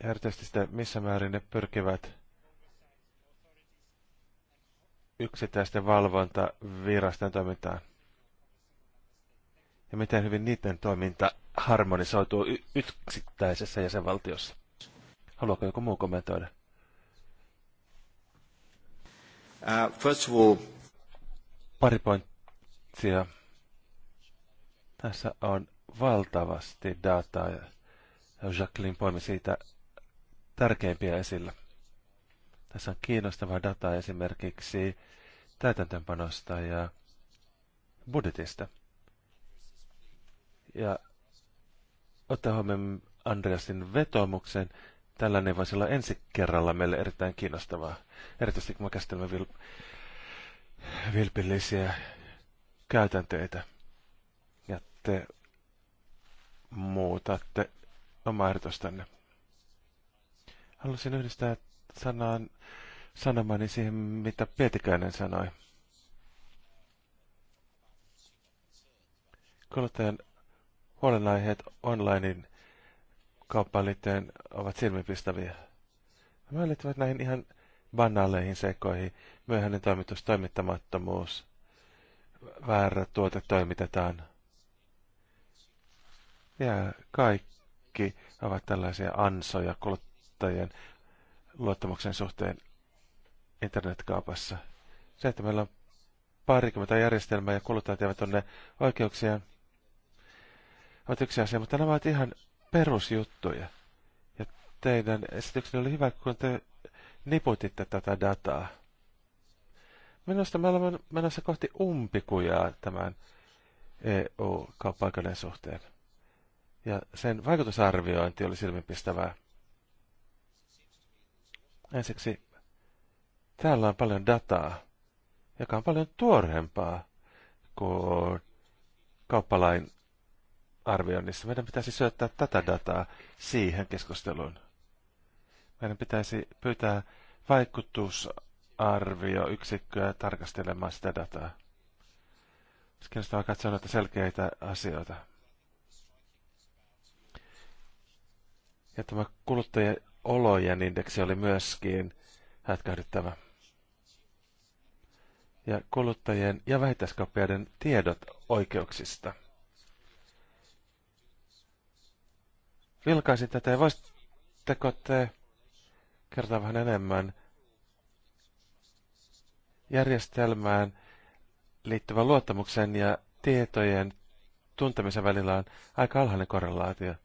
erityisesti sitä, missä määrin ne pyrkivät yksittäisten valvontaviraston toimintaan? Ja miten hyvin niiden toiminta harmonisoituu yksittäisessä jäsenvaltiossa? Haluaako joku muu kommentoida? Uh, first of all... Pari pointtia. Tässä on valtavasti dataa. Jacqueline poimi siitä tärkeimpiä esillä. Tässä on kiinnostavaa dataa esimerkiksi täytäntöönpanosta ja budjetista. Ja ottaa huomioon Andreasin vetoomuksen. tällainen voisi olla ensi kerralla meille erittäin kiinnostavaa. Erityisesti kun me käsittelemme vil- vilpillisiä käytänteitä. Ja te muutatte omaa ehdotustanne. Haluaisin yhdistää sanaan sanomani siihen, mitä Pietikäinen sanoi. Kuluttajan huolenaiheet onlinein kauppaan liittyen ovat silmipistäviä. Nämä liittyvät näihin ihan banaaleihin sekoihin, myöhäinen toimitus, toimittamattomuus, väärä tuote toimitetaan. Ja kaikki ovat tällaisia ansoja kuluttajien luottamuksen suhteen internetkaupassa. Se, että meillä on parikymmentä järjestelmää ja kuluttajat eivät ole oikeuksia, ovat yksi asia, mutta nämä ovat ihan perusjuttuja. Ja teidän esityksenne oli hyvä, kun te niputitte tätä dataa. Minusta me olemme menossa kohti umpikujaa tämän EU-kauppaikoiden suhteen. Ja sen vaikutusarviointi oli silmipistävää. Ensiksi Täällä on paljon dataa, joka on paljon tuorempaa kuin kauppalain arvioinnissa. Meidän pitäisi syöttää tätä dataa siihen keskusteluun. Meidän pitäisi pyytää vaikutusarvioyksikköä tarkastelemaan sitä dataa. Olisi kiinnostavaa katsoa näitä selkeitä asioita. Ja tämä kuluttajien olojen indeksi oli myöskin hätkähdyttävä ja kuluttajien ja vähittäiskauppiaiden tiedot oikeuksista. Vilkaisin tätä ja voisitteko te kertoa vähän enemmän järjestelmään liittyvän luottamuksen ja tietojen tuntemisen välillä on aika alhainen korrelaatio.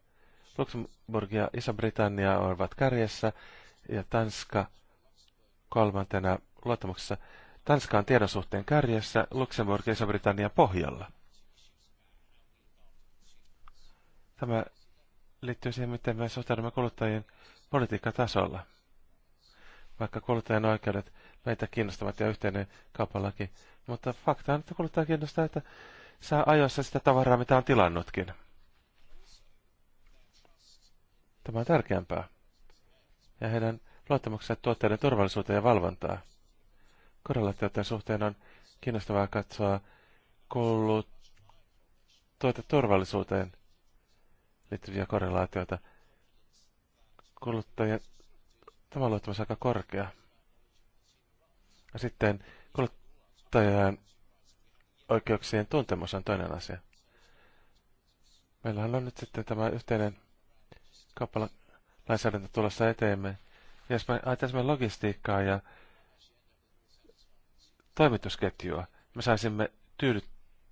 Luxemburg ja Iso-Britannia ovat kärjessä ja Tanska kolmantena luottamuksessa Tanska on tiedon suhteen kärjessä, Luxemburg ja Iso-Britannia pohjalla. Tämä liittyy siihen, miten me suhtaudumme kuluttajien politiikkatasolla. Vaikka kuluttajan oikeudet meitä kiinnostavat ja yhteinen kaupallakin. mutta fakta on, että kuluttaja kiinnostaa, että saa ajoissa sitä tavaraa, mitä on tilannutkin. Tämä on tärkeämpää. Ja heidän luottamuksensa tuotteiden turvallisuuteen ja valvontaa korrelaatiota suhteen on kiinnostavaa katsoa koulut tuoteturvallisuuteen liittyviä korrelaatioita. Kuluttajien tämä on aika korkea. Ja sitten kuluttajien oikeuksien tuntemus on toinen asia. Meillähän on nyt sitten tämä yhteinen kauppalainsäädäntö tulossa eteemme. Ja jos me ajatellaan logistiikkaa ja toimitusketjua, me saisimme tyydy,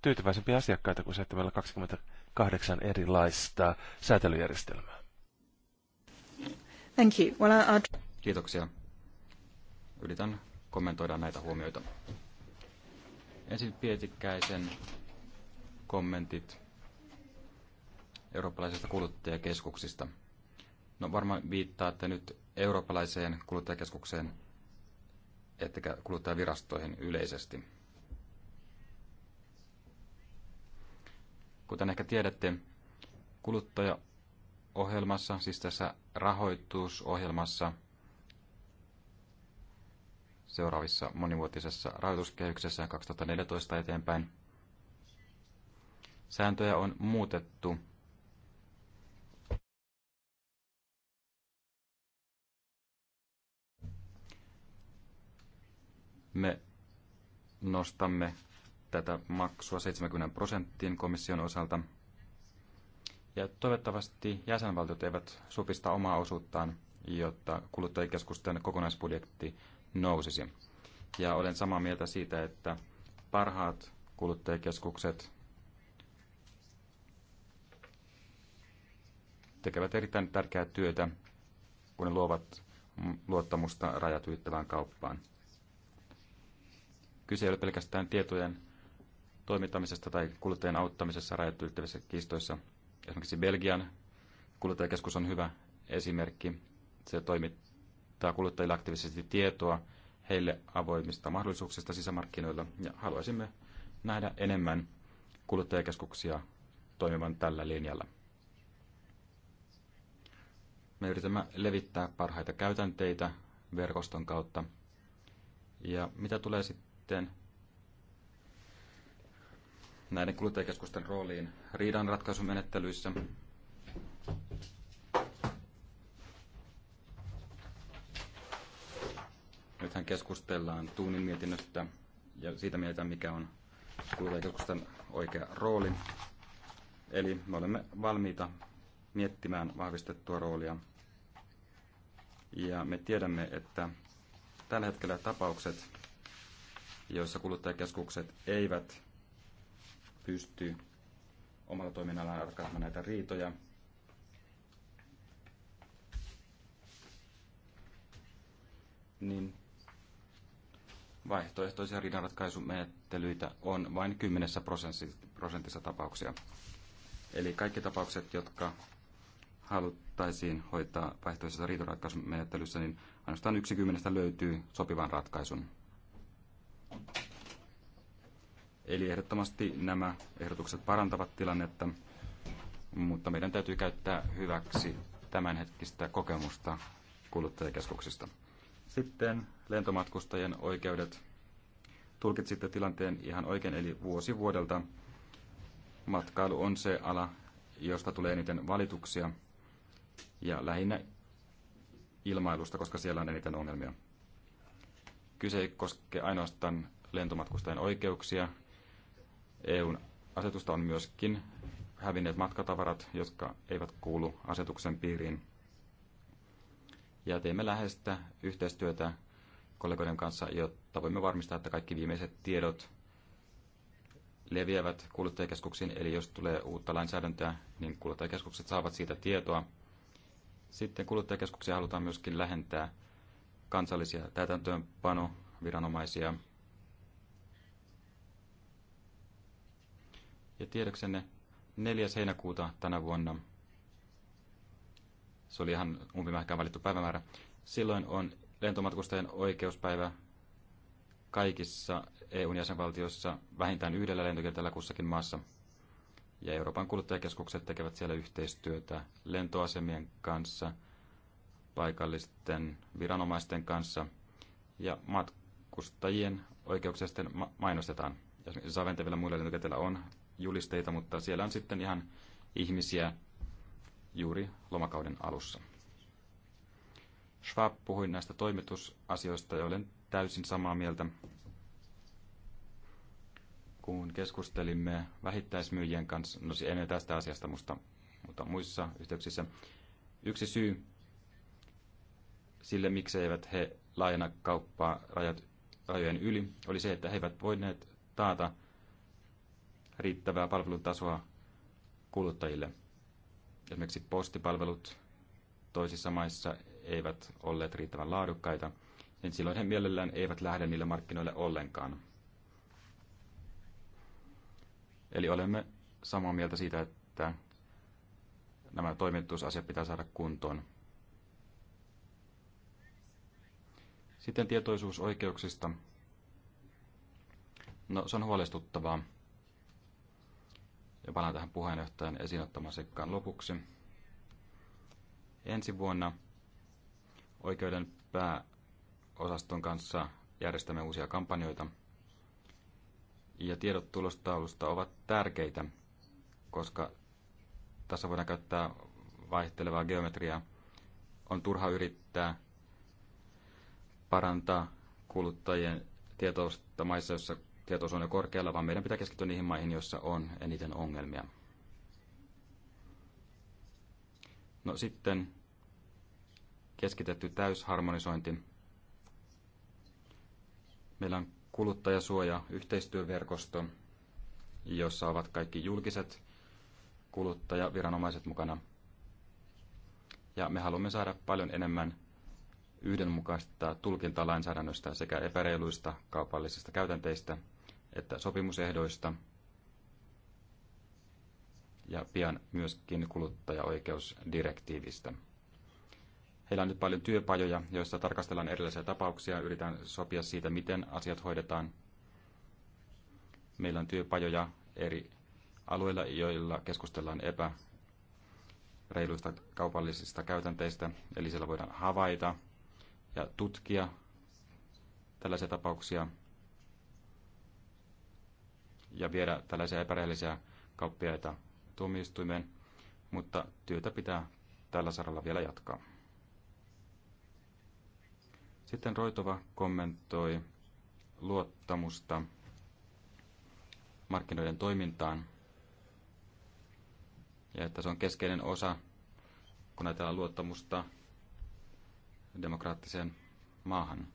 tyytyväisempiä asiakkaita kuin seitsemällä 28 erilaista säätelyjärjestelmää. Thank you. Well, I'll... Kiitoksia. Yritän kommentoida näitä huomioita. Ensin Pietikäisen kommentit eurooppalaisista kuluttajakeskuksista. No varmaan viittaatte nyt eurooppalaiseen kuluttajakeskukseen, ettekä kuluttajavirastoihin yleisesti. Kuten ehkä tiedätte, kuluttajaohjelmassa, siis tässä rahoitusohjelmassa, seuraavissa monivuotisessa rahoituskehyksessä 2014 eteenpäin, sääntöjä on muutettu Me nostamme tätä maksua 70 prosenttiin komission osalta. Ja toivottavasti jäsenvaltiot eivät supista omaa osuuttaan, jotta kuluttajakeskusten kokonaisbudjetti nousisi. Ja olen samaa mieltä siitä, että parhaat kuluttajakeskukset tekevät erittäin tärkeää työtä, kun ne luovat luottamusta rajat ylittävään kauppaan. Kyse ei ole pelkästään tietojen toimittamisesta tai kuluttajien auttamisessa rajat ylittävissä kiistoissa. Esimerkiksi Belgian kuluttajakeskus on hyvä esimerkki. Se toimittaa kuluttajille aktiivisesti tietoa heille avoimista mahdollisuuksista sisämarkkinoilla ja haluaisimme nähdä enemmän kuluttajakeskuksia toimivan tällä linjalla. Me yritämme levittää parhaita käytänteitä verkoston kautta. Ja mitä tulee sitten sitten näiden kuluttajakeskusten rooliin riidanratkaisumenettelyissä. Nythän keskustellaan Tuunin mietinnöstä ja siitä mietitään, mikä on kuluttajakeskusten oikea rooli. Eli me olemme valmiita miettimään vahvistettua roolia. Ja me tiedämme, että tällä hetkellä tapaukset, joissa kuluttajakeskukset eivät pysty omalla toiminnallaan ratkaisemaan näitä riitoja. Niin vaihtoehtoisia riidanratkaisumenettelyitä on vain 10 prosentissa tapauksia. Eli kaikki tapaukset, jotka haluttaisiin hoitaa vaihtoehtoisessa riidanratkaisumenettelyssä, niin ainoastaan yksi kymmenestä löytyy sopivan ratkaisun. Eli ehdottomasti nämä ehdotukset parantavat tilannetta, mutta meidän täytyy käyttää hyväksi tämänhetkistä kokemusta kuluttajakeskuksista. Sitten lentomatkustajien oikeudet. Tulkitsitte tilanteen ihan oikein, eli vuosi vuodelta matkailu on se ala, josta tulee eniten valituksia ja lähinnä ilmailusta, koska siellä on eniten ongelmia. Kyse ei koske ainoastaan lentomatkustajien oikeuksia EUn asetusta on myöskin hävinneet matkatavarat, jotka eivät kuulu asetuksen piiriin. Ja teemme läheistä yhteistyötä kollegoiden kanssa, jotta voimme varmistaa, että kaikki viimeiset tiedot leviävät kuluttajakeskuksiin. Eli jos tulee uutta lainsäädäntöä, niin kuluttajakeskukset saavat siitä tietoa. Sitten kuluttajakeskuksia halutaan myöskin lähentää kansallisia täytäntöönpanoviranomaisia viranomaisia Ja tiedoksenne 4. heinäkuuta tänä vuonna, se oli ihan umpimähkään valittu päivämäärä, silloin on lentomatkustajien oikeuspäivä kaikissa EUn jäsenvaltioissa vähintään yhdellä lentokentällä kussakin maassa. Ja Euroopan kuluttajakeskukset tekevät siellä yhteistyötä lentoasemien kanssa, paikallisten viranomaisten kanssa ja matkustajien oikeuksia sitten mainostetaan. Esimerkiksi Saventevillä muilla lentokentillä on julisteita, mutta siellä on sitten ihan ihmisiä juuri lomakauden alussa. Schwab puhui näistä toimitusasioista ja olen täysin samaa mieltä. Kun keskustelimme vähittäismyyjien kanssa, no emme tästä asiasta, musta, mutta muissa yhteyksissä, yksi syy sille, eivät he laajena kauppaa rajat, rajojen yli, oli se, että he eivät voineet taata riittävää palvelutasoa kuluttajille. Esimerkiksi postipalvelut toisissa maissa eivät olleet riittävän laadukkaita, niin silloin he mielellään eivät lähde niille markkinoille ollenkaan. Eli olemme samaa mieltä siitä, että nämä toimitusasiat pitää saada kuntoon. Sitten tietoisuus oikeuksista. No, se on huolestuttavaa ja palaan tähän puheenjohtajan esiin ottamaan lopuksi. Ensi vuonna oikeuden pääosaston kanssa järjestämme uusia kampanjoita. Ja tiedot tulostaulusta ovat tärkeitä, koska tässä voidaan käyttää vaihtelevaa geometriaa. On turha yrittää parantaa kuluttajien tietoista maissa, joissa tietoisuus on jo korkealla, vaan meidän pitää keskittyä niihin maihin, joissa on eniten ongelmia. No sitten keskitetty täysharmonisointi. Meillä on kuluttajasuoja, yhteistyöverkosto, jossa ovat kaikki julkiset kuluttajaviranomaiset mukana. Ja me haluamme saada paljon enemmän yhdenmukaista tulkintalainsäädännöstä sekä epäreiluista kaupallisista käytänteistä – että sopimusehdoista ja pian myöskin kuluttajaoikeusdirektiivistä. Heillä on nyt paljon työpajoja, joissa tarkastellaan erilaisia tapauksia, yritetään sopia siitä, miten asiat hoidetaan. Meillä on työpajoja eri alueilla, joilla keskustellaan epäreiluista kaupallisista käytänteistä, eli siellä voidaan havaita ja tutkia tällaisia tapauksia ja viedä tällaisia epärehellisiä kauppiaita tuomioistuimeen, mutta työtä pitää tällä saralla vielä jatkaa. Sitten Roitova kommentoi luottamusta markkinoiden toimintaan ja että se on keskeinen osa, kun ajatellaan luottamusta demokraattiseen maahan.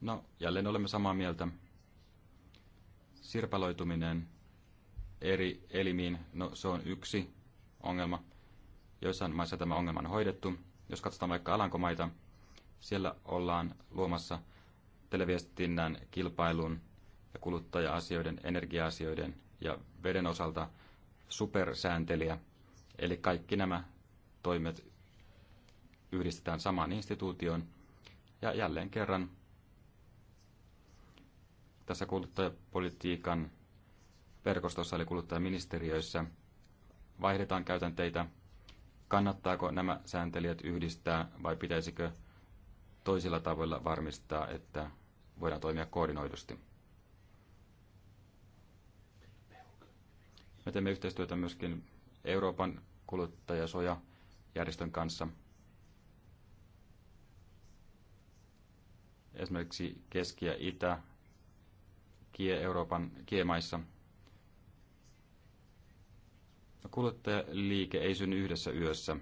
No, jälleen olemme samaa mieltä sirpaloituminen eri elimiin, no se on yksi ongelma. Joissain maissa tämä ongelma on hoidettu. Jos katsotaan vaikka Alankomaita, siellä ollaan luomassa televiestinnän kilpailun ja kuluttaja-asioiden, energia-asioiden ja veden osalta supersääntelijä. Eli kaikki nämä toimet yhdistetään samaan instituutioon. Ja jälleen kerran tässä kuluttajapolitiikan verkostossa eli kuluttajaministeriöissä vaihdetaan käytänteitä. Kannattaako nämä sääntelijät yhdistää vai pitäisikö toisilla tavoilla varmistaa, että voidaan toimia koordinoidusti? Me teemme yhteistyötä myöskin Euroopan kuluttajasuojajärjestön kanssa. Esimerkiksi Keski- ja Itä- Kie-Euroopan kiemaissa. Kuluttajaliike ei synny yhdessä yössä.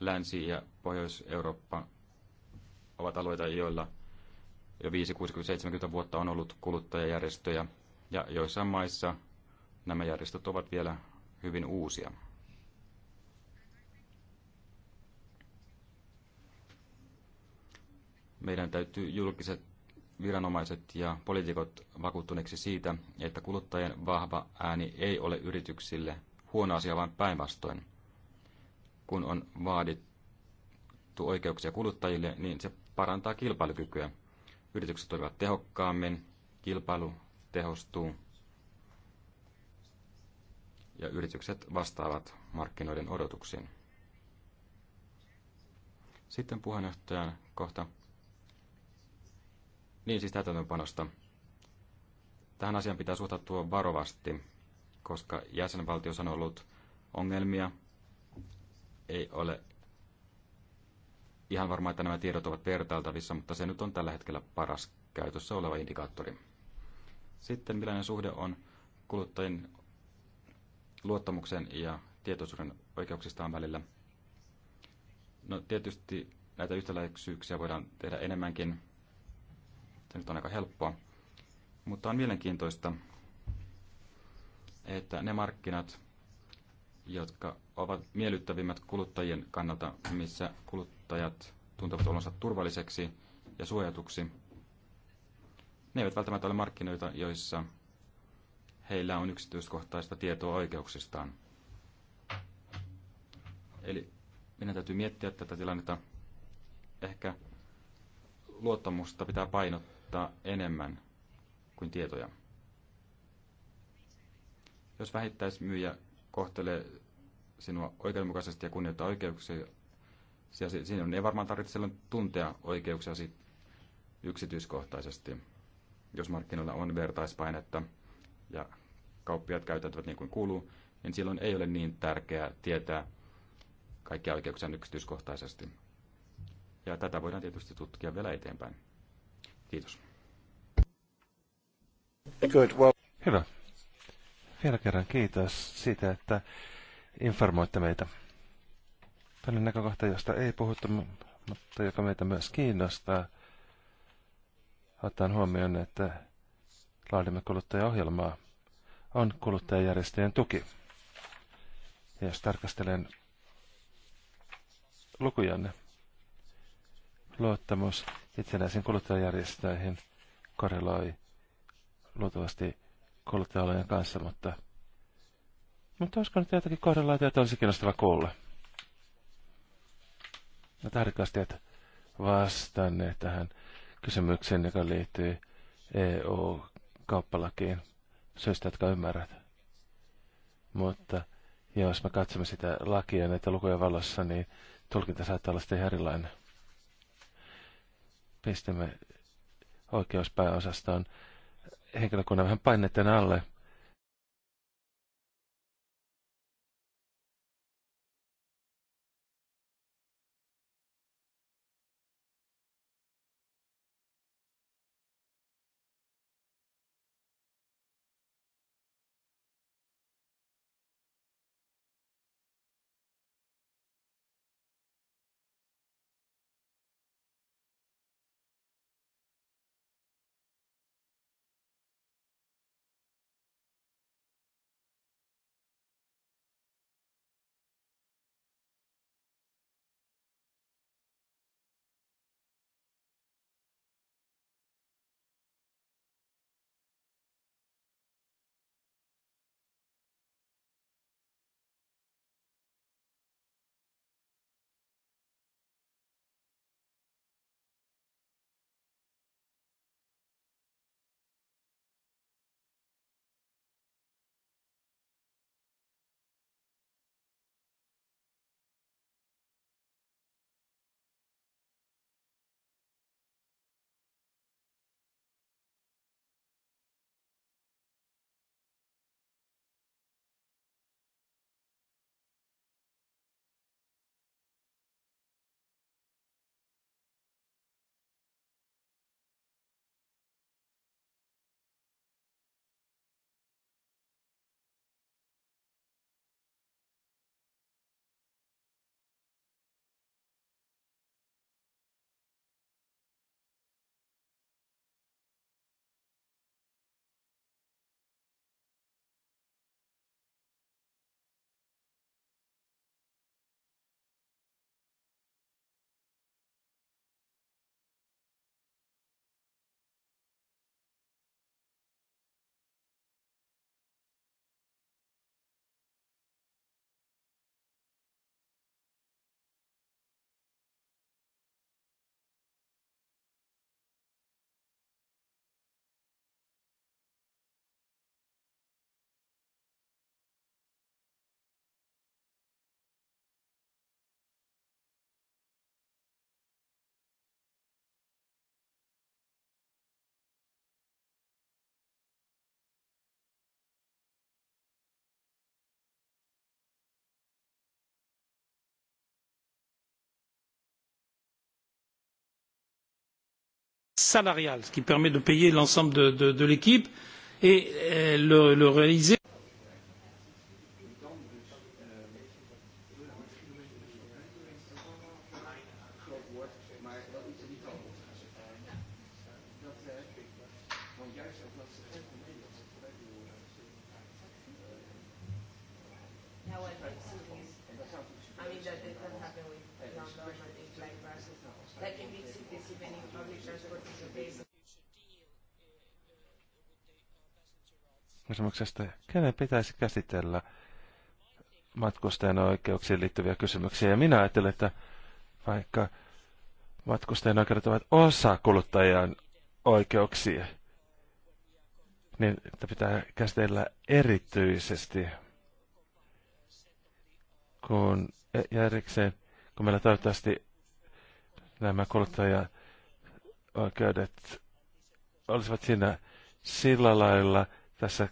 Länsi- ja Pohjois-Eurooppa ovat alueita, joilla jo 5, 60, 70 vuotta on ollut kuluttajajärjestöjä, ja joissain maissa nämä järjestöt ovat vielä hyvin uusia. meidän täytyy julkiset viranomaiset ja poliitikot vakuuttuneeksi siitä, että kuluttajien vahva ääni ei ole yrityksille huono asia, vaan päinvastoin. Kun on vaadittu oikeuksia kuluttajille, niin se parantaa kilpailukykyä. Yritykset toimivat tehokkaammin, kilpailu tehostuu ja yritykset vastaavat markkinoiden odotuksiin. Sitten puheenjohtajan kohta niin siis täytäntöönpanosta. Tähän asiaan pitää suhtautua varovasti, koska jäsenvaltiossa on ollut ongelmia. Ei ole ihan varma, että nämä tiedot ovat vertailtavissa, mutta se nyt on tällä hetkellä paras käytössä oleva indikaattori. Sitten millainen suhde on kuluttajien luottamuksen ja tietoisuuden oikeuksistaan välillä. No tietysti näitä yhtäläisyyksiä voidaan tehdä enemmänkin. Se nyt on aika helppoa. Mutta on mielenkiintoista, että ne markkinat, jotka ovat miellyttävimmät kuluttajien kannalta, missä kuluttajat tuntevat olonsa turvalliseksi ja suojatuksi, ne eivät välttämättä ole markkinoita, joissa heillä on yksityiskohtaista tietoa oikeuksistaan. Eli meidän täytyy miettiä tätä tilannetta. Ehkä luottamusta pitää painottaa tuottaa enemmän kuin tietoja. Jos vähittäismyyjä kohtelee sinua oikeudenmukaisesti ja kunnioittaa oikeuksia, sinun ei varmaan tarvitse silloin tuntea oikeuksiasi yksityiskohtaisesti, jos markkinoilla on vertaispainetta ja kauppiaat käytäntävät niin kuin kuuluu, niin silloin ei ole niin tärkeää tietää kaikkia oikeuksia yksityiskohtaisesti. Ja tätä voidaan tietysti tutkia vielä eteenpäin. Kiitos. Good, well... Hyvä. Vielä kerran kiitos siitä, että informoitte meitä. Toinen näkökohta, josta ei puhuttu, mutta joka meitä myös kiinnostaa, ottaen huomioon, että laadimme kuluttajaohjelmaa, on kuluttajajärjestöjen tuki. Ja jos tarkastelen lukujanne, luottamus itsenäisiin kuluttajajärjestöihin korreloi luultavasti kuluttajalojen kanssa, mutta, mutta olisiko nyt jotakin että olisi kiinnostava kuulla. No tarkasti, että vastanneet tähän kysymykseen, joka liittyy EU-kauppalakiin syystä, jotka ymmärrät. Mutta jos me katsomme sitä lakia näitä lukuja valossa, niin tulkinta saattaa olla sitten erilainen pistämme oikeuspääosastoon henkilökunnan vähän painetten alle – salariale ce qui permet de payer l'ensemble de, l'équipe et de euh, le réaliser ehdotuksesta. Kenen pitäisi käsitellä matkustajan oikeuksiin liittyviä kysymyksiä? Ja minä ajattelen, että vaikka matkustajan oikeudet ovat osa kuluttajan oikeuksia, niin että pitää käsitellä erityisesti, kun e- ja erikseen, kun meillä toivottavasti nämä kuluttajan oikeudet olisivat siinä sillä lailla tässä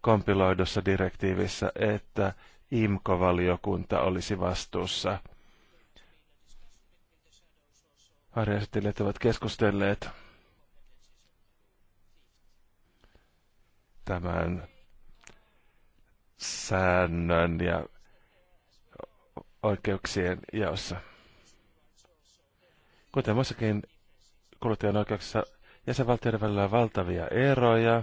kompiloidussa direktiivissä, että imco valiokunta olisi vastuussa. Harjasittelijat ovat keskustelleet tämän säännön ja oikeuksien jaossa. Kuten muissakin kuluttajan oikeuksissa jäsenvaltioiden välillä on valtavia eroja.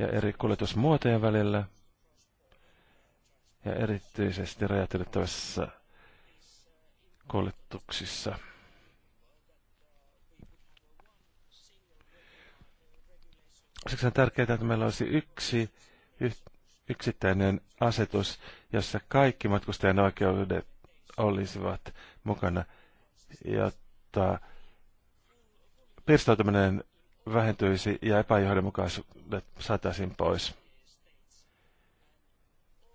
ja eri kuljetusmuotojen välillä ja erityisesti rajat ylittävässä kuljetuksissa. Siksi on tärkeää, että meillä olisi yksi yksittäinen asetus, jossa kaikki matkustajan oikeudet olisivat mukana, jotta pirstoutuminen vähentyisi ja epäjohdonmukaisuudet saataisiin pois.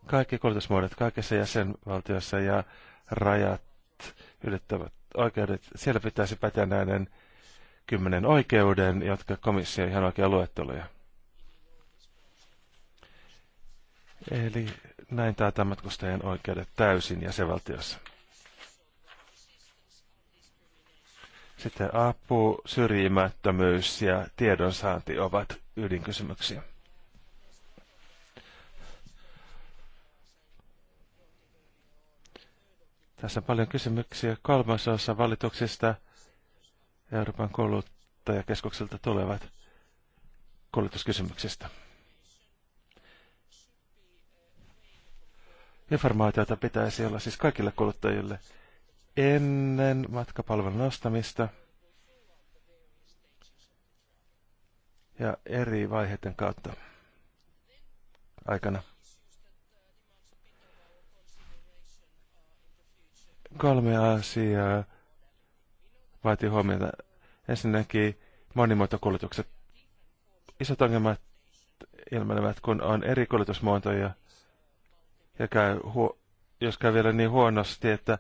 Kaikki kulutusmuodot kaikissa jäsenvaltioissa ja rajat ylittävät oikeudet, siellä pitäisi päteä näiden kymmenen oikeuden, jotka komissio ihan oikea luetteluja. Eli näin tämä matkustajien oikeudet täysin jäsenvaltiossa. Sitten apu, syrjimättömyys ja tiedonsaanti ovat ydinkysymyksiä. Tässä on paljon kysymyksiä. Kolmasosa valituksista Euroopan kouluttajakeskukselta tulevat koulutuskysymyksistä. Informaatiota pitäisi olla siis kaikille kuluttajille – ennen matkapalvelun ostamista ja eri vaiheiden kautta aikana. Kolme asiaa vaatii huomiota. Ensinnäkin monimuotokulutukset. Isot ongelmat ilmenevät, kun on eri kulutusmuotoja ja käy huo- jos käy vielä niin huonosti, että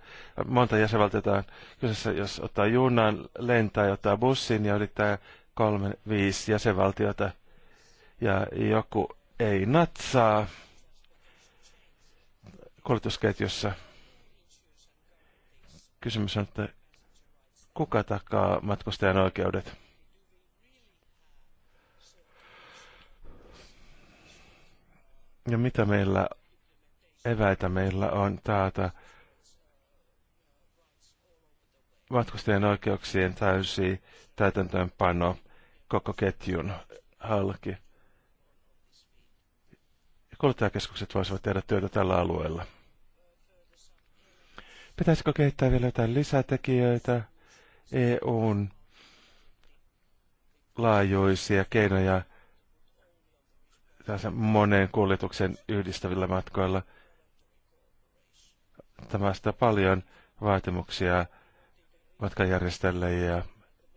monta jäsenvaltiota kyseessä, jos ottaa junan, lentää ja ottaa bussin ja ylittää kolme, viisi jäsenvaltiota ja joku ei natsaa kuljetusketjussa. Kysymys on, että kuka takaa matkustajan oikeudet? Ja mitä meillä eväitä meillä on täältä matkustajien oikeuksien täysi täytäntöönpano koko ketjun halki. Kuluttajakeskukset voisivat tehdä työtä tällä alueella. Pitäisikö kehittää vielä jotain lisätekijöitä EUn laajuisia keinoja tässä monen kuljetuksen yhdistävillä matkoilla – tämä sitä paljon vaatimuksia matkajärjestäjälle ja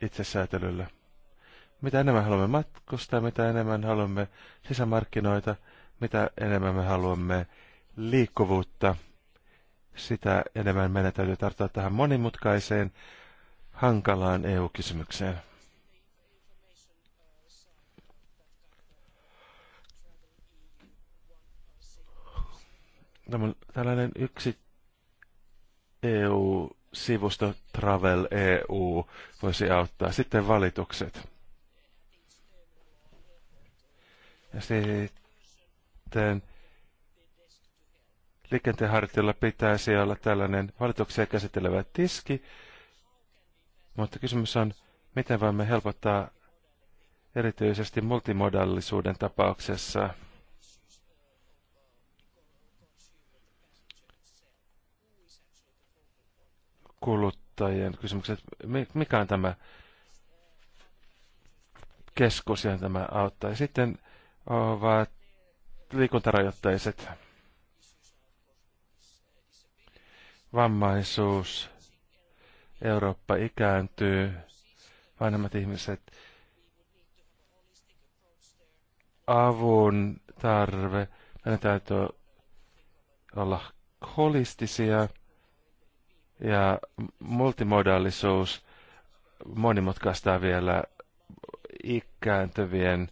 itsesäätelylle. Mitä enemmän haluamme matkustaa, mitä enemmän haluamme sisämarkkinoita, mitä enemmän me haluamme liikkuvuutta, sitä enemmän meidän täytyy tarttua tähän monimutkaiseen, hankalaan EU-kysymykseen. Tämä on tällainen yksi EU-sivusto Travel EU voisi auttaa. Sitten valitukset. Ja sitten liikenteenharjoittajilla pitäisi olla tällainen valituksia käsittelevä tiski, mutta kysymys on, miten voimme helpottaa erityisesti multimodallisuuden tapauksessa – kuluttajien kysymykset. Mikä on tämä keskus, ja tämä auttaa? Ja sitten ovat liikuntarajoitteiset, vammaisuus, Eurooppa ikääntyy, vanhemmat ihmiset, avun tarve. Meidän täytyy olla holistisia ja multimodaalisuus monimutkaistaa vielä ikääntyvien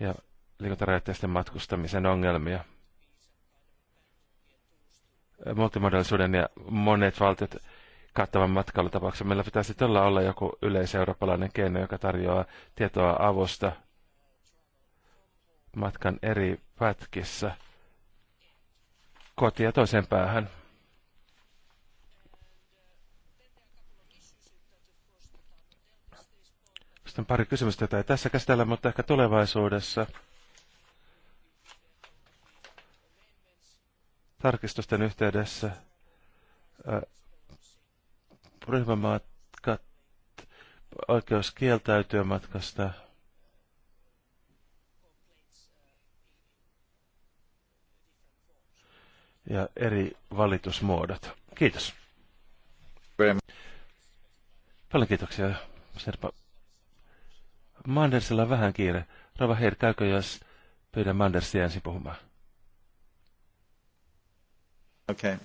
ja liikuntarajoitteisten matkustamisen ongelmia. Multimodaalisuuden ja monet valtiot kattavan matkailutapauksen. Meillä pitäisi tällä olla joku yleiseurooppalainen keino, joka tarjoaa tietoa avusta matkan eri pätkissä kotia toisen päähän. Sitten pari kysymystä, jota ei tässä käsitellä, mutta ehkä tulevaisuudessa. Tarkistusten yhteydessä ryhmämatkat, oikeus kieltäytyä matkasta. Ja eri valitusmuodot. Kiitos. Paljon kiitoksia, Serpa Mandersilla on vähän kiire. Rova Heir, käykö jos pyydän Mandersia ensin puhumaan? Okay.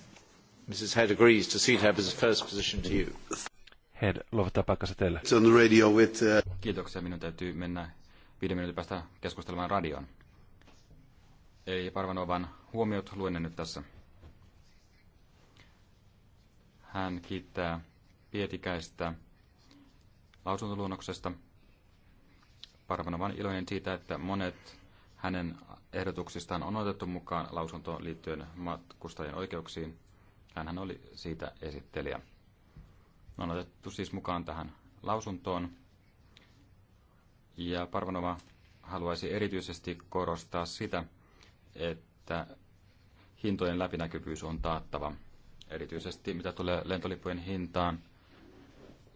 Mrs. Head agrees to seat her first position to you. Head, luovuttaa paikkansa teille. It's on the radio with, uh... Kiitoksia, minun täytyy mennä viiden minuutin päästä keskustelemaan radioon. Eli Parvanovan huomiot luen nyt tässä. Hän kiittää Pietikäistä lausuntoluonnoksesta – Parvana, vaan iloinen siitä, että monet hänen ehdotuksistaan on otettu mukaan lausuntoon liittyen matkustajien oikeuksiin. Hänhän oli siitä esittelijä. On otettu siis mukaan tähän lausuntoon. Ja Parvanova haluaisi erityisesti korostaa sitä, että hintojen läpinäkyvyys on taattava. Erityisesti mitä tulee lentolipujen hintaan,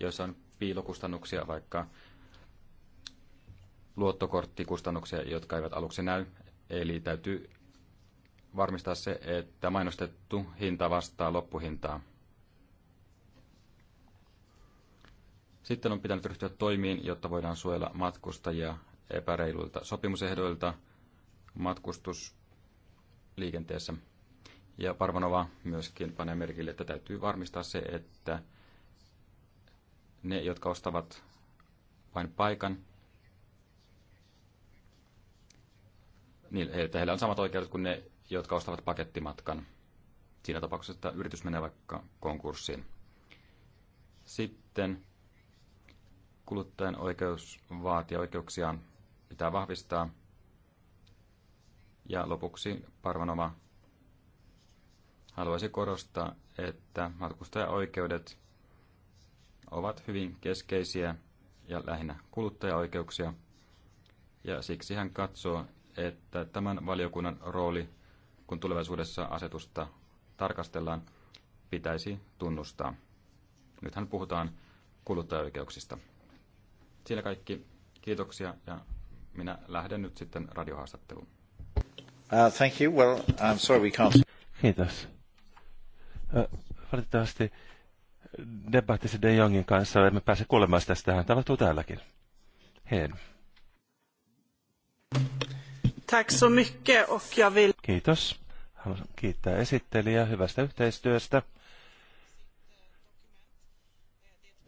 joissa on piilokustannuksia, vaikka luottokorttikustannuksia, jotka eivät aluksi näy. Eli täytyy varmistaa se, että mainostettu hinta vastaa loppuhintaa. Sitten on pitänyt ryhtyä toimiin, jotta voidaan suojella matkustajia epäreiluilta sopimusehdoilta matkustusliikenteessä. Ja Parvanova myöskin panee merkille, että täytyy varmistaa se, että ne, jotka ostavat vain paikan, Niin että heillä on samat oikeudet kuin ne, jotka ostavat pakettimatkan. Siinä tapauksessa, että yritys menee vaikka konkurssiin. Sitten kuluttajan oikeus vaatia oikeuksiaan pitää vahvistaa. Ja lopuksi Parvanoma haluaisi korostaa, että matkustajaoikeudet ovat hyvin keskeisiä ja lähinnä kuluttajaoikeuksia, ja siksi hän katsoo, että tämän valiokunnan rooli, kun tulevaisuudessa asetusta tarkastellaan, pitäisi tunnustaa. Nythän puhutaan kuluttajaoikeuksista. Siinä kaikki. Kiitoksia ja minä lähden nyt sitten radiohaastatteluun. Uh, thank you. Well, I'm sorry we can't... Kiitos. Uh, valitettavasti debattissa De Jongin kanssa emme pääse kuulemaan sitä. Tähän tapahtuu täälläkin. Hei. Tack så mycket och jag vill... Kiitos. Haluan kiittää esittelijää hyvästä yhteistyöstä.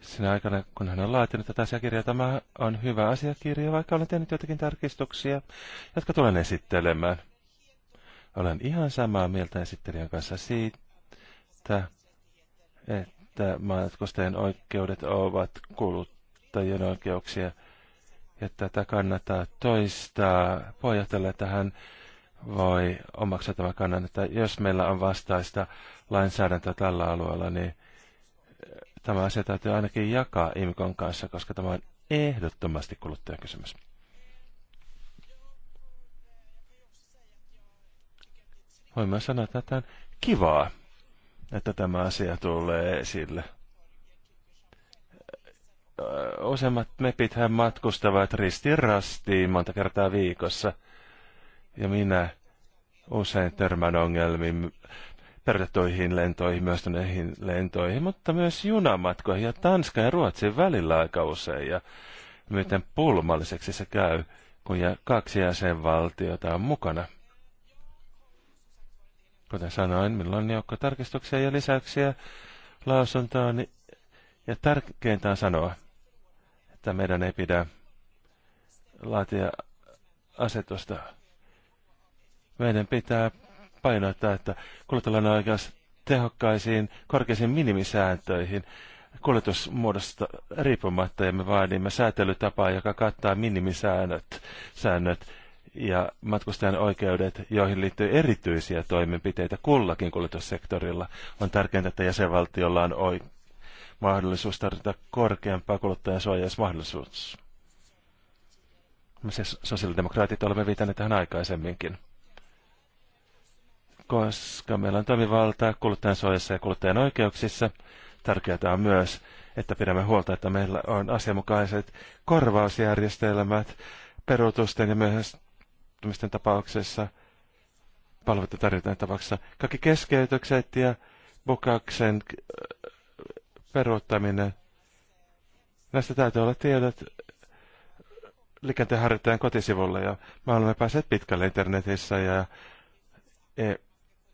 Sinä aikana, kun hän on laatinut tätä asiakirjaa, tämä on hyvä asiakirja, vaikka olen tehnyt jotakin tarkistuksia, jotka tulen esittelemään. Olen ihan samaa mieltä esittelijän kanssa siitä, että matkustajien oikeudet ovat kuluttajien oikeuksia – ja tätä kannattaa toistaa puheenjohtajalle, että hän voi omaksua tämän kannan, että jos meillä on vastaista lainsäädäntöä tällä alueella, niin eh, tämä asia täytyy ainakin jakaa IMKon kanssa, koska tämä on ehdottomasti kuluttajakysymys. Voin mä sanoa, että tämä on kivaa, että tämä asia tulee esille useimmat mepithän matkustavat ristiin rastiin monta kertaa viikossa. Ja minä usein törmän ongelmiin perutettuihin lentoihin, myös näihin lentoihin, mutta myös junamatkoihin ja Tanskan ja Ruotsin välillä aika usein. Ja miten pulmalliseksi se käy, kun ja kaksi jäsenvaltiota on mukana. Kuten sanoin, minulla on joukko tarkistuksia ja lisäyksiä lausuntoon, ja tärkeintä on sanoa, että meidän ei pidä laatia asetusta. Meidän pitää painottaa, että kuljetellaan oikeus tehokkaisiin, korkeisiin minimisääntöihin kuljetusmuodosta riippumatta, ja me vaadimme säätelytapaa, joka kattaa minimisäännöt säännöt, ja matkustajan oikeudet, joihin liittyy erityisiä toimenpiteitä kullakin kuljetussektorilla. On tärkeintä, että jäsenvaltiolla on oikeus mahdollisuus tarjota korkeampaa kuluttajansuojaa, jos Me siis sosiaalidemokraatit olemme viitanneet tähän aikaisemminkin. Koska meillä on toimivaltaa kuluttajansuojassa ja kuluttajan oikeuksissa, tärkeää on myös, että pidämme huolta, että meillä on asianmukaiset korvausjärjestelmät peruutusten ja myöhästymisten tapauksessa, tarjotaan tapauksessa. Kaikki keskeytykset ja bukauksen peruuttaminen. Näistä täytyy olla tiedot liikenteen harjoittajan kotisivulle ja me olemme päässeet pitkälle internetissä ja e,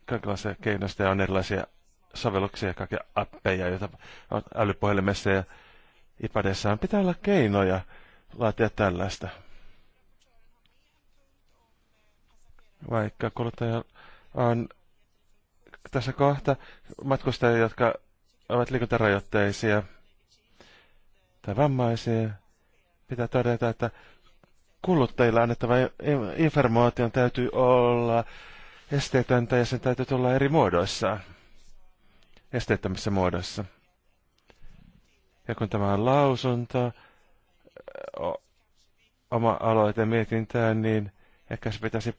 kaikenlaisia keinoista ja on erilaisia sovelluksia ja kaikkia appeja, joita on älypuhelimessa ja iPadissa. Pitää olla keinoja laatia tällaista. Vaikka kuluttaja on tässä kohta matkustajia, jotka ovat liikuntarajoitteisia tai vammaisia, pitää todeta, että kuluttajilla annettava informaation täytyy olla esteetöntä ja sen täytyy tulla eri muodoissa esteettömissä muodoissa. Ja kun tämä on lausunto, oma aloite mietintään, niin ehkä se pitäisi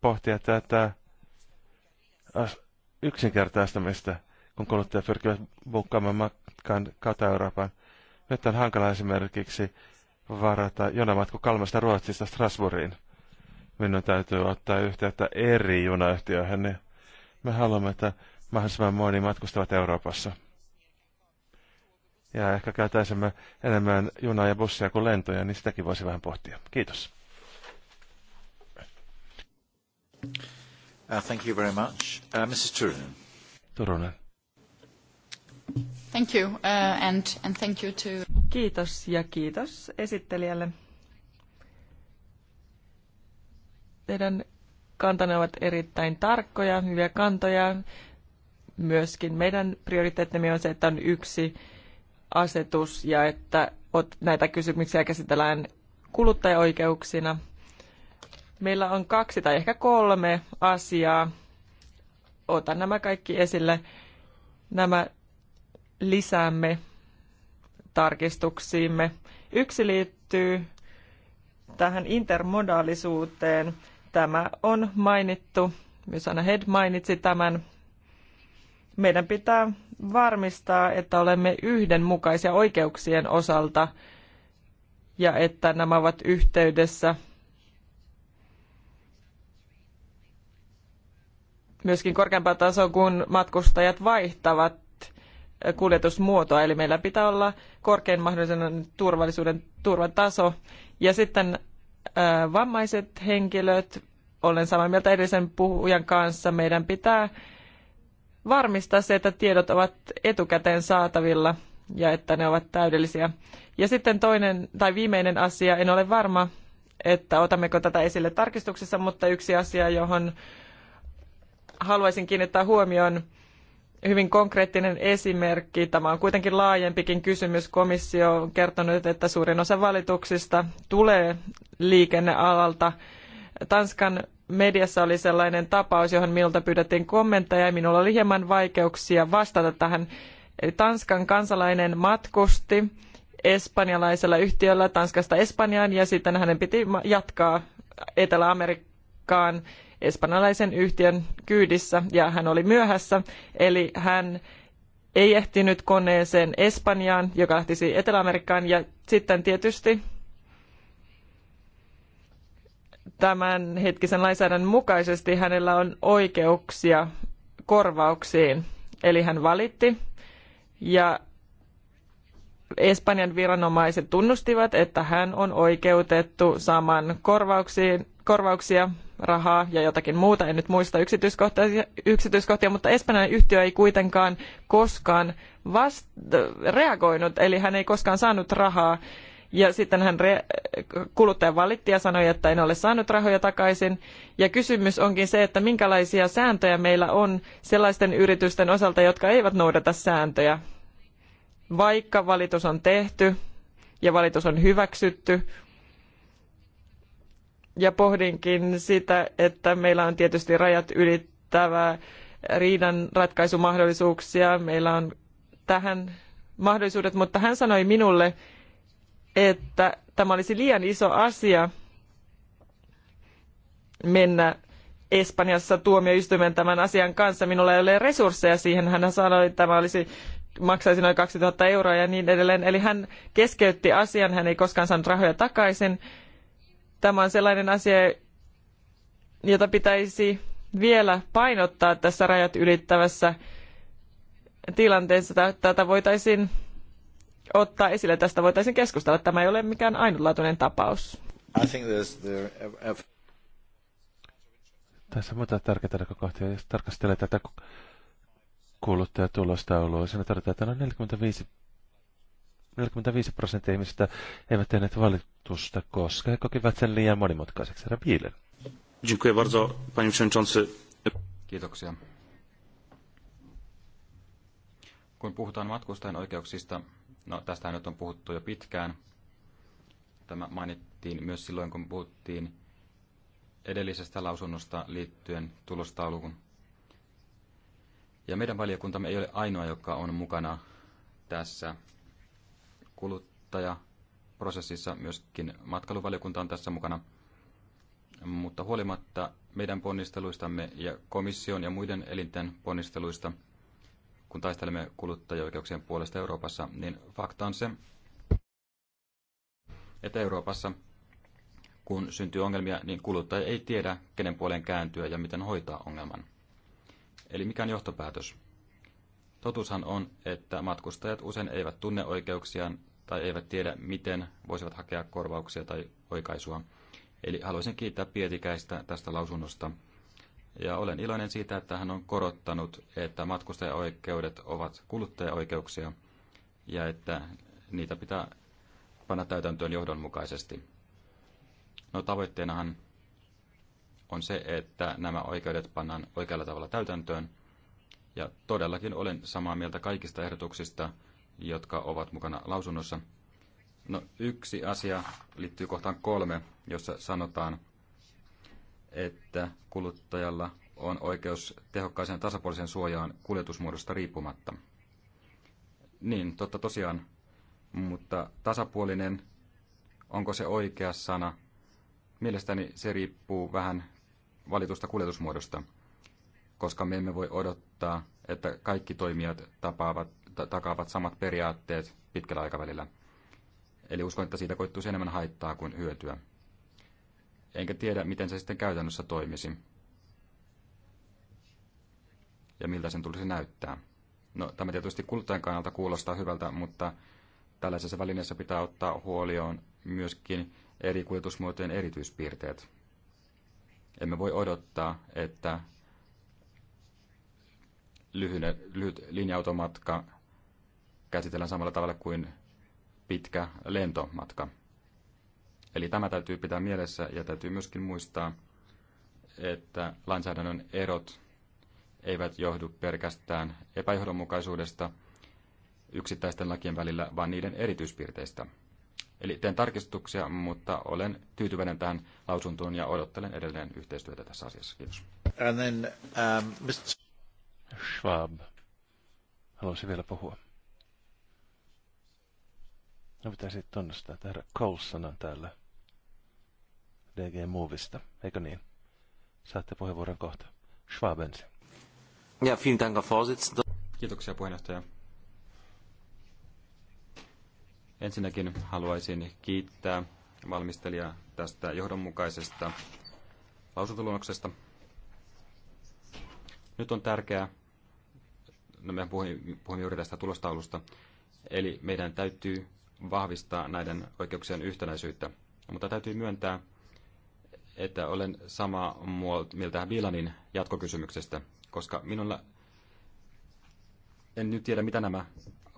pohtia tätä yksinkertaistamista – kun kuluttajat pyrkivät bukkaamaan matkan kautta Euroopan. Nyt on hankala esimerkiksi varata junamatku Kalmasta Ruotsista Strasbourgiin. Minun täytyy ottaa yhteyttä eri junayhtiöihin. Niin me haluamme, että mahdollisimman moni matkustavat Euroopassa. Ja ehkä käytäisimme enemmän junaa ja bussia kuin lentoja, niin sitäkin voisi vähän pohtia. Kiitos. Uh, thank you very much. Uh, Mrs. Turunen. Turunen. Thank you, uh, and, and thank you to... Kiitos ja kiitos esittelijälle. Teidän kantanne ovat erittäin tarkkoja, hyviä kantoja. Myöskin meidän prioriteettimme on se, että on yksi asetus ja että näitä kysymyksiä käsitellään kuluttajaoikeuksina. Meillä on kaksi tai ehkä kolme asiaa. Otan nämä kaikki esille. Nämä lisäämme tarkistuksiimme. Yksi liittyy tähän intermodaalisuuteen. Tämä on mainittu, myös Anna Head mainitsi tämän. Meidän pitää varmistaa, että olemme yhdenmukaisia oikeuksien osalta ja että nämä ovat yhteydessä myöskin korkeampaan tasoon, kun matkustajat vaihtavat kuljetusmuotoa, eli meillä pitää olla korkein mahdollisen turvallisuuden turvataso. Ja sitten vammaiset henkilöt, olen samaa mieltä edellisen puhujan kanssa, meidän pitää varmistaa se, että tiedot ovat etukäteen saatavilla ja että ne ovat täydellisiä. Ja sitten toinen tai viimeinen asia, en ole varma, että otammeko tätä esille tarkistuksessa, mutta yksi asia, johon haluaisin kiinnittää huomioon, hyvin konkreettinen esimerkki. Tämä on kuitenkin laajempikin kysymys. Komissio on kertonut, että suurin osa valituksista tulee liikennealalta. Tanskan mediassa oli sellainen tapaus, johon minulta pyydettiin kommentteja ja minulla oli hieman vaikeuksia vastata tähän. Eli Tanskan kansalainen matkusti espanjalaisella yhtiöllä Tanskasta Espanjaan ja sitten hänen piti jatkaa Etelä-Amerikkaan espanjalaisen yhtiön kyydissä ja hän oli myöhässä, eli hän ei ehtinyt koneeseen Espanjaan, joka lähtisi Etelä-Amerikkaan ja sitten tietysti tämän hetkisen lainsäädännön mukaisesti hänellä on oikeuksia korvauksiin. Eli hän valitti ja Espanjan viranomaiset tunnustivat, että hän on oikeutettu saamaan korvauksiin korvauksia, rahaa ja jotakin muuta. En nyt muista yksityiskohtia, yksityiskohtia mutta espanjalainen yhtiö ei kuitenkaan koskaan vast- reagoinut, eli hän ei koskaan saanut rahaa. Ja sitten hän re- kuluttaja valitti ja sanoi, että en ole saanut rahoja takaisin. Ja kysymys onkin se, että minkälaisia sääntöjä meillä on sellaisten yritysten osalta, jotka eivät noudata sääntöjä. Vaikka valitus on tehty ja valitus on hyväksytty, ja pohdinkin sitä, että meillä on tietysti rajat ylittävää riidan ratkaisumahdollisuuksia. Meillä on tähän mahdollisuudet, mutta hän sanoi minulle, että tämä olisi liian iso asia mennä Espanjassa tuomioistuimen tämän asian kanssa. Minulla ei ole resursseja siihen. Hän sanoi, että tämä olisi, maksaisi noin 2000 euroa ja niin edelleen. Eli hän keskeytti asian, hän ei koskaan saanut rahoja takaisin Tämä on sellainen asia, jota pitäisi vielä painottaa tässä rajat ylittävässä tilanteessa. Tätä voitaisiin ottaa esille, tästä voitaisiin keskustella. Tämä ei ole mikään ainutlaatuinen tapaus. Tässä on tärkeää, tärkeitä näkökohtia. Jos tarkastelee tätä kuluttajatulostaulua, siinä tarvitaan, että noin 45 45 prosenttia ihmisistä eivät tehneet valitusta, koska he kokivat sen liian monimutkaiseksi. Herra Piilen. Dziękuję bardzo, panie przewodniczący. Kiitoksia. Kun puhutaan matkustajan oikeuksista, no tästä nyt on puhuttu jo pitkään. Tämä mainittiin myös silloin, kun puhuttiin edellisestä lausunnosta liittyen tulostaulukun. Ja meidän valiokuntamme ei ole ainoa, joka on mukana tässä kuluttajaprosessissa. Myöskin matkailuvaliokunta on tässä mukana. Mutta huolimatta meidän ponnisteluistamme ja komission ja muiden elinten ponnisteluista, kun taistelemme kuluttajoikeuksien puolesta Euroopassa, niin fakta on se, että Euroopassa, kun syntyy ongelmia, niin kuluttaja ei tiedä, kenen puoleen kääntyä ja miten hoitaa ongelman. Eli mikä on johtopäätös? Totuushan on, että matkustajat usein eivät tunne oikeuksiaan tai eivät tiedä, miten voisivat hakea korvauksia tai oikaisua. Eli haluaisin kiittää Pietikäistä tästä lausunnosta. Ja olen iloinen siitä, että hän on korottanut, että matkustajaoikeudet ovat kuluttajaoikeuksia ja että niitä pitää panna täytäntöön johdonmukaisesti. No tavoitteenahan on se, että nämä oikeudet pannaan oikealla tavalla täytäntöön ja todellakin olen samaa mieltä kaikista ehdotuksista, jotka ovat mukana lausunnossa. No yksi asia liittyy kohtaan kolme, jossa sanotaan, että kuluttajalla on oikeus tehokkaiseen tasapuoliseen suojaan kuljetusmuodosta riippumatta. Niin, totta tosiaan, mutta tasapuolinen, onko se oikea sana? Mielestäni se riippuu vähän valitusta kuljetusmuodosta koska me emme voi odottaa, että kaikki toimijat tapaavat, takaavat samat periaatteet pitkällä aikavälillä. Eli uskon, että siitä koittuisi enemmän haittaa kuin hyötyä. Enkä tiedä, miten se sitten käytännössä toimisi. Ja miltä sen tulisi näyttää. No, tämä tietysti kuluttajan kannalta kuulostaa hyvältä, mutta tällaisessa välineessä pitää ottaa huolioon myöskin eri kuljetusmuotojen erityispiirteet. Emme voi odottaa, että lyhyne, lyhyt linja-automatka käsitellään samalla tavalla kuin pitkä lentomatka. Eli tämä täytyy pitää mielessä ja täytyy myöskin muistaa, että lainsäädännön erot eivät johdu pelkästään epäjohdonmukaisuudesta yksittäisten lakien välillä, vaan niiden erityispiirteistä. Eli teen tarkistuksia, mutta olen tyytyväinen tähän lausuntoon ja odottelen edelleen yhteistyötä tässä asiassa. Kiitos. And then, um, Mr. Schwab haluaisi vielä puhua. No pitäisi tunnustaa, että Coulsonan täällä DG Movista, eikö niin? Saatte puheenvuoron kohta. Schwab ensin. Ja, vielen Dank, Kiitoksia puheenjohtaja. Ensinnäkin haluaisin kiittää valmistelijaa tästä johdonmukaisesta lausuntoluonnoksesta. Nyt on tärkeää, no me puhumme juuri tästä tulostaulusta, eli meidän täytyy vahvistaa näiden oikeuksien yhtenäisyyttä. Mutta täytyy myöntää, että olen samaa mieltä Bilanin jatkokysymyksestä, koska minulla en nyt tiedä, mitä nämä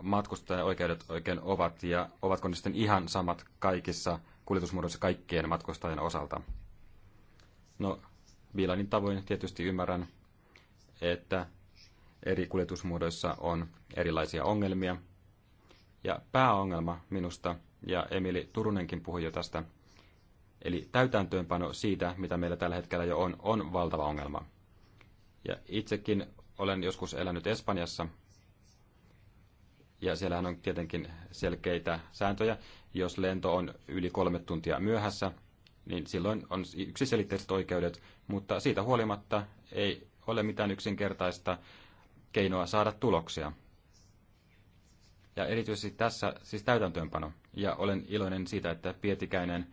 matkustajaoikeudet oikein ovat, ja ovatko ne sitten ihan samat kaikissa kuljetusmuodoissa kaikkien matkustajien osalta. No, Bilanin tavoin tietysti ymmärrän, että eri kuljetusmuodoissa on erilaisia ongelmia. Ja pääongelma minusta, ja Emili Turunenkin puhui jo tästä, eli täytäntöönpano siitä, mitä meillä tällä hetkellä jo on, on valtava ongelma. Ja itsekin olen joskus elänyt Espanjassa, ja siellähän on tietenkin selkeitä sääntöjä. Jos lento on yli kolme tuntia myöhässä, niin silloin on yksiselitteiset oikeudet, mutta siitä huolimatta ei ole mitään yksinkertaista keinoa saada tuloksia. Ja erityisesti tässä siis täytäntöönpano. Ja olen iloinen siitä, että Pietikäinen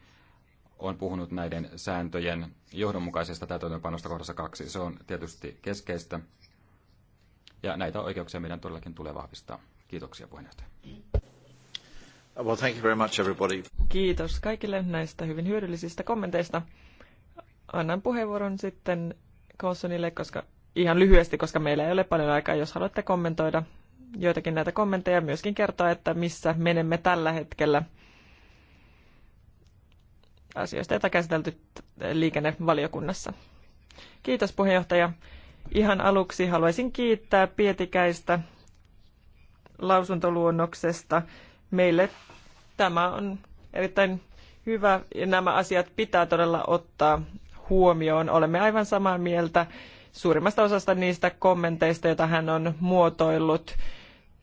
on puhunut näiden sääntöjen johdonmukaisesta täytäntöönpanosta kohdassa kaksi. Se on tietysti keskeistä. Ja näitä oikeuksia meidän todellakin tulee vahvistaa. Kiitoksia puheenjohtaja. Well, thank you very much everybody. Kiitos kaikille näistä hyvin hyödyllisistä kommenteista. Annan puheenvuoron sitten Kossonille, koska ihan lyhyesti, koska meillä ei ole paljon aikaa, jos haluatte kommentoida joitakin näitä kommentteja, myöskin kertoa, että missä menemme tällä hetkellä asioista, joita käsitelty liikennevaliokunnassa. Kiitos puheenjohtaja. Ihan aluksi haluaisin kiittää Pietikäistä lausuntoluonnoksesta. Meille tämä on erittäin hyvä ja nämä asiat pitää todella ottaa huomioon. Olemme aivan samaa mieltä suurimmasta osasta niistä kommenteista, joita hän on muotoillut.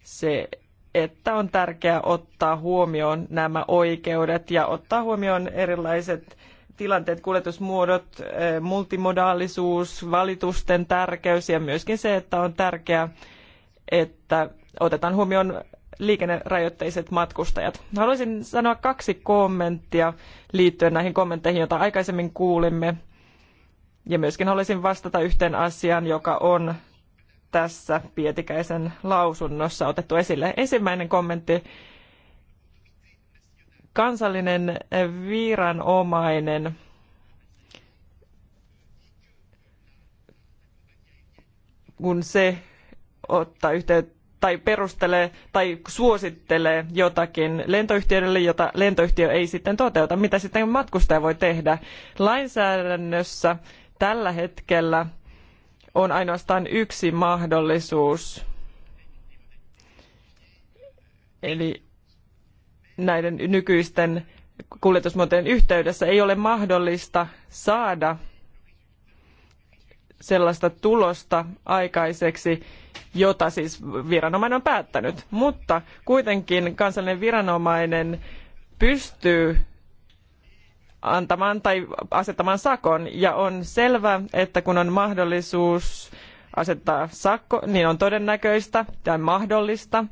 Se, että on tärkeää ottaa huomioon nämä oikeudet ja ottaa huomioon erilaiset tilanteet, kuljetusmuodot, eh, multimodaalisuus, valitusten tärkeys ja myöskin se, että on tärkeää, että otetaan huomioon liikennerajoitteiset matkustajat. Haluaisin sanoa kaksi kommenttia liittyen näihin kommentteihin, joita aikaisemmin kuulimme. Ja myöskin haluaisin vastata yhteen asiaan, joka on tässä Pietikäisen lausunnossa otettu esille. Ensimmäinen kommentti. Kansallinen viranomainen kun se ottaa yhteyttä tai perustelee tai suosittelee jotakin lentoyhtiölle, jota lentoyhtiö ei sitten toteuta. Mitä sitten matkustaja voi tehdä? Lainsäädännössä tällä hetkellä on ainoastaan yksi mahdollisuus. Eli näiden nykyisten kuljetusmuotojen yhteydessä ei ole mahdollista saada sellaista tulosta aikaiseksi, jota siis viranomainen on päättänyt. Mutta kuitenkin kansallinen viranomainen pystyy antamaan tai asettamaan sakon. Ja on selvä, että kun on mahdollisuus asettaa sakko, niin on todennäköistä tai mahdollista,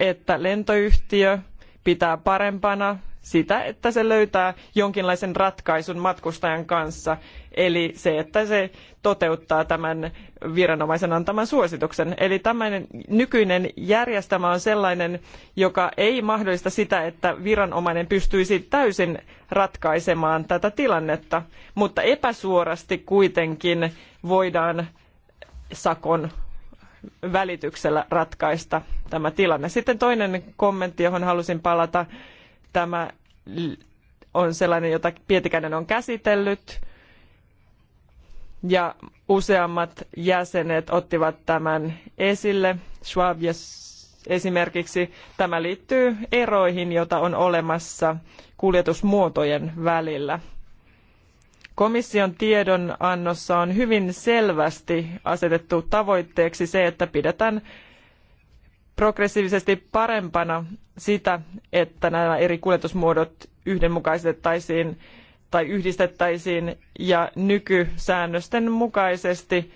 että lentoyhtiö pitää parempana sitä, että se löytää jonkinlaisen ratkaisun matkustajan kanssa, eli se, että se toteuttaa tämän viranomaisen antaman suosituksen. Eli tämän nykyinen järjestelmä on sellainen, joka ei mahdollista sitä, että viranomainen pystyisi täysin ratkaisemaan tätä tilannetta, mutta epäsuorasti kuitenkin voidaan sakon välityksellä ratkaista tämä tilanne. Sitten toinen kommentti, johon halusin palata, Tämä on sellainen, jota Pietikäinen on käsitellyt. Ja useammat jäsenet ottivat tämän esille. Schwab esimerkiksi tämä liittyy eroihin, joita on olemassa kuljetusmuotojen välillä. Komission tiedonannossa on hyvin selvästi asetettu tavoitteeksi se, että pidetään progressiivisesti parempana sitä, että nämä eri kuljetusmuodot yhdenmukaistettaisiin tai yhdistettäisiin ja nykysäännösten mukaisesti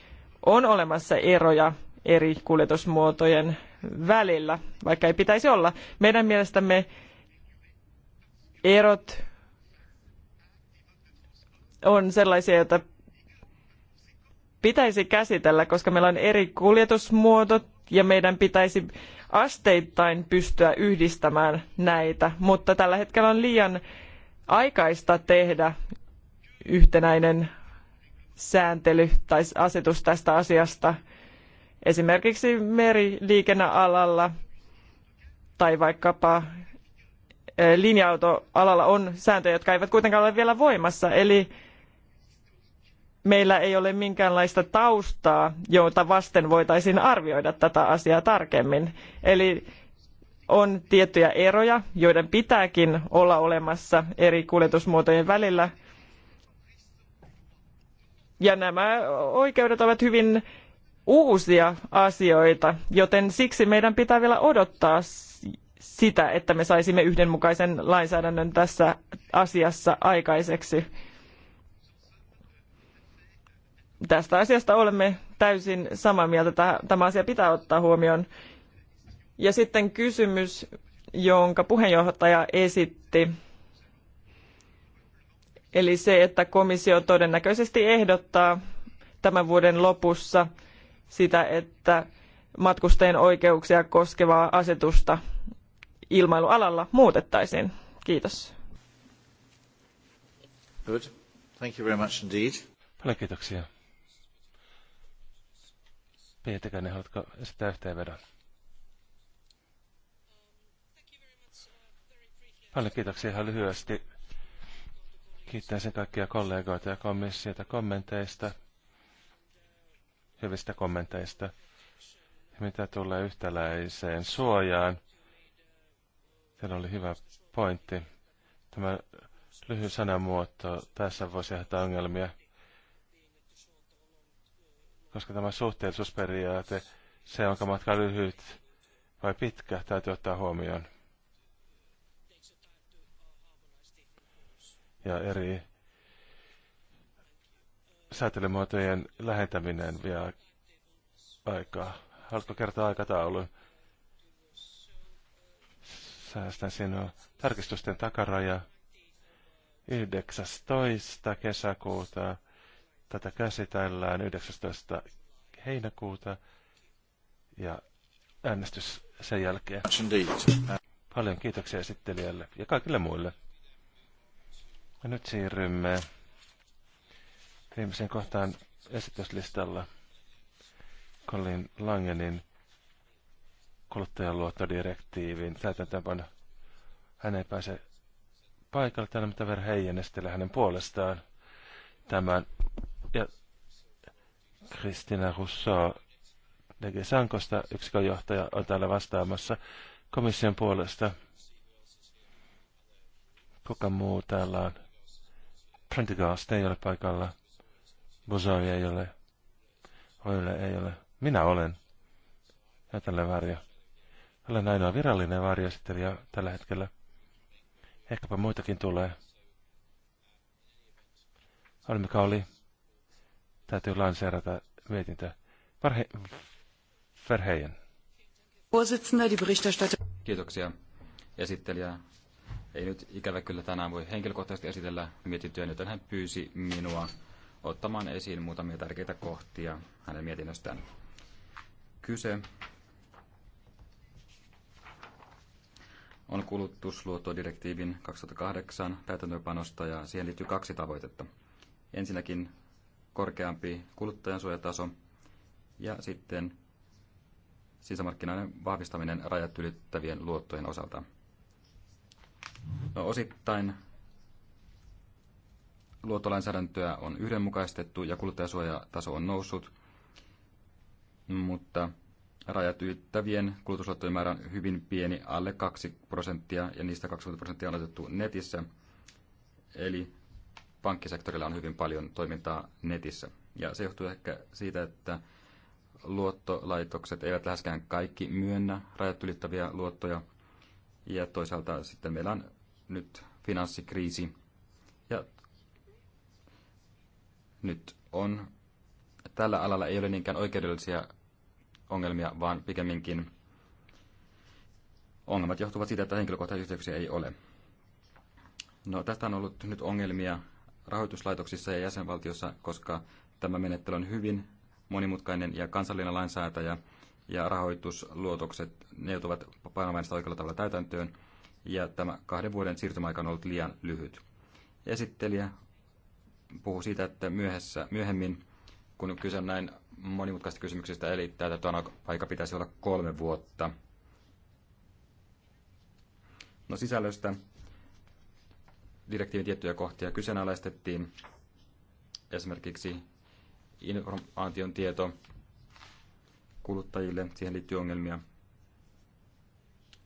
on olemassa eroja eri kuljetusmuotojen välillä, vaikka ei pitäisi olla. Meidän mielestämme erot on sellaisia, joita pitäisi käsitellä, koska meillä on eri kuljetusmuodot ja meidän pitäisi asteittain pystyä yhdistämään näitä, mutta tällä hetkellä on liian aikaista tehdä yhtenäinen sääntely tai asetus tästä asiasta esimerkiksi meriliikennealalla tai vaikkapa linja-autoalalla on sääntöjä, jotka eivät kuitenkaan ole vielä voimassa. Eli meillä ei ole minkäänlaista taustaa, jota vasten voitaisiin arvioida tätä asiaa tarkemmin. Eli on tiettyjä eroja, joiden pitääkin olla olemassa eri kuljetusmuotojen välillä. Ja nämä oikeudet ovat hyvin uusia asioita, joten siksi meidän pitää vielä odottaa sitä, että me saisimme yhdenmukaisen lainsäädännön tässä asiassa aikaiseksi tästä asiasta olemme täysin samaa mieltä. Tämä asia pitää ottaa huomioon. Ja sitten kysymys, jonka puheenjohtaja esitti. Eli se, että komissio todennäköisesti ehdottaa tämän vuoden lopussa sitä, että matkustajien oikeuksia koskevaa asetusta ilmailualalla muutettaisiin. Kiitos. Good. Thank you very much indeed. Paljon kiitoksia. Pietikäinen, niin haluatko yhteen vedon? Paljon kiitoksia ihan lyhyesti. Kiittäisin kaikkia kollegoita ja komissiota kommenteista, hyvistä kommenteista. Mitä tulee yhtäläiseen suojaan, teillä oli hyvä pointti. Tämä lyhyt sanamuoto, tässä voisi aiheuttaa ongelmia koska tämä suhteellisuusperiaate, se onko matka lyhyt vai pitkä, täytyy ottaa huomioon. Ja eri säätelymuotojen lähentäminen vie aikaa. Haluatko kertoa aikataulun? Säästän sinua. Tarkistusten takaraja 19. kesäkuuta Tätä käsitellään 19. heinäkuuta ja äänestys sen jälkeen. Paljon kiitoksia esittelijälle ja kaikille muille. Ja nyt siirrymme viimeiseen kohtaan esityslistalla. Colin Langenin kuluttajaluottodirektiivin täytäntöönpano. Hän ei pääse paikalle täällä, mutta Ver Heijen hänen puolestaan tämän ja Kristina Rousseau, DG Sankosta, yksikönjohtaja, on täällä vastaamassa komission puolesta. Kuka muu täällä on? Prendergast ei ole paikalla. Bozoi ei ole. Oile ei ole. Minä olen. Ja tälle varjo. Olen ainoa virallinen varjosittelijä tällä hetkellä. Ehkäpä muitakin tulee. Olemme oli? täytyy lanseerata mietintö. Varhe, Verheyen. Kiitoksia esittelijä. Ei nyt ikävä kyllä tänään voi henkilökohtaisesti esitellä mietintöä, joten hän pyysi minua ottamaan esiin muutamia tärkeitä kohtia hänen mietinnöstään. Kyse on kulutusluottodirektiivin 2008 täytäntöönpanosta ja siihen liittyy kaksi tavoitetta. Ensinnäkin korkeampi kuluttajansuojataso ja sitten sisämarkkinoiden vahvistaminen rajat ylittävien luottojen osalta. No, osittain luottolainsäädäntöä on yhdenmukaistettu ja kuluttajansuojataso on noussut, mutta rajat ylittävien kulutusluottojen määrä on hyvin pieni, alle 2 prosenttia, ja niistä 20 prosenttia on otettu netissä. Eli pankkisektorilla on hyvin paljon toimintaa netissä. Ja se johtuu ehkä siitä, että luottolaitokset eivät läheskään kaikki myönnä rajat ylittäviä luottoja. Ja toisaalta sitten meillä on nyt finanssikriisi. Ja nyt on, tällä alalla ei ole niinkään oikeudellisia ongelmia, vaan pikemminkin ongelmat johtuvat siitä, että henkilökohtaisia yhteyksiä ei ole. No, tästä on ollut nyt ongelmia rahoituslaitoksissa ja jäsenvaltiossa, koska tämä menettely on hyvin monimutkainen ja kansallinen lainsäätäjä ja rahoitusluotokset, ne joutuvat painamaan oikealla tavalla täytäntöön, ja tämä kahden vuoden siirtymäaika on ollut liian lyhyt. Esittelijä puhuu siitä, että myöhässä, myöhemmin, kun kyse on näin monimutkaisista kysymyksistä, eli tätä aika pitäisi olla kolme vuotta. No sisällöstä direktiivin tiettyjä kohtia kyseenalaistettiin, esimerkiksi informaation tieto kuluttajille, siihen liittyy ongelmia.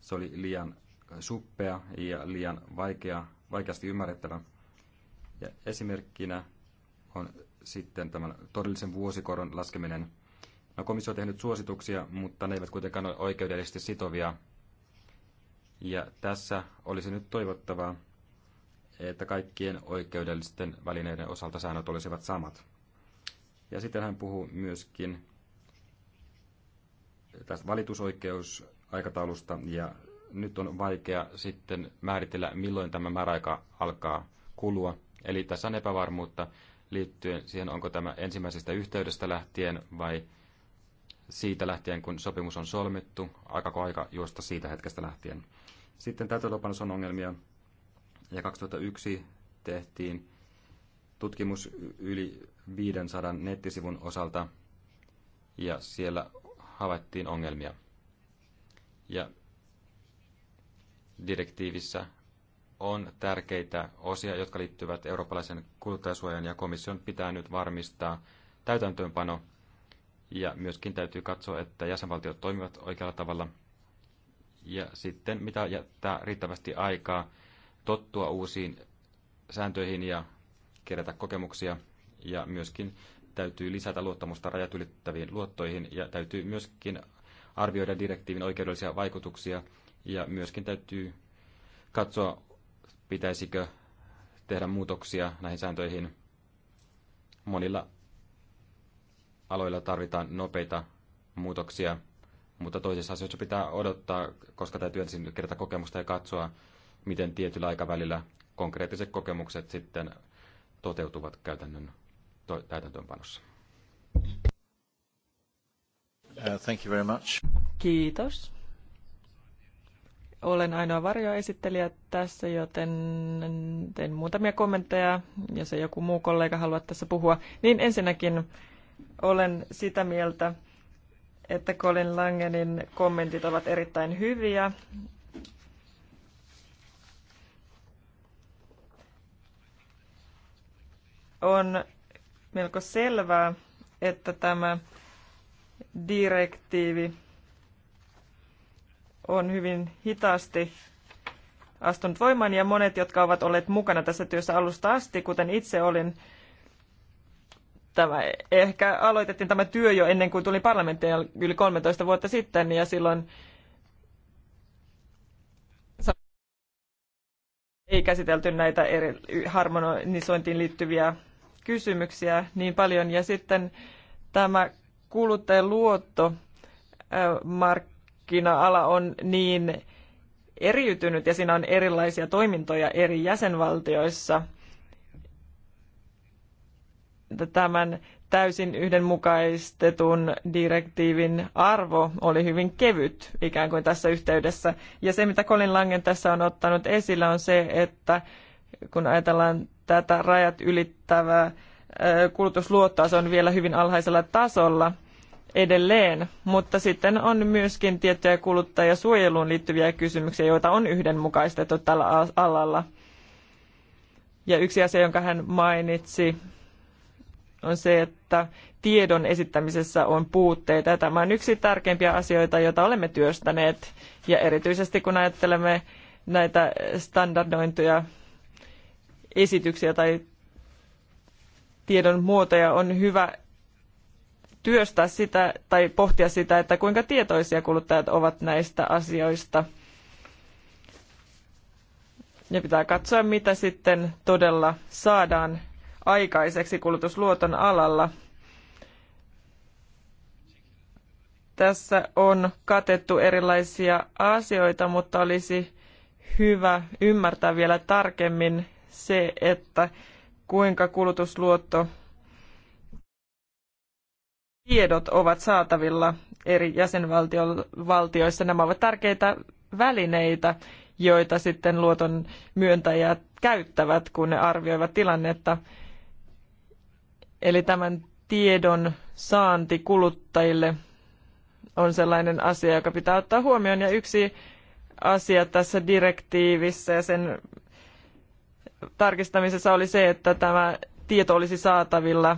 Se oli liian suppea ja liian vaikea, vaikeasti ymmärrettävä. Ja esimerkkinä on sitten tämän todellisen vuosikoron laskeminen. No, komissio on tehnyt suosituksia, mutta ne eivät kuitenkaan ole oikeudellisesti sitovia. Ja tässä olisi nyt toivottavaa, että kaikkien oikeudellisten välineiden osalta säännöt olisivat samat. Ja sitten hän puhuu myöskin tästä valitusoikeusaikataulusta ja nyt on vaikea sitten määritellä, milloin tämä määräaika alkaa kulua. Eli tässä on epävarmuutta liittyen siihen, onko tämä ensimmäisestä yhteydestä lähtien vai siitä lähtien, kun sopimus on solmittu, aikako aika juosta siitä hetkestä lähtien. Sitten täytäntöönpanossa on ongelmia ja 2001 tehtiin tutkimus yli 500 nettisivun osalta ja siellä havaittiin ongelmia. Ja direktiivissä on tärkeitä osia, jotka liittyvät eurooppalaisen kuluttajasuojan ja komission pitää nyt varmistaa täytäntöönpano ja myöskin täytyy katsoa, että jäsenvaltiot toimivat oikealla tavalla ja sitten mitä jättää riittävästi aikaa tottua uusiin sääntöihin ja kerätä kokemuksia ja myöskin täytyy lisätä luottamusta rajat ylittäviin luottoihin ja täytyy myöskin arvioida direktiivin oikeudellisia vaikutuksia ja myöskin täytyy katsoa, pitäisikö tehdä muutoksia näihin sääntöihin. Monilla aloilla tarvitaan nopeita muutoksia, mutta toisissa asioissa pitää odottaa, koska täytyy ensin kerätä kokemusta ja katsoa, miten tietyllä aikavälillä konkreettiset kokemukset sitten toteutuvat käytännön to- täytäntöönpanossa. Uh, thank you very much. Kiitos. Olen ainoa varjoesittelijä tässä, joten teen muutamia kommentteja, jos ei joku muu kollega halua tässä puhua. Niin ensinnäkin olen sitä mieltä, että Colin Langenin kommentit ovat erittäin hyviä on melko selvää, että tämä direktiivi on hyvin hitaasti astunut voimaan ja monet, jotka ovat olleet mukana tässä työssä alusta asti, kuten itse olin, tämä, ehkä aloitettiin tämä työ jo ennen kuin tuli parlamenttiin yli 13 vuotta sitten ja silloin ei käsitelty näitä eri harmonisointiin liittyviä kysymyksiä niin paljon. Ja sitten tämä kuluttajan markkina ala on niin eriytynyt ja siinä on erilaisia toimintoja eri jäsenvaltioissa. Tämän täysin yhdenmukaistetun direktiivin arvo oli hyvin kevyt ikään kuin tässä yhteydessä. Ja se, mitä Colin Langen tässä on ottanut esillä, on se, että kun ajatellaan tätä rajat ylittävää kulutusluottoa. Se on vielä hyvin alhaisella tasolla edelleen, mutta sitten on myöskin tiettyjä kuluttajasuojeluun liittyviä kysymyksiä, joita on yhdenmukaistettu tällä alalla. Ja yksi asia, jonka hän mainitsi, on se, että tiedon esittämisessä on puutteita. Tämä on yksi tärkeimpiä asioita, joita olemme työstäneet. Ja erityisesti kun ajattelemme näitä standardointuja esityksiä tai tiedon muotoja, on hyvä työstää sitä tai pohtia sitä, että kuinka tietoisia kuluttajat ovat näistä asioista. Ja pitää katsoa, mitä sitten todella saadaan aikaiseksi kulutusluoton alalla. Tässä on katettu erilaisia asioita, mutta olisi hyvä ymmärtää vielä tarkemmin se, että kuinka kulutusluotto tiedot ovat saatavilla eri jäsenvaltioissa. Nämä ovat tärkeitä välineitä, joita sitten luoton myöntäjät käyttävät, kun ne arvioivat tilannetta. Eli tämän tiedon saanti kuluttajille on sellainen asia, joka pitää ottaa huomioon. Ja yksi asia tässä direktiivissä ja sen tarkistamisessa oli se, että tämä tieto olisi saatavilla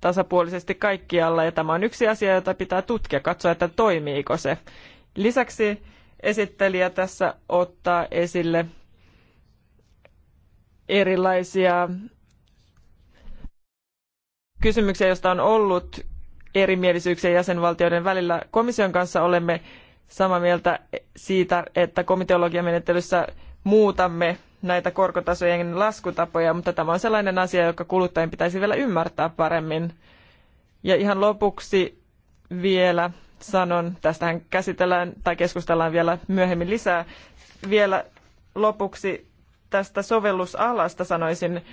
tasapuolisesti kaikkialla ja tämä on yksi asia, jota pitää tutkia, katsoa, että toimiiko se. Lisäksi esittelijä tässä ottaa esille erilaisia kysymyksiä, joista on ollut erimielisyyksiä jäsenvaltioiden välillä. Komission kanssa olemme samaa mieltä siitä, että komiteologiamenettelyssä menettelyssä muutamme näitä korkotasojen laskutapoja, mutta tämä on sellainen asia, joka kuluttajien pitäisi vielä ymmärtää paremmin. Ja ihan lopuksi vielä sanon, tästähän käsitellään tai keskustellaan vielä myöhemmin lisää, vielä lopuksi tästä sovellusalasta sanoisin,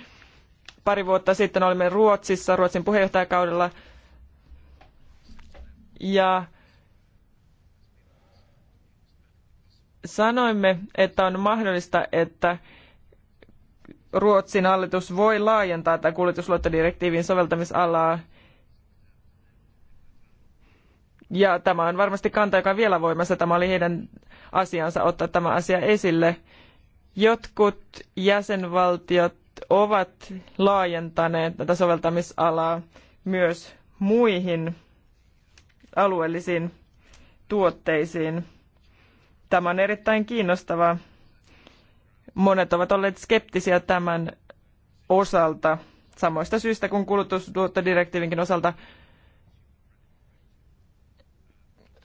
pari vuotta sitten olimme Ruotsissa, Ruotsin puheenjohtajakaudella, ja Sanoimme, että on mahdollista, että Ruotsin hallitus voi laajentaa tämän kuljetusluottodirektiivin soveltamisalaa. Ja tämä on varmasti kanta, joka on vielä voimassa. Tämä oli heidän asiansa ottaa tämä asia esille. Jotkut jäsenvaltiot ovat laajentaneet tätä soveltamisalaa myös muihin alueellisiin tuotteisiin. Tämä on erittäin kiinnostavaa. Monet ovat olleet skeptisiä tämän osalta samoista syistä kuin kulutusluottodirektiivinkin osalta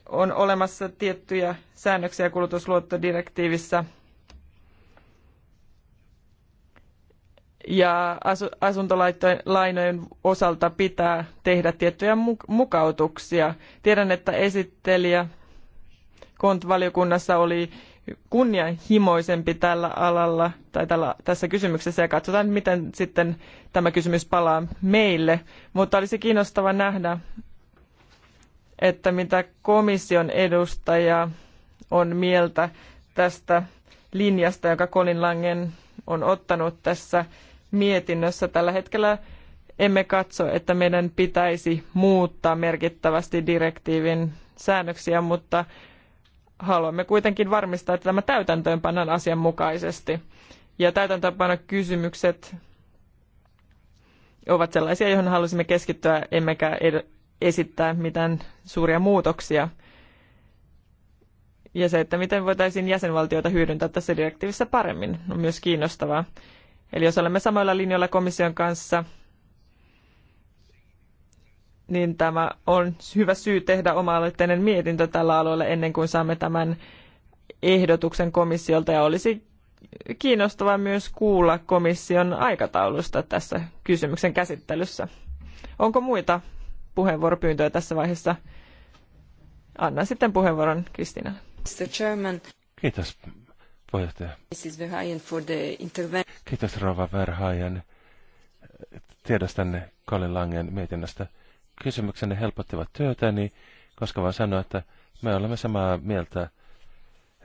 on olemassa tiettyjä säännöksiä kulutusluottodirektiivissä. Ja asuntolainojen osalta pitää tehdä tiettyjä mukautuksia. Tiedän, että esittelijä KONT-valiokunnassa oli kunnianhimoisempi tällä alalla tai tällä, tässä kysymyksessä ja katsotaan, miten sitten tämä kysymys palaa meille. Mutta olisi kiinnostava nähdä, että mitä komission edustaja on mieltä tästä linjasta, joka Colin Langen on ottanut tässä mietinnössä. Tällä hetkellä emme katso, että meidän pitäisi muuttaa merkittävästi direktiivin säännöksiä, mutta haluamme kuitenkin varmistaa, että tämä täytäntöön pannaan asianmukaisesti. Ja täytäntöönpanokysymykset ovat sellaisia, joihin halusimme keskittyä, emmekä esittää mitään suuria muutoksia. Ja se, että miten voitaisiin jäsenvaltioita hyödyntää tässä direktiivissä paremmin, on myös kiinnostavaa. Eli jos olemme samoilla linjoilla komission kanssa, niin tämä on hyvä syy tehdä oma-aloitteinen mietintö tällä alueella ennen kuin saamme tämän ehdotuksen komissiolta ja olisi kiinnostavaa myös kuulla komission aikataulusta tässä kysymyksen käsittelyssä. Onko muita puheenvuoropyyntöjä tässä vaiheessa? Annan sitten puheenvuoron Kristina. Mr. Chairman. Kiitos puheenjohtaja. Mrs. for the Kiitos Rova Verhaajan tiedostanne Colin Langen mietinnöstä kysymyksenne helpottivat työtäni, koska voin sanoa, että me olemme samaa mieltä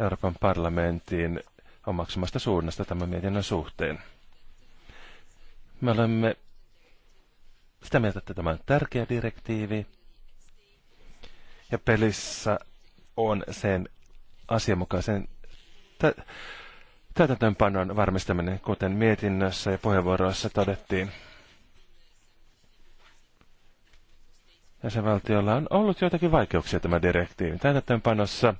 Euroopan parlamentin omaksumasta suunnasta tämän mietinnön suhteen. Me olemme sitä mieltä, että tämä on tärkeä direktiivi ja pelissä on sen asianmukaisen tä- täytäntöönpanon varmistaminen, kuten mietinnössä ja puheenvuoroissa todettiin. jäsenvaltiolla on ollut joitakin vaikeuksia tämän direktiivin täytäntöönpanossa,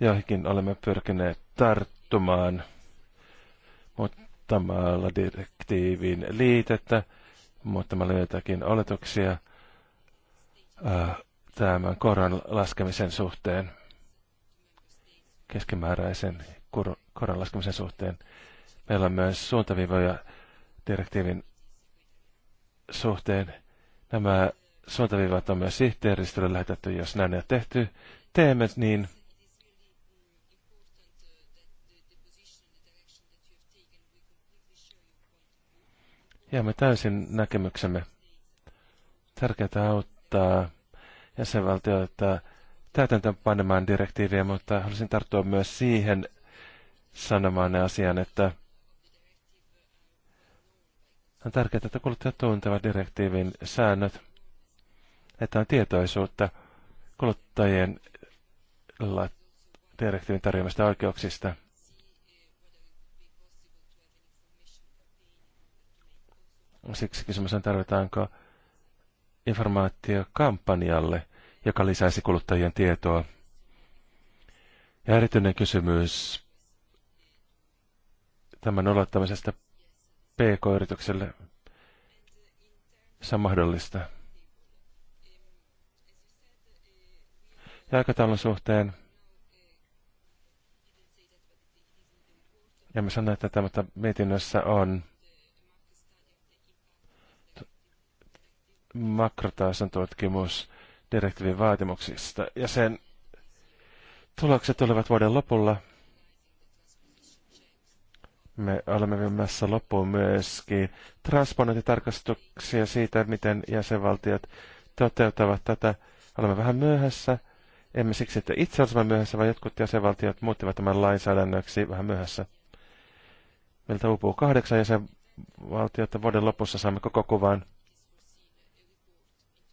joihinkin olemme pyrkineet tarttumaan muuttamalla direktiivin liitettä, muuttamalla joitakin oletuksia äh, tämän koron laskemisen suhteen, keskimääräisen koron laskemisen suhteen. Meillä on myös suuntaviivoja direktiivin suhteen. Nämä suuntaviivat on myös sihteeristölle lähetetty, jos näin on tehty. Teemme niin. Jäämme täysin näkemyksemme. Tärkeää auttaa jäsenvaltioita täytäntöön panemaan direktiiviä, mutta haluaisin tarttua myös siihen sanomaan asiaan, että on tärkeää, että kuluttajat tuntevat direktiivin säännöt, että on tietoisuutta kuluttajien direktiivin tarjoamista oikeuksista. Siksi kysymys on, tarvitaanko informaatiokampanjalle, kampanjalle, joka lisäisi kuluttajien tietoa. Ja erityinen kysymys tämän ulottamisesta PK-yritykselle se on mahdollista. Ja aikataulun suhteen ja me sanoin, että tämä mietinnössä on makrotaason tutkimus direktiivin vaatimuksista ja sen tulokset tulevat vuoden lopulla – me olemme viemässä loppuun myöskin transponointitarkastuksia siitä, miten jäsenvaltiot toteuttavat tätä. Olemme vähän myöhässä. Emme siksi, että itse olisimme myöhässä, vaan jotkut jäsenvaltiot muuttivat tämän lainsäädännöksi vähän myöhässä. Meiltä uupuu kahdeksan jäsenvaltiota. Vuoden lopussa saamme koko kuvan.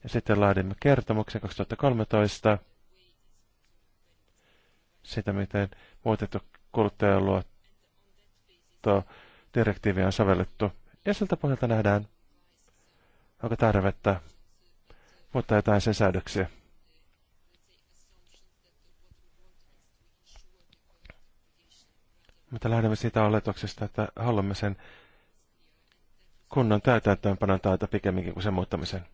Ja sitten laadimme kertomuksen 2013 sitä, miten muutettu kuluttajaluotto johto direktiiviä on sovellettu. Ja siltä pohjalta nähdään, onko tarvetta muuttaa jotain sen säädöksiä. Mutta lähdemme siitä oletuksesta, että haluamme sen kunnon täytäntöönpanon taita pikemminkin kuin sen muuttamisen.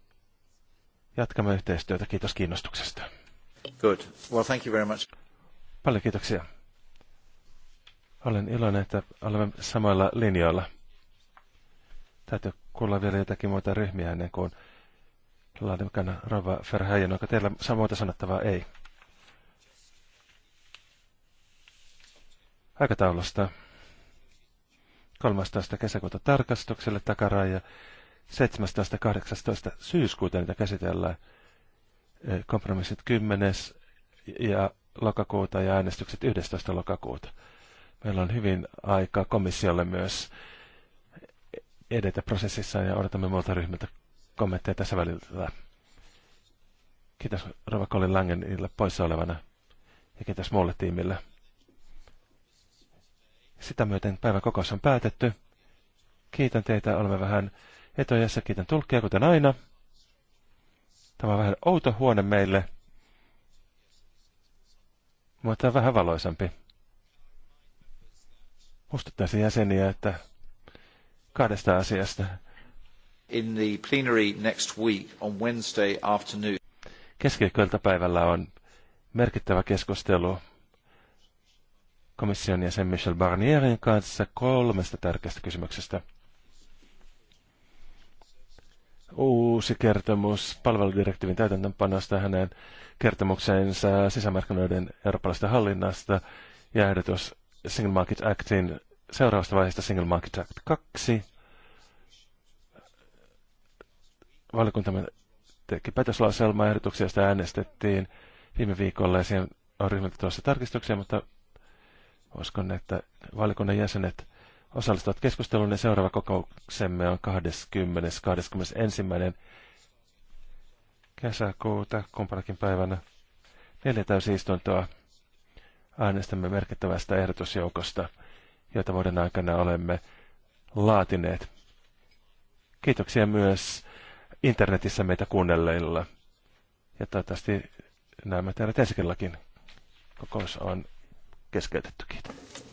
Jatkamme yhteistyötä. Kiitos kiinnostuksesta. Good. Well, thank you very much. Paljon kiitoksia. Olen iloinen, että olemme samoilla linjoilla. Täytyy kuulla vielä jotakin muita ryhmiä ennen kuin laadimme Rova Ferhajan, onko teillä samoita sanottavaa ei? Aikataulusta 13. kesäkuuta tarkastukselle takaraja 18. syyskuuta niitä käsitellään. Kompromissit 10. ja lokakuuta ja äänestykset 11. lokakuuta. Meillä on hyvin aikaa komissiolle myös edetä prosessissa ja odotamme muilta ryhmiltä kommentteja tässä välillä. Kiitos Rova Colin Langenille poissa olevana ja kiitos muulle tiimille. Sitä myöten päivän kokous on päätetty. Kiitän teitä, olemme vähän etojassa. Kiitän tulkkia, kuten aina. Tämä on vähän outo huone meille, mutta vähän valoisampi muistuttaisin jäseniä, että kahdesta asiasta. In the plenary next week on Wednesday afternoon. päivällä on merkittävä keskustelu komission jäsen Michel Barnierin kanssa kolmesta tärkeästä kysymyksestä. Uusi kertomus palveludirektiivin täytäntöönpanosta hänen kertomuksensa sisämarkkinoiden eurooppalaisesta hallinnasta ja ehdotus Single Market Actin seuraavasta vaiheesta Single Market Act 2. Valiokunta teki päätöslauselmaa ehdotuksia, sitä äänestettiin viime viikolla ja siihen on ryhmätty tuossa tarkistuksia, mutta uskon, että valiokunnan jäsenet osallistuvat keskusteluun ja seuraava kokouksemme on 20. 21. kesäkuuta kumpanakin päivänä neljä täysistuntoa äänestämme merkittävästä ehdotusjoukosta, jota vuoden aikana olemme laatineet. Kiitoksia myös internetissä meitä kuunnelleilla. Ja toivottavasti näemme täällä Teskellakin. Kokous on keskeytetty. Kiitos.